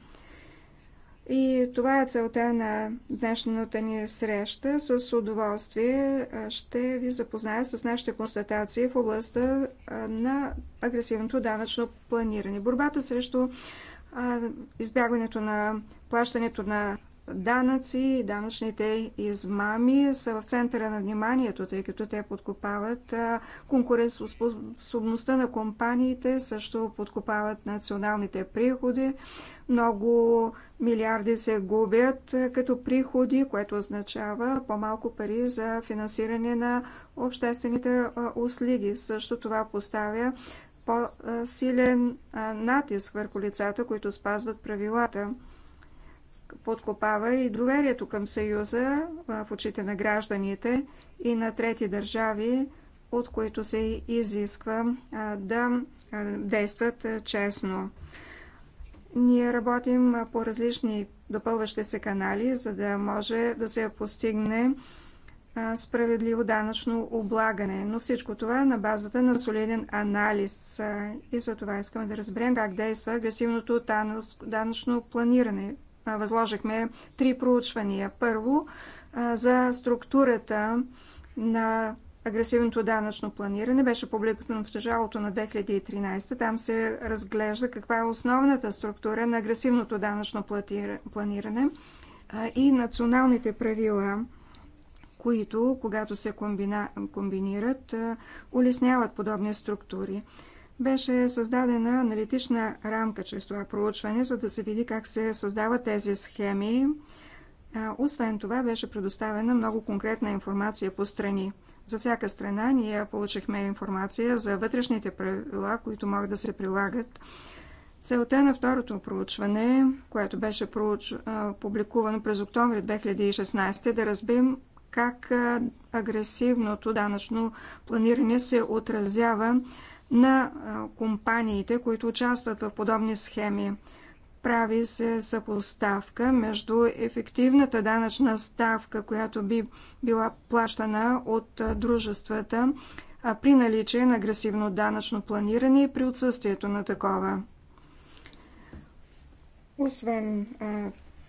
И това е целта на днешната ни среща. С удоволствие ще ви запозная с нашите констатации в областта на агресивното данъчно планиране. Борбата срещу избягването на плащането на данъци и данъчните измами са в центъра на вниманието, тъй като те подкопават конкурентоспособността на компаниите, също подкопават националните приходи, много милиарди се губят е, като приходи, което означава по-малко пари за финансиране на обществените е, услуги. Също това поставя по-силен е, натиск върху лицата, които спазват правилата. Подкопава и доверието към Съюза в очите на гражданите и на трети държави, от които се изисква да действат честно. Ние работим по различни допълващи се канали, за да може да се постигне справедливо данъчно облагане. Но всичко това е на базата на солиден анализ и за това искаме да разберем как действа агресивното данъчно планиране. Възложихме три проучвания. Първо, за структурата на агресивното данъчно планиране беше публикувано в началото на 2013. Там се разглежда каква е основната структура на агресивното данъчно планиране и националните правила, които, когато се комбина... комбинират, улесняват подобни структури. Беше създадена аналитична рамка чрез това проучване, за да се види как се създават тези схеми. Освен това беше предоставена много конкретна информация по страни. За всяка страна ние получихме информация за вътрешните правила, които могат да се прилагат. Целта на второто проучване, което беше проуч... публикувано през октомври 2016, е да разбим как агресивното данъчно планиране се отразява на компаниите, които участват в подобни схеми. Прави се съпоставка между ефективната данъчна ставка, която би била плащана от дружествата при наличие на агресивно данъчно планиране и при отсъствието на такова. Освен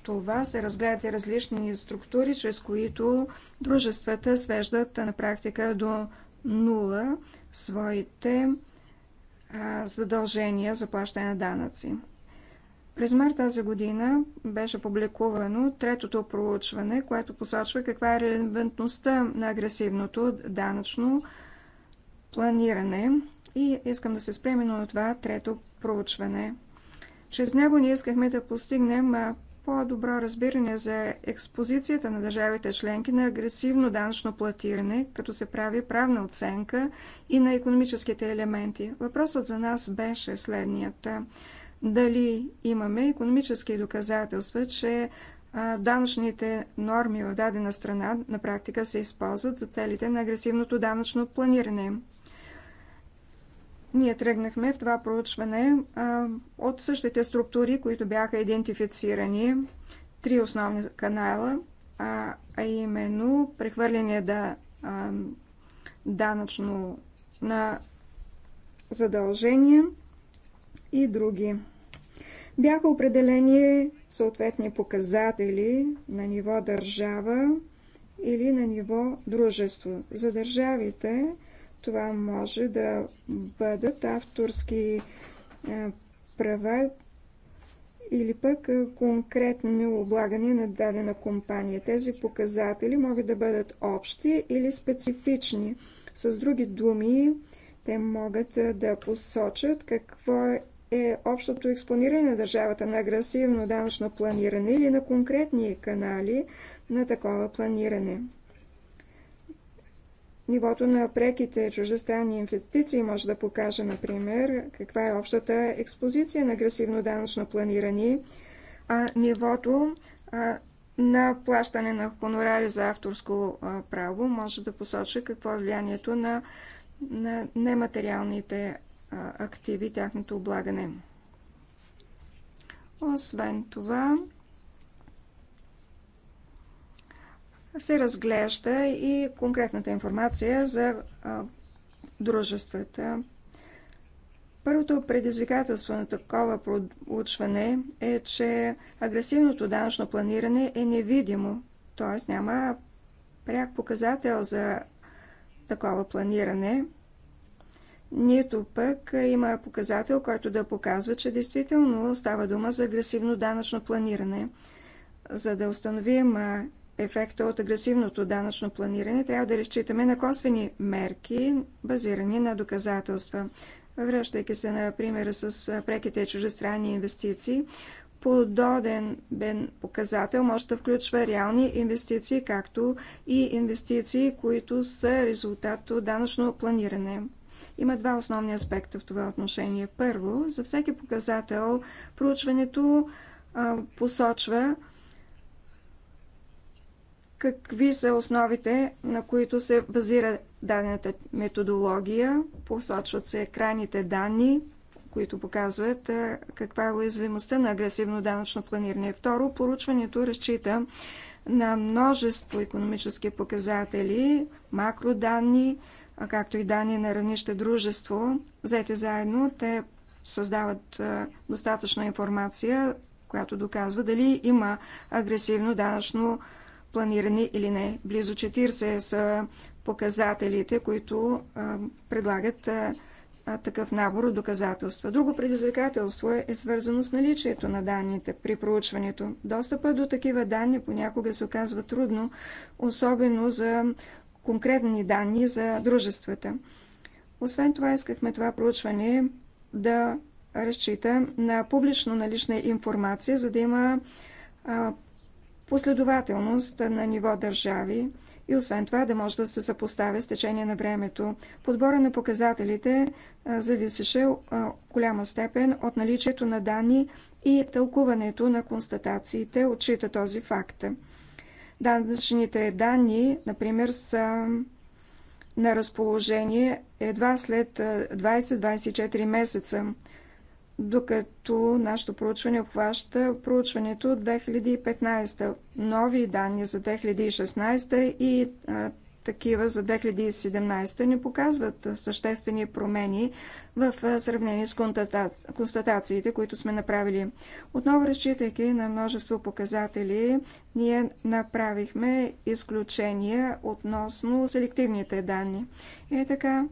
това се разгледат и различни структури, чрез които дружествата свеждат на практика до нула своите задължения за плащане на данъци. През март тази година беше публикувано третото проучване, което посочва каква е релевантността на агресивното данъчно планиране. И искам да се спрем на това трето проучване. Чрез него ние искахме да постигнем по-добро разбиране за експозицията на държавите членки на агресивно данъчно платиране, като се прави правна оценка и на економическите елементи. Въпросът за нас беше следният дали имаме економически доказателства, че данъчните норми в дадена страна на практика се използват за целите на агресивното данъчно планиране. Ние тръгнахме в това проучване от същите структури, които бяха идентифицирани, три основни канала, а, именно прехвърляне да, данъчно на задължение – и други. Бяха определени съответни показатели на ниво държава или на ниво дружество. За държавите това може да бъдат авторски е, права или пък е, конкретно облагане на дадена компания. Тези показатели могат да бъдат общи или специфични. С други думи, те могат е, да посочат какво е общото експониране на държавата на агресивно данъчно планиране или на конкретни канали на такова планиране. Нивото на преките чуждестранни инвестиции може да покаже, например, каква е общата експозиция на агресивно данъчно планиране, а нивото а, на плащане на хонорари за авторско а, право може да посочи какво е влиянието на, на нематериалните активи, тяхното облагане. Освен това, се разглежда и конкретната информация за дружествата. Първото предизвикателство на такова проучване е, че агресивното данъчно планиране е невидимо, т.е. няма пряк показател за такова планиране нито пък има показател, който да показва, че действително става дума за агресивно данъчно планиране. За да установим ефекта от агресивното данъчно планиране, трябва да разчитаме на косвени мерки, базирани на доказателства. Връщайки се на примера с преките чужестранни инвестиции, подобен бен показател може да включва реални инвестиции, както и инвестиции, които са резултат от данъчно планиране. Има два основни аспекта в това отношение. Първо, за всеки показател проучването а, посочва какви са основите, на които се базира дадената методология. Посочват се крайните данни, които показват каква е уязвимостта на агресивно данъчно планиране. Второ, поручването разчита на множество економически показатели, макроданни, както и данни на равнище дружество. взете заедно, те създават е, достатъчна информация, която доказва дали има агресивно данъчно планиране или не. Близо 40 са показателите, които е, предлагат е, такъв набор от доказателства. Друго предизвикателство е свързано с наличието на данните при проучването. Достъпа до такива данни понякога се оказва трудно, особено за конкретни данни за дружествата. Освен това, искахме това проучване да разчита на публично налична информация, за да има последователност на ниво държави и освен това да може да се съпоставя с течение на времето. Подбора на показателите зависеше голяма степен от наличието на данни и тълкуването на констатациите отчита този факт. Данъчните данни, например, са на разположение едва след 20-24 месеца, докато нашето проучване обхваща проучването от 2015, нови данни за 2016 и такива за 2017 не показват съществени промени в сравнение с констатациите, които сме направили. Отново разчитайки на множество показатели, ние направихме изключения относно селективните данни. И така,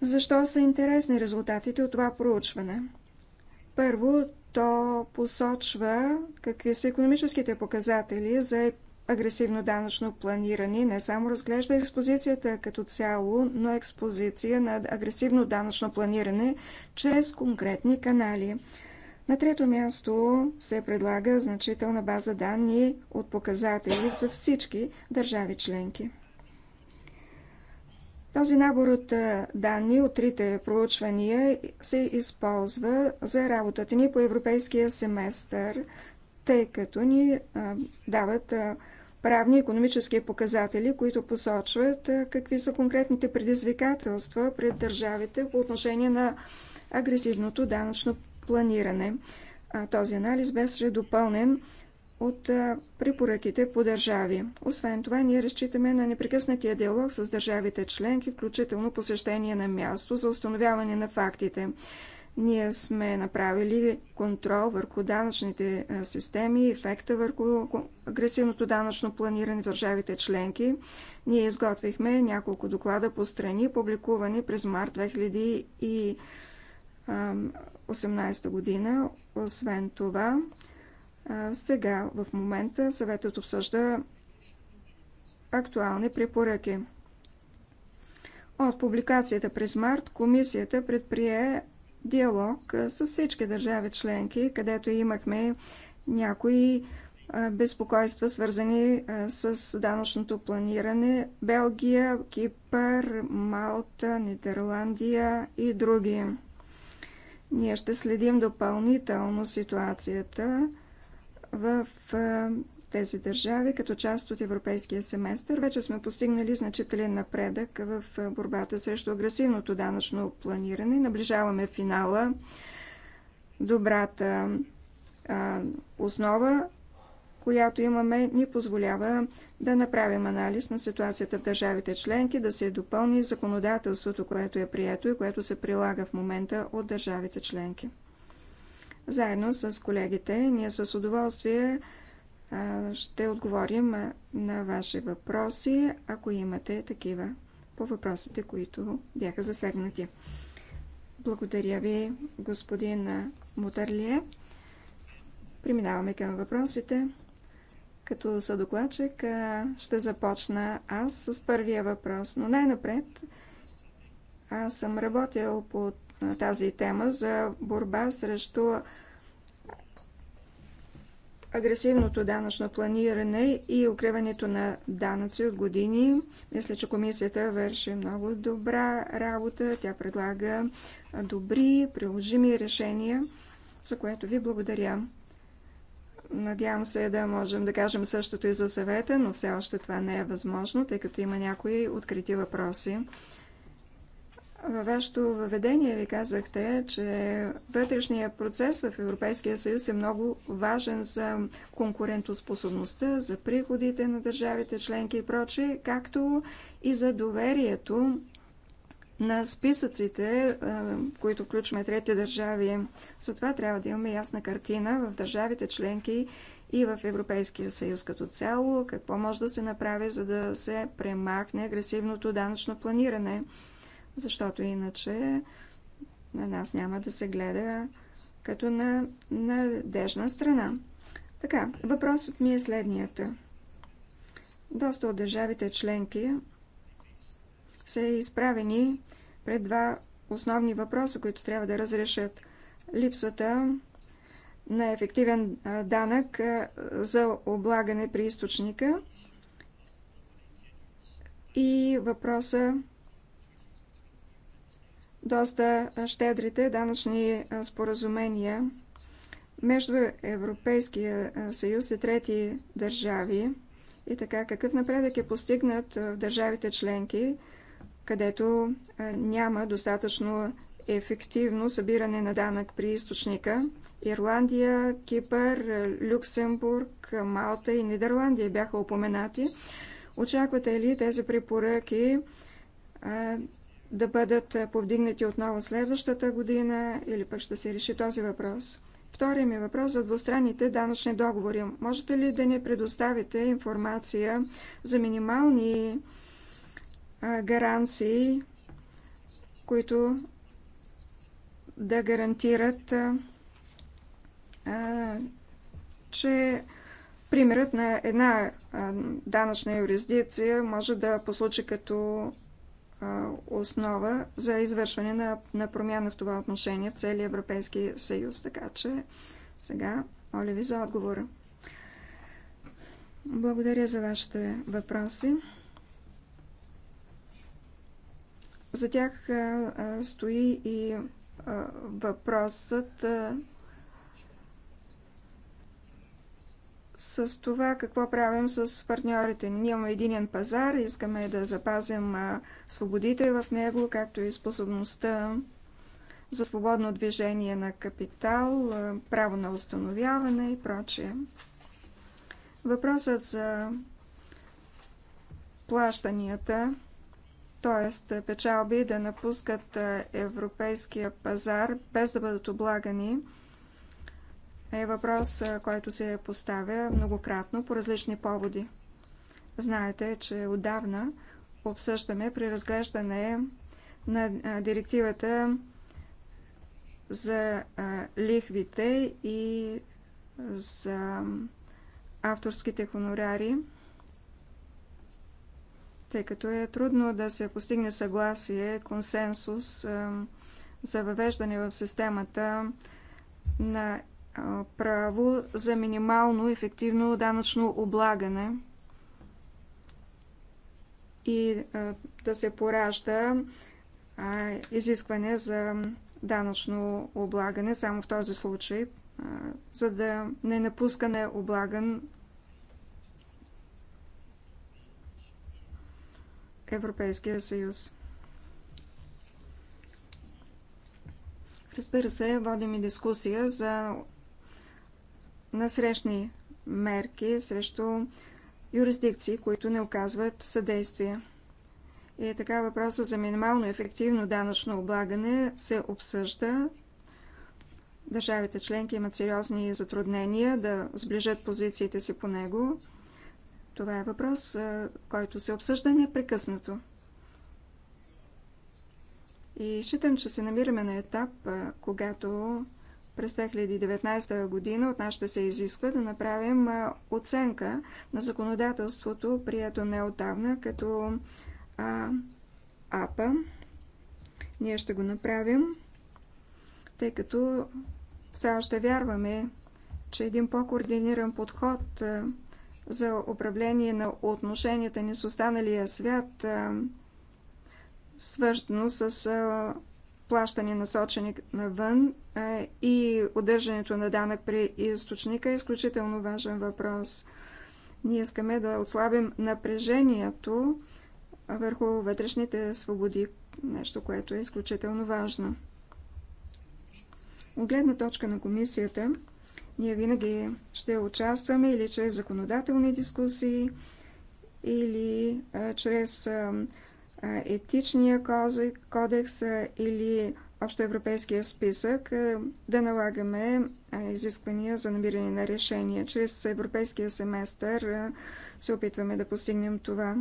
защо са интересни резултатите от това проучване? Първо, то посочва какви са економическите показатели за агресивно данъчно планиране не само разглежда експозицията като цяло, но експозиция на агресивно данъчно планиране чрез конкретни канали. На трето място се предлага значителна база данни от показатели за всички държави членки. Този набор от данни от трите проучвания се използва за работата ни по европейския семестър, тъй като ни дават правни и економически показатели, които посочват какви са конкретните предизвикателства пред държавите по отношение на агресивното данъчно планиране. Този анализ беше допълнен от препоръките по държави. Освен това, ние разчитаме на непрекъснатия диалог с държавите членки, включително посещение на място за установяване на фактите. Ние сме направили контрол върху данъчните системи, ефекта върху агресивното данъчно планиране в държавите членки. Ние изготвихме няколко доклада по страни, публикувани през март 2018 година. Освен това, сега в момента съветът обсъжда актуални препоръки. От публикацията през март комисията предприе диалог с всички държави членки, където имахме някои безпокойства, свързани с данъчното планиране. Белгия, Кипър, Малта, Нидерландия и други. Ние ще следим допълнително ситуацията в тези държави като част от европейския семестър. Вече сме постигнали значителен напредък в борбата срещу агресивното данъчно планиране. Наближаваме финала. Добрата а, основа, която имаме, ни позволява да направим анализ на ситуацията в държавите членки, да се допълни законодателството, което е прието и което се прилага в момента от държавите членки. Заедно с колегите ние с удоволствие ще отговорим на ваши въпроси, ако имате такива по въпросите, които бяха засегнати. Благодаря ви, господин Мутарлие. Преминаваме към въпросите. Като съдокладчик ще започна аз с първия въпрос, но най-напред аз съм работил по тази тема за борба срещу агресивното данъчно планиране и укриването на данъци от години. Мисля, че комисията върши много добра работа. Тя предлага добри, приложими решения, за което ви благодаря. Надявам се да можем да кажем същото и за съвета, но все още това не е възможно, тъй като има някои открити въпроси. Във вашето въведение ви казахте, че вътрешният процес в Европейския съюз е много важен за конкурентоспособността, за приходите на държавите членки и прочее, както и за доверието на списъците, които включваме трети държави. Затова трябва да имаме ясна картина в държавите членки и в Европейския съюз като цяло, какво може да се направи, за да се премахне агресивното данъчно планиране – защото иначе на нас няма да се гледа като на надежна страна. Така, въпросът ми е следният. Доста от държавите членки са изправени пред два основни въпроса, които трябва да разрешат. Липсата на ефективен данък за облагане при източника и въпроса доста щедрите данъчни споразумения между Европейския съюз и трети държави и така какъв напредък е постигнат в държавите членки, където няма достатъчно ефективно събиране на данък при източника. Ирландия, Кипър, Люксембург, Малта и Нидерландия бяха упоменати. Очаквате ли тези препоръки да бъдат повдигнати отново следващата година или пък ще се реши този въпрос? Втория ми въпрос за двустранните данъчни договори. Можете ли да ни предоставите информация за минимални гаранции, които да гарантират, че примерът на една данъчна юрисдикция може да послучи като основа за извършване на, на промяна в това отношение в целия Европейски съюз. Така че сега, моля ви за отговора. Благодаря за вашите въпроси. За тях стои и въпросът с това какво правим с партньорите. Ние имаме единен пазар, искаме да запазим свободите в него, както и способността за свободно движение на капитал, право на установяване и прочее. Въпросът за плащанията, т.е. печалби да напускат европейския пазар без да бъдат облагани – е въпрос, който се поставя многократно по различни поводи. Знаете, че отдавна обсъждаме при разглеждане на директивата за лихвите и за авторските хонорари, тъй като е трудно да се постигне съгласие, консенсус за въвеждане в системата на право за минимално ефективно данъчно облагане и да се поражда изискване за данъчно облагане само в този случай, за да не напускане облаган Европейския съюз. Разбира се, водим и дискусия за насрещни мерки срещу юрисдикции, които не оказват съдействие. И така въпроса за минимално ефективно данъчно облагане се обсъжда. Държавите членки имат сериозни затруднения да сближат позициите си по него. Това е въпрос, който се обсъжда непрекъснато. И считам, че се намираме на етап, когато през 2019 година от нас ще се изисква да направим оценка на законодателството, прието отдавна, като а, АПА. Ние ще го направим, тъй като все още вярваме, че един по-координиран подход за управление на отношенията ни с останалия свят, свързано с Плащане насочени навън и удържането на данък при източника е изключително важен въпрос. Ние искаме да отслабим напрежението върху вътрешните свободи, нещо, което е изключително важно. От гледна точка на комисията, ние винаги ще участваме или чрез законодателни дискусии, или чрез етичния кодекс или общоевропейския списък, да налагаме изисквания за набиране на решения. Чрез европейския семестър се опитваме да постигнем това.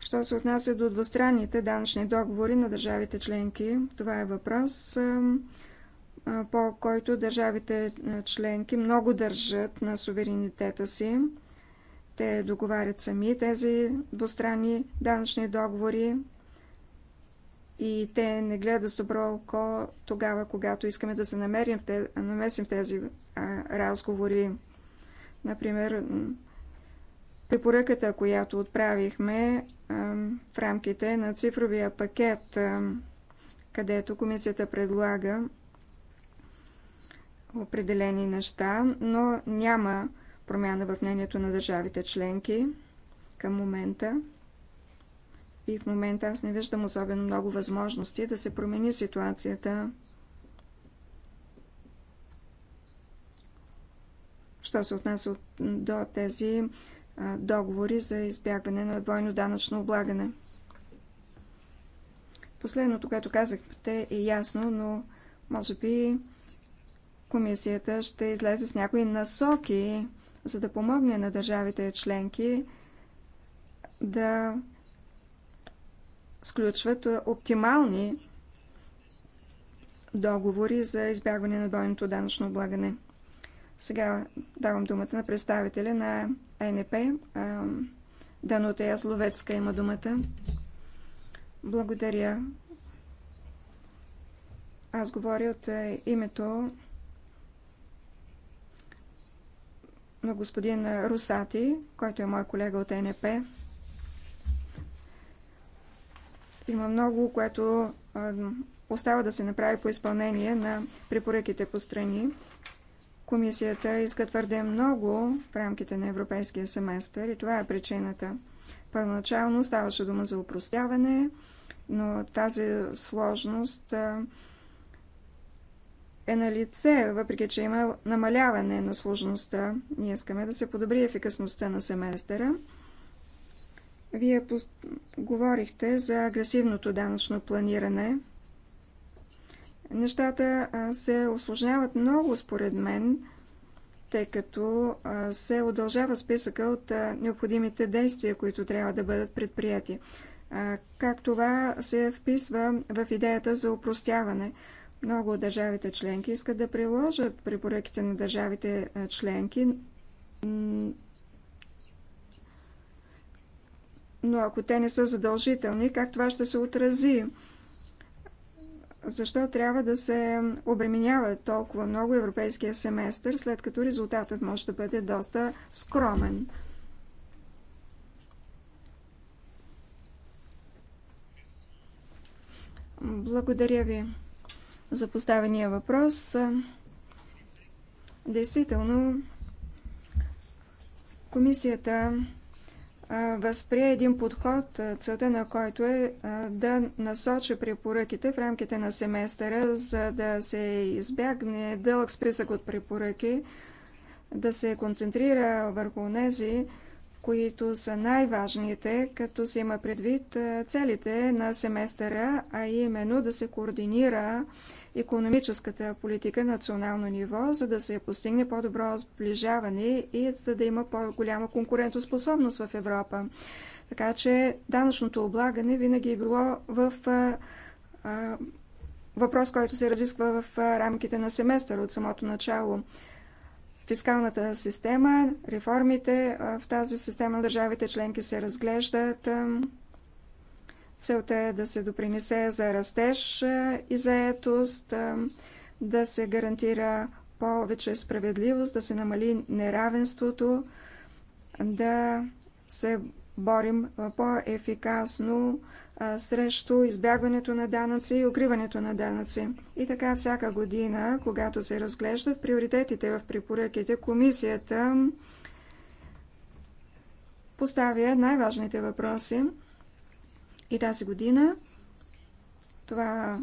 Що се отнася до двустранните данъчни договори на държавите членки, това е въпрос, по който държавите членки много държат на суверенитета си. Те договарят сами тези двустранни данъчни договори и те не гледат с добро око тогава, когато искаме да се намерим в те, намесим в тези а, разговори. Например, препоръката, която отправихме а, в рамките на цифровия пакет, а, където комисията предлага определени неща, но няма промяна в мнението на държавите членки към момента. И в момента аз не виждам особено много възможности да се промени ситуацията. Що се отнася до тези договори за избягване на двойно данъчно облагане. Последното, което казахте, е ясно, но може би комисията ще излезе с някои насоки за да помогне на държавите членки да сключват оптимални договори за избягване на двойното данъчно облагане. Сега давам думата на представителя на НП. Данута Язловецка има думата. Благодаря. Аз говоря от името на господин Русати, който е мой колега от НП. Има много, което остава да се направи по изпълнение на препоръките по страни. Комисията иска твърде много в рамките на европейския семестър и това е причината. Първоначално ставаше дума за упростяване, но тази сложност е на лице, въпреки че има намаляване на сложността. Ние искаме да се подобри ефикасността на семестъра. Вие говорихте за агресивното данъчно планиране. Нещата се осложняват много, според мен, тъй като се удължава списъка от необходимите действия, които трябва да бъдат предприяти. Как това се вписва в идеята за упростяване? Много от държавите членки искат да приложат препоръките на държавите членки, но ако те не са задължителни, как това ще се отрази? Защо трябва да се обременява толкова много европейския семестър, след като резултатът може да бъде доста скромен? Благодаря ви за поставения въпрос. Действително, комисията възприе един подход, целта на който е да насочи препоръките в рамките на семестъра, за да се избягне дълъг списък от препоръки, да се концентрира върху тези, които са най-важните, като се има предвид целите на семестъра, а именно да се координира економическата политика на национално ниво, за да се постигне по-добро сближаване и за да има по-голяма конкурентоспособност в Европа. Така че данъчното облагане винаги е било в а, а, въпрос, който се разисква в рамките на семестър от самото начало. Фискалната система, реформите в тази система на държавите членки се разглеждат. А, Целта е да се допринесе за растеж е, и заетост, е, да се гарантира повече справедливост, да се намали неравенството, да се борим е, по-ефикасно срещу избягването на данъци и укриването на данъци. И така всяка година, когато се разглеждат приоритетите в препоръките, комисията поставя най-важните въпроси – и тази година това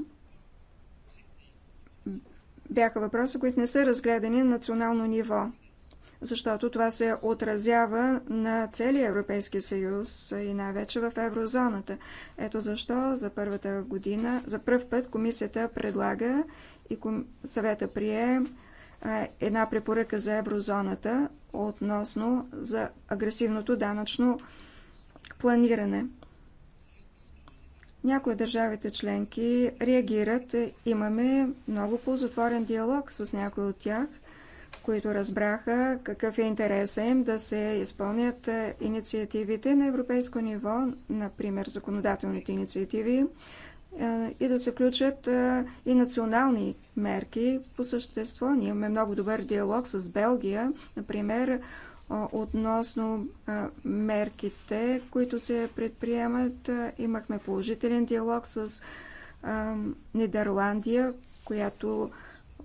бяха въпроси, които не са разгледани на национално ниво, защото това се отразява на целия Европейски съюз и най-вече в еврозоната. Ето защо за първата година, за първ път комисията предлага и съвета прие една препоръка за еврозоната относно за агресивното данъчно планиране. Някои от държавите членки реагират. Имаме много ползотворен диалог с някои от тях, които разбраха какъв е интереса им да се изпълнят е, инициативите на европейско ниво, например законодателните инициативи, е, и да се включат е, и национални мерки по същество. Ние имаме много добър диалог с Белгия, например, относно мерките, които се предприемат. Имахме положителен диалог с Нидерландия, която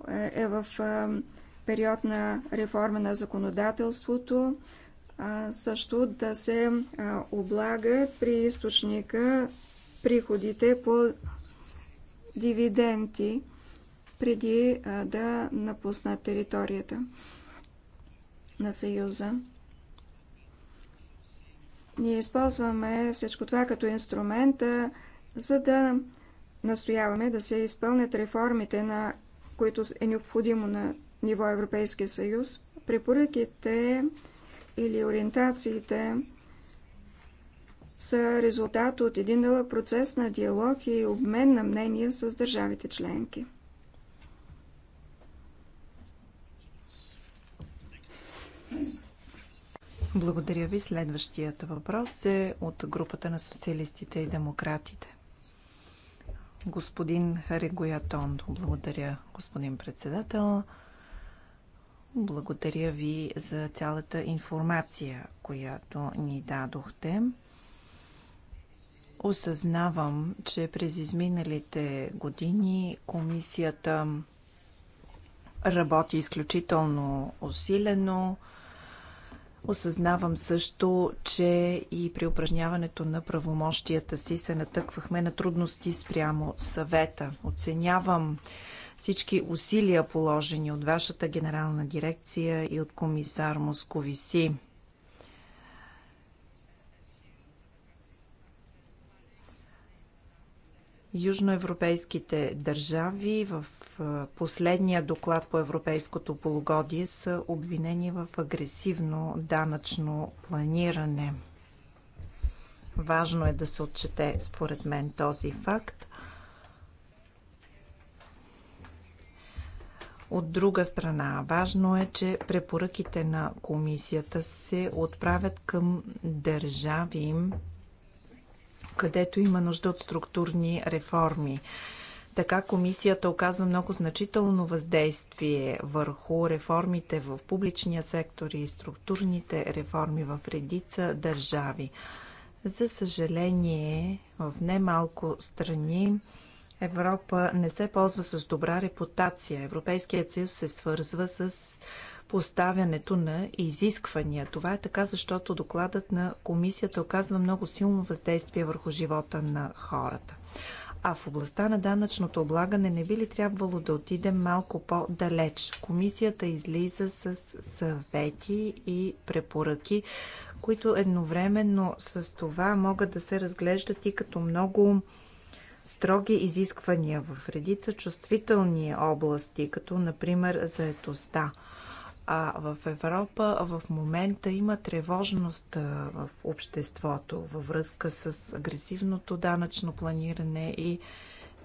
е, е в период на реформа на законодателството. Също да се облага при източника приходите по дивиденти преди да напуснат територията на Съюза. Ние използваме всичко това като инструмент, за да настояваме да се изпълнят реформите, на които е необходимо на ниво Европейския съюз. Препоръките или ориентациите са резултат от един дълъг процес на диалог и обмен на мнения с държавите членки. Благодаря ви. Следващият въпрос е от групата на социалистите и демократите. Господин Регоятон, благодаря, господин председател. Благодаря ви за цялата информация, която ни дадохте. Осъзнавам, че през изминалите години комисията работи изключително усилено, Осъзнавам също, че и при упражняването на правомощията си се натъквахме на трудности спрямо съвета. Оценявам всички усилия положени от вашата генерална дирекция и от комисар Московиси. Южноевропейските държави в последния доклад по европейското полугодие са обвинени в агресивно данъчно планиране. Важно е да се отчете, според мен, този факт. От друга страна, важно е, че препоръките на комисията се отправят към държави, където има нужда от структурни реформи. Така комисията оказва много значително въздействие върху реформите в публичния сектор и структурните реформи в редица държави. За съжаление, в немалко страни Европа не се ползва с добра репутация. Европейският съюз се свързва с поставянето на изисквания. Това е така, защото докладът на комисията оказва много силно въздействие върху живота на хората. А в областта на данъчното облагане не би ли трябвало да отидем малко по-далеч? Комисията излиза с съвети и препоръки, които едновременно с това могат да се разглеждат и като много строги изисквания в редица чувствителни области, като например заетостта. А в Европа в момента има тревожност в обществото във връзка с агресивното данъчно планиране и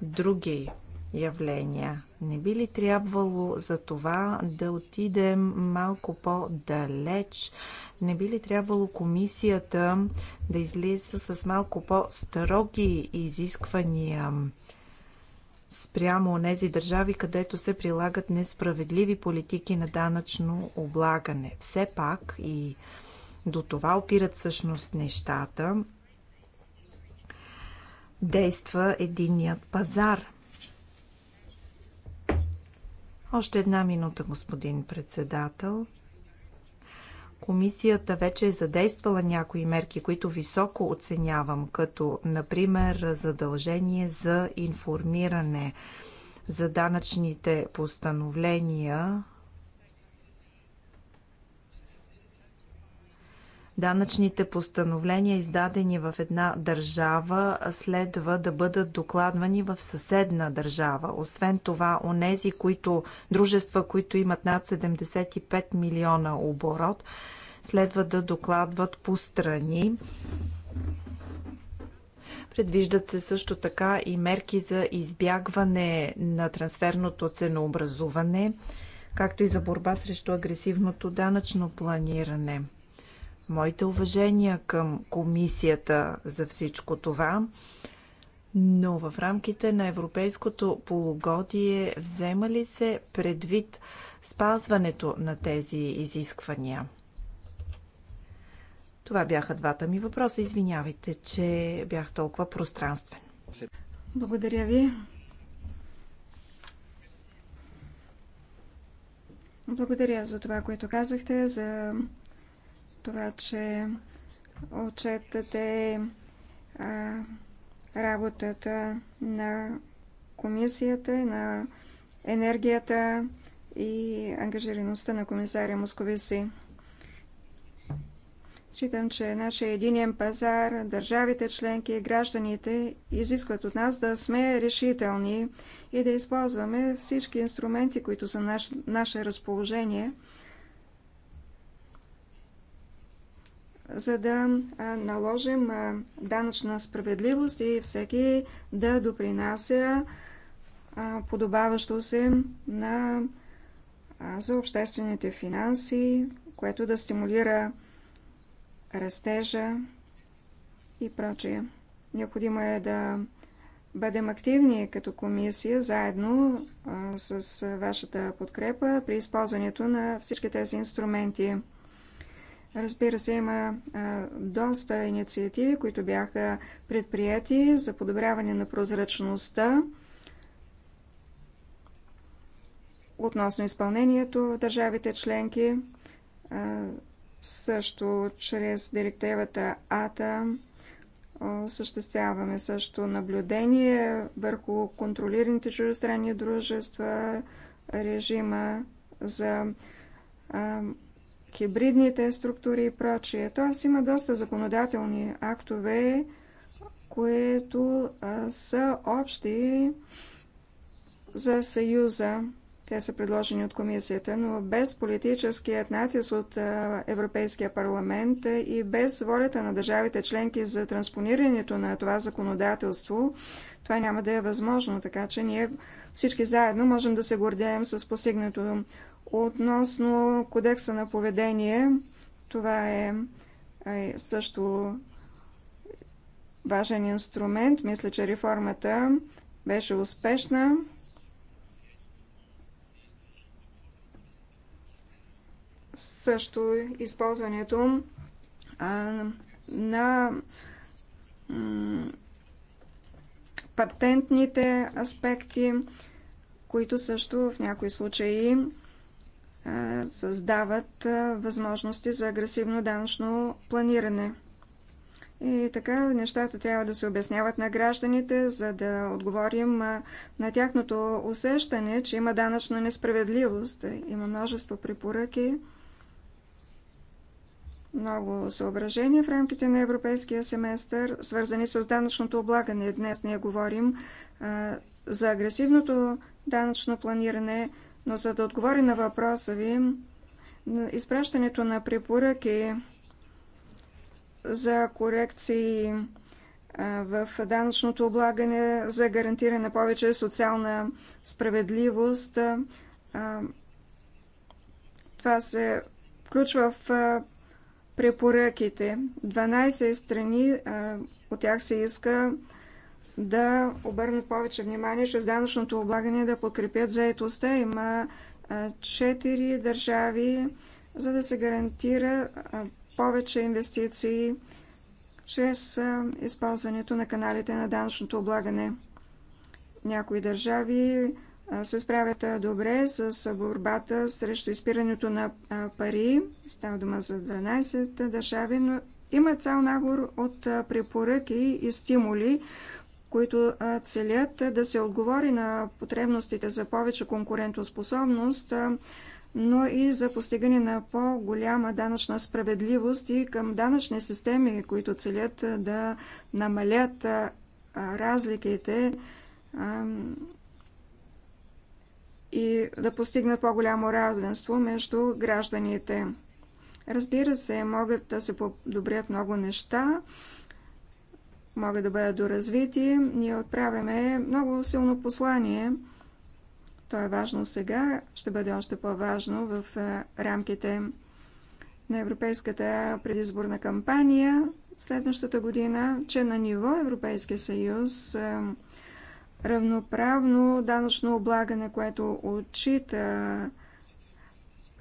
други явления. Не би ли трябвало за това да отидем малко по-далеч? Не би ли трябвало комисията да излиза с малко по-строги изисквания спрямо онези държави, където се прилагат несправедливи политики на данъчно облагане. Все пак и до това опират всъщност нещата. Действа единният пазар. Още една минута, господин председател. Комисията вече е задействала някои мерки, които високо оценявам, като например задължение за информиране за данъчните постановления данъчните постановления, издадени в една държава, следва да бъдат докладвани в съседна държава. Освен това, нези, които, дружества, които имат над 75 милиона оборот, следва да докладват по страни. Предвиждат се също така и мерки за избягване на трансферното ценообразуване, както и за борба срещу агресивното данъчно планиране. Моите уважения към комисията за всичко това, но в рамките на европейското полугодие взема ли се предвид спазването на тези изисквания? Това бяха двата ми въпроса. Извинявайте, че бях толкова пространствен. Благодаря ви. Благодаря за това, което казахте, за това, че отчетате а, работата на комисията, на енергията и ангажираността на комисаря Московиси. Считам, че нашия единен пазар, държавите членки и гражданите изискват от нас да сме решителни и да използваме всички инструменти, които са наш, наше разположение, за да наложим данъчна справедливост и всеки да допринася подобаващо се на, за обществените финанси, което да стимулира растежа и прочее. Необходимо е да бъдем активни като комисия, заедно а, с вашата подкрепа при използването на всички тези инструменти. Разбира се, има а, доста инициативи, които бяха предприяти за подобряване на прозрачността относно изпълнението в държавите членки. А, също чрез директивата АТА осъществяваме също наблюдение върху контролираните чуждестранни дружества, режима за а, хибридните структури и прочие. Тоест има доста законодателни актове, които а, са общи за Съюза. Те са предложени от комисията, но без политическият натиск от Европейския парламент и без волята на държавите членки за транспонирането на това законодателство, това няма да е възможно. Така че ние всички заедно можем да се гордеем с постигнато относно кодекса на поведение. Това е, е също важен инструмент. Мисля, че реформата беше успешна. също използването на патентните аспекти, които също в някои случаи създават възможности за агресивно данъчно планиране. И така нещата трябва да се обясняват на гражданите, за да отговорим на тяхното усещане, че има данъчна несправедливост. Има множество препоръки много съображения в рамките на европейския семестър, свързани с данъчното облагане. Днес ние говорим а, за агресивното данъчно планиране, но за да отговори на въпроса ви, изпращането на препоръки за корекции в данъчното облагане, за гарантиране на повече социална справедливост. Това се включва в препоръките. 12 страни, от тях се иска да обърнат повече внимание чрез данъчното облагане да подкрепят заетостта. Има 4 държави, за да се гарантира повече инвестиции чрез използването на каналите на данъчното облагане. Някои държави се справят добре с борбата срещу изпирането на пари. Става дума за 12 държави, но има цял набор от препоръки и стимули, които целят да се отговори на потребностите за повече конкурентоспособност, но и за постигане на по-голяма данъчна справедливост и към данъчни системи, които целят да намалят разликите и да постигнат по-голямо равенство между гражданите. Разбира се, могат да се подобрят много неща, могат да бъдат доразвити. Ние отправяме много силно послание. То е важно сега, ще бъде още по-важно в рамките на европейската предизборна кампания следващата година, че на ниво Европейския съюз равноправно данъчно облагане, което отчита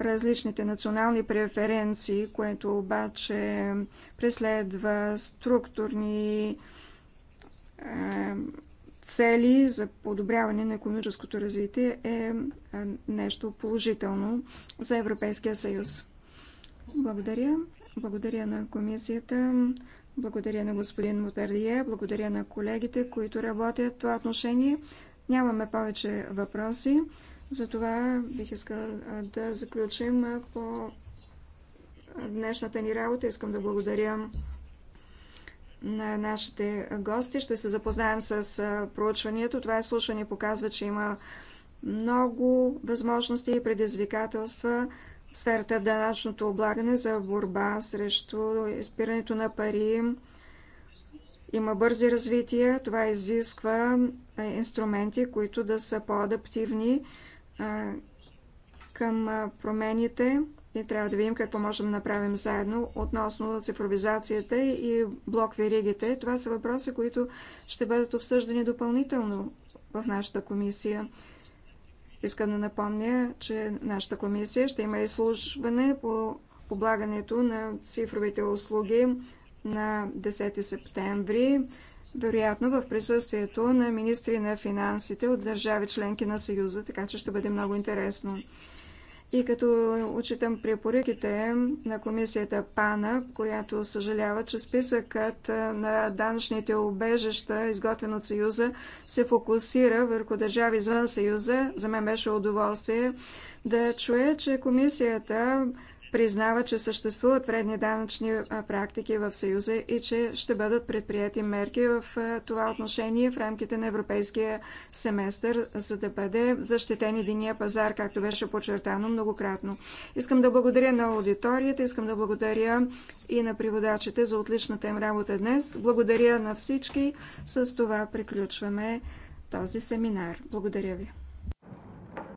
различните национални преференции, което обаче преследва структурни е, цели за подобряване на економическото развитие е, е нещо положително за Европейския съюз. Благодаря. Благодаря на комисията. Благодаря на господин Мотерлие, благодаря на колегите, които работят в това отношение. Нямаме повече въпроси, затова бих искал да заключим по днешната ни работа. Искам да благодаря на нашите гости. Ще се запознаем с проучването. Това изслушване показва, че има много възможности и предизвикателства в сферата на данъчното облагане за борба срещу изпирането на пари. Има бързи развития. Това изисква инструменти, които да са по-адаптивни към промените и трябва да видим какво можем да направим заедно относно цифровизацията и блок веригите. Това са въпроси, които ще бъдат обсъждани допълнително в нашата комисия. Искам да напомня, че нашата комисия ще има изслушване по облагането на цифровите услуги на 10 септември, вероятно в присъствието на министри на финансите от държави членки на Съюза, така че ще бъде много интересно. И като отчитам препоръките на комисията ПАНА, която съжалява, че списъкът на данъчните обежища, изготвен от Съюза, се фокусира върху държави извън Съюза, за мен беше удоволствие да чуя, че комисията признава, че съществуват вредни данъчни практики в Съюза и че ще бъдат предприяти мерки в това отношение в рамките на европейския семестър, за да бъде защитен единия пазар, както беше подчертано многократно. Искам да благодаря на аудиторията, искам да благодаря и на приводачите за отличната им работа днес. Благодаря на всички. С това приключваме този семинар. Благодаря ви.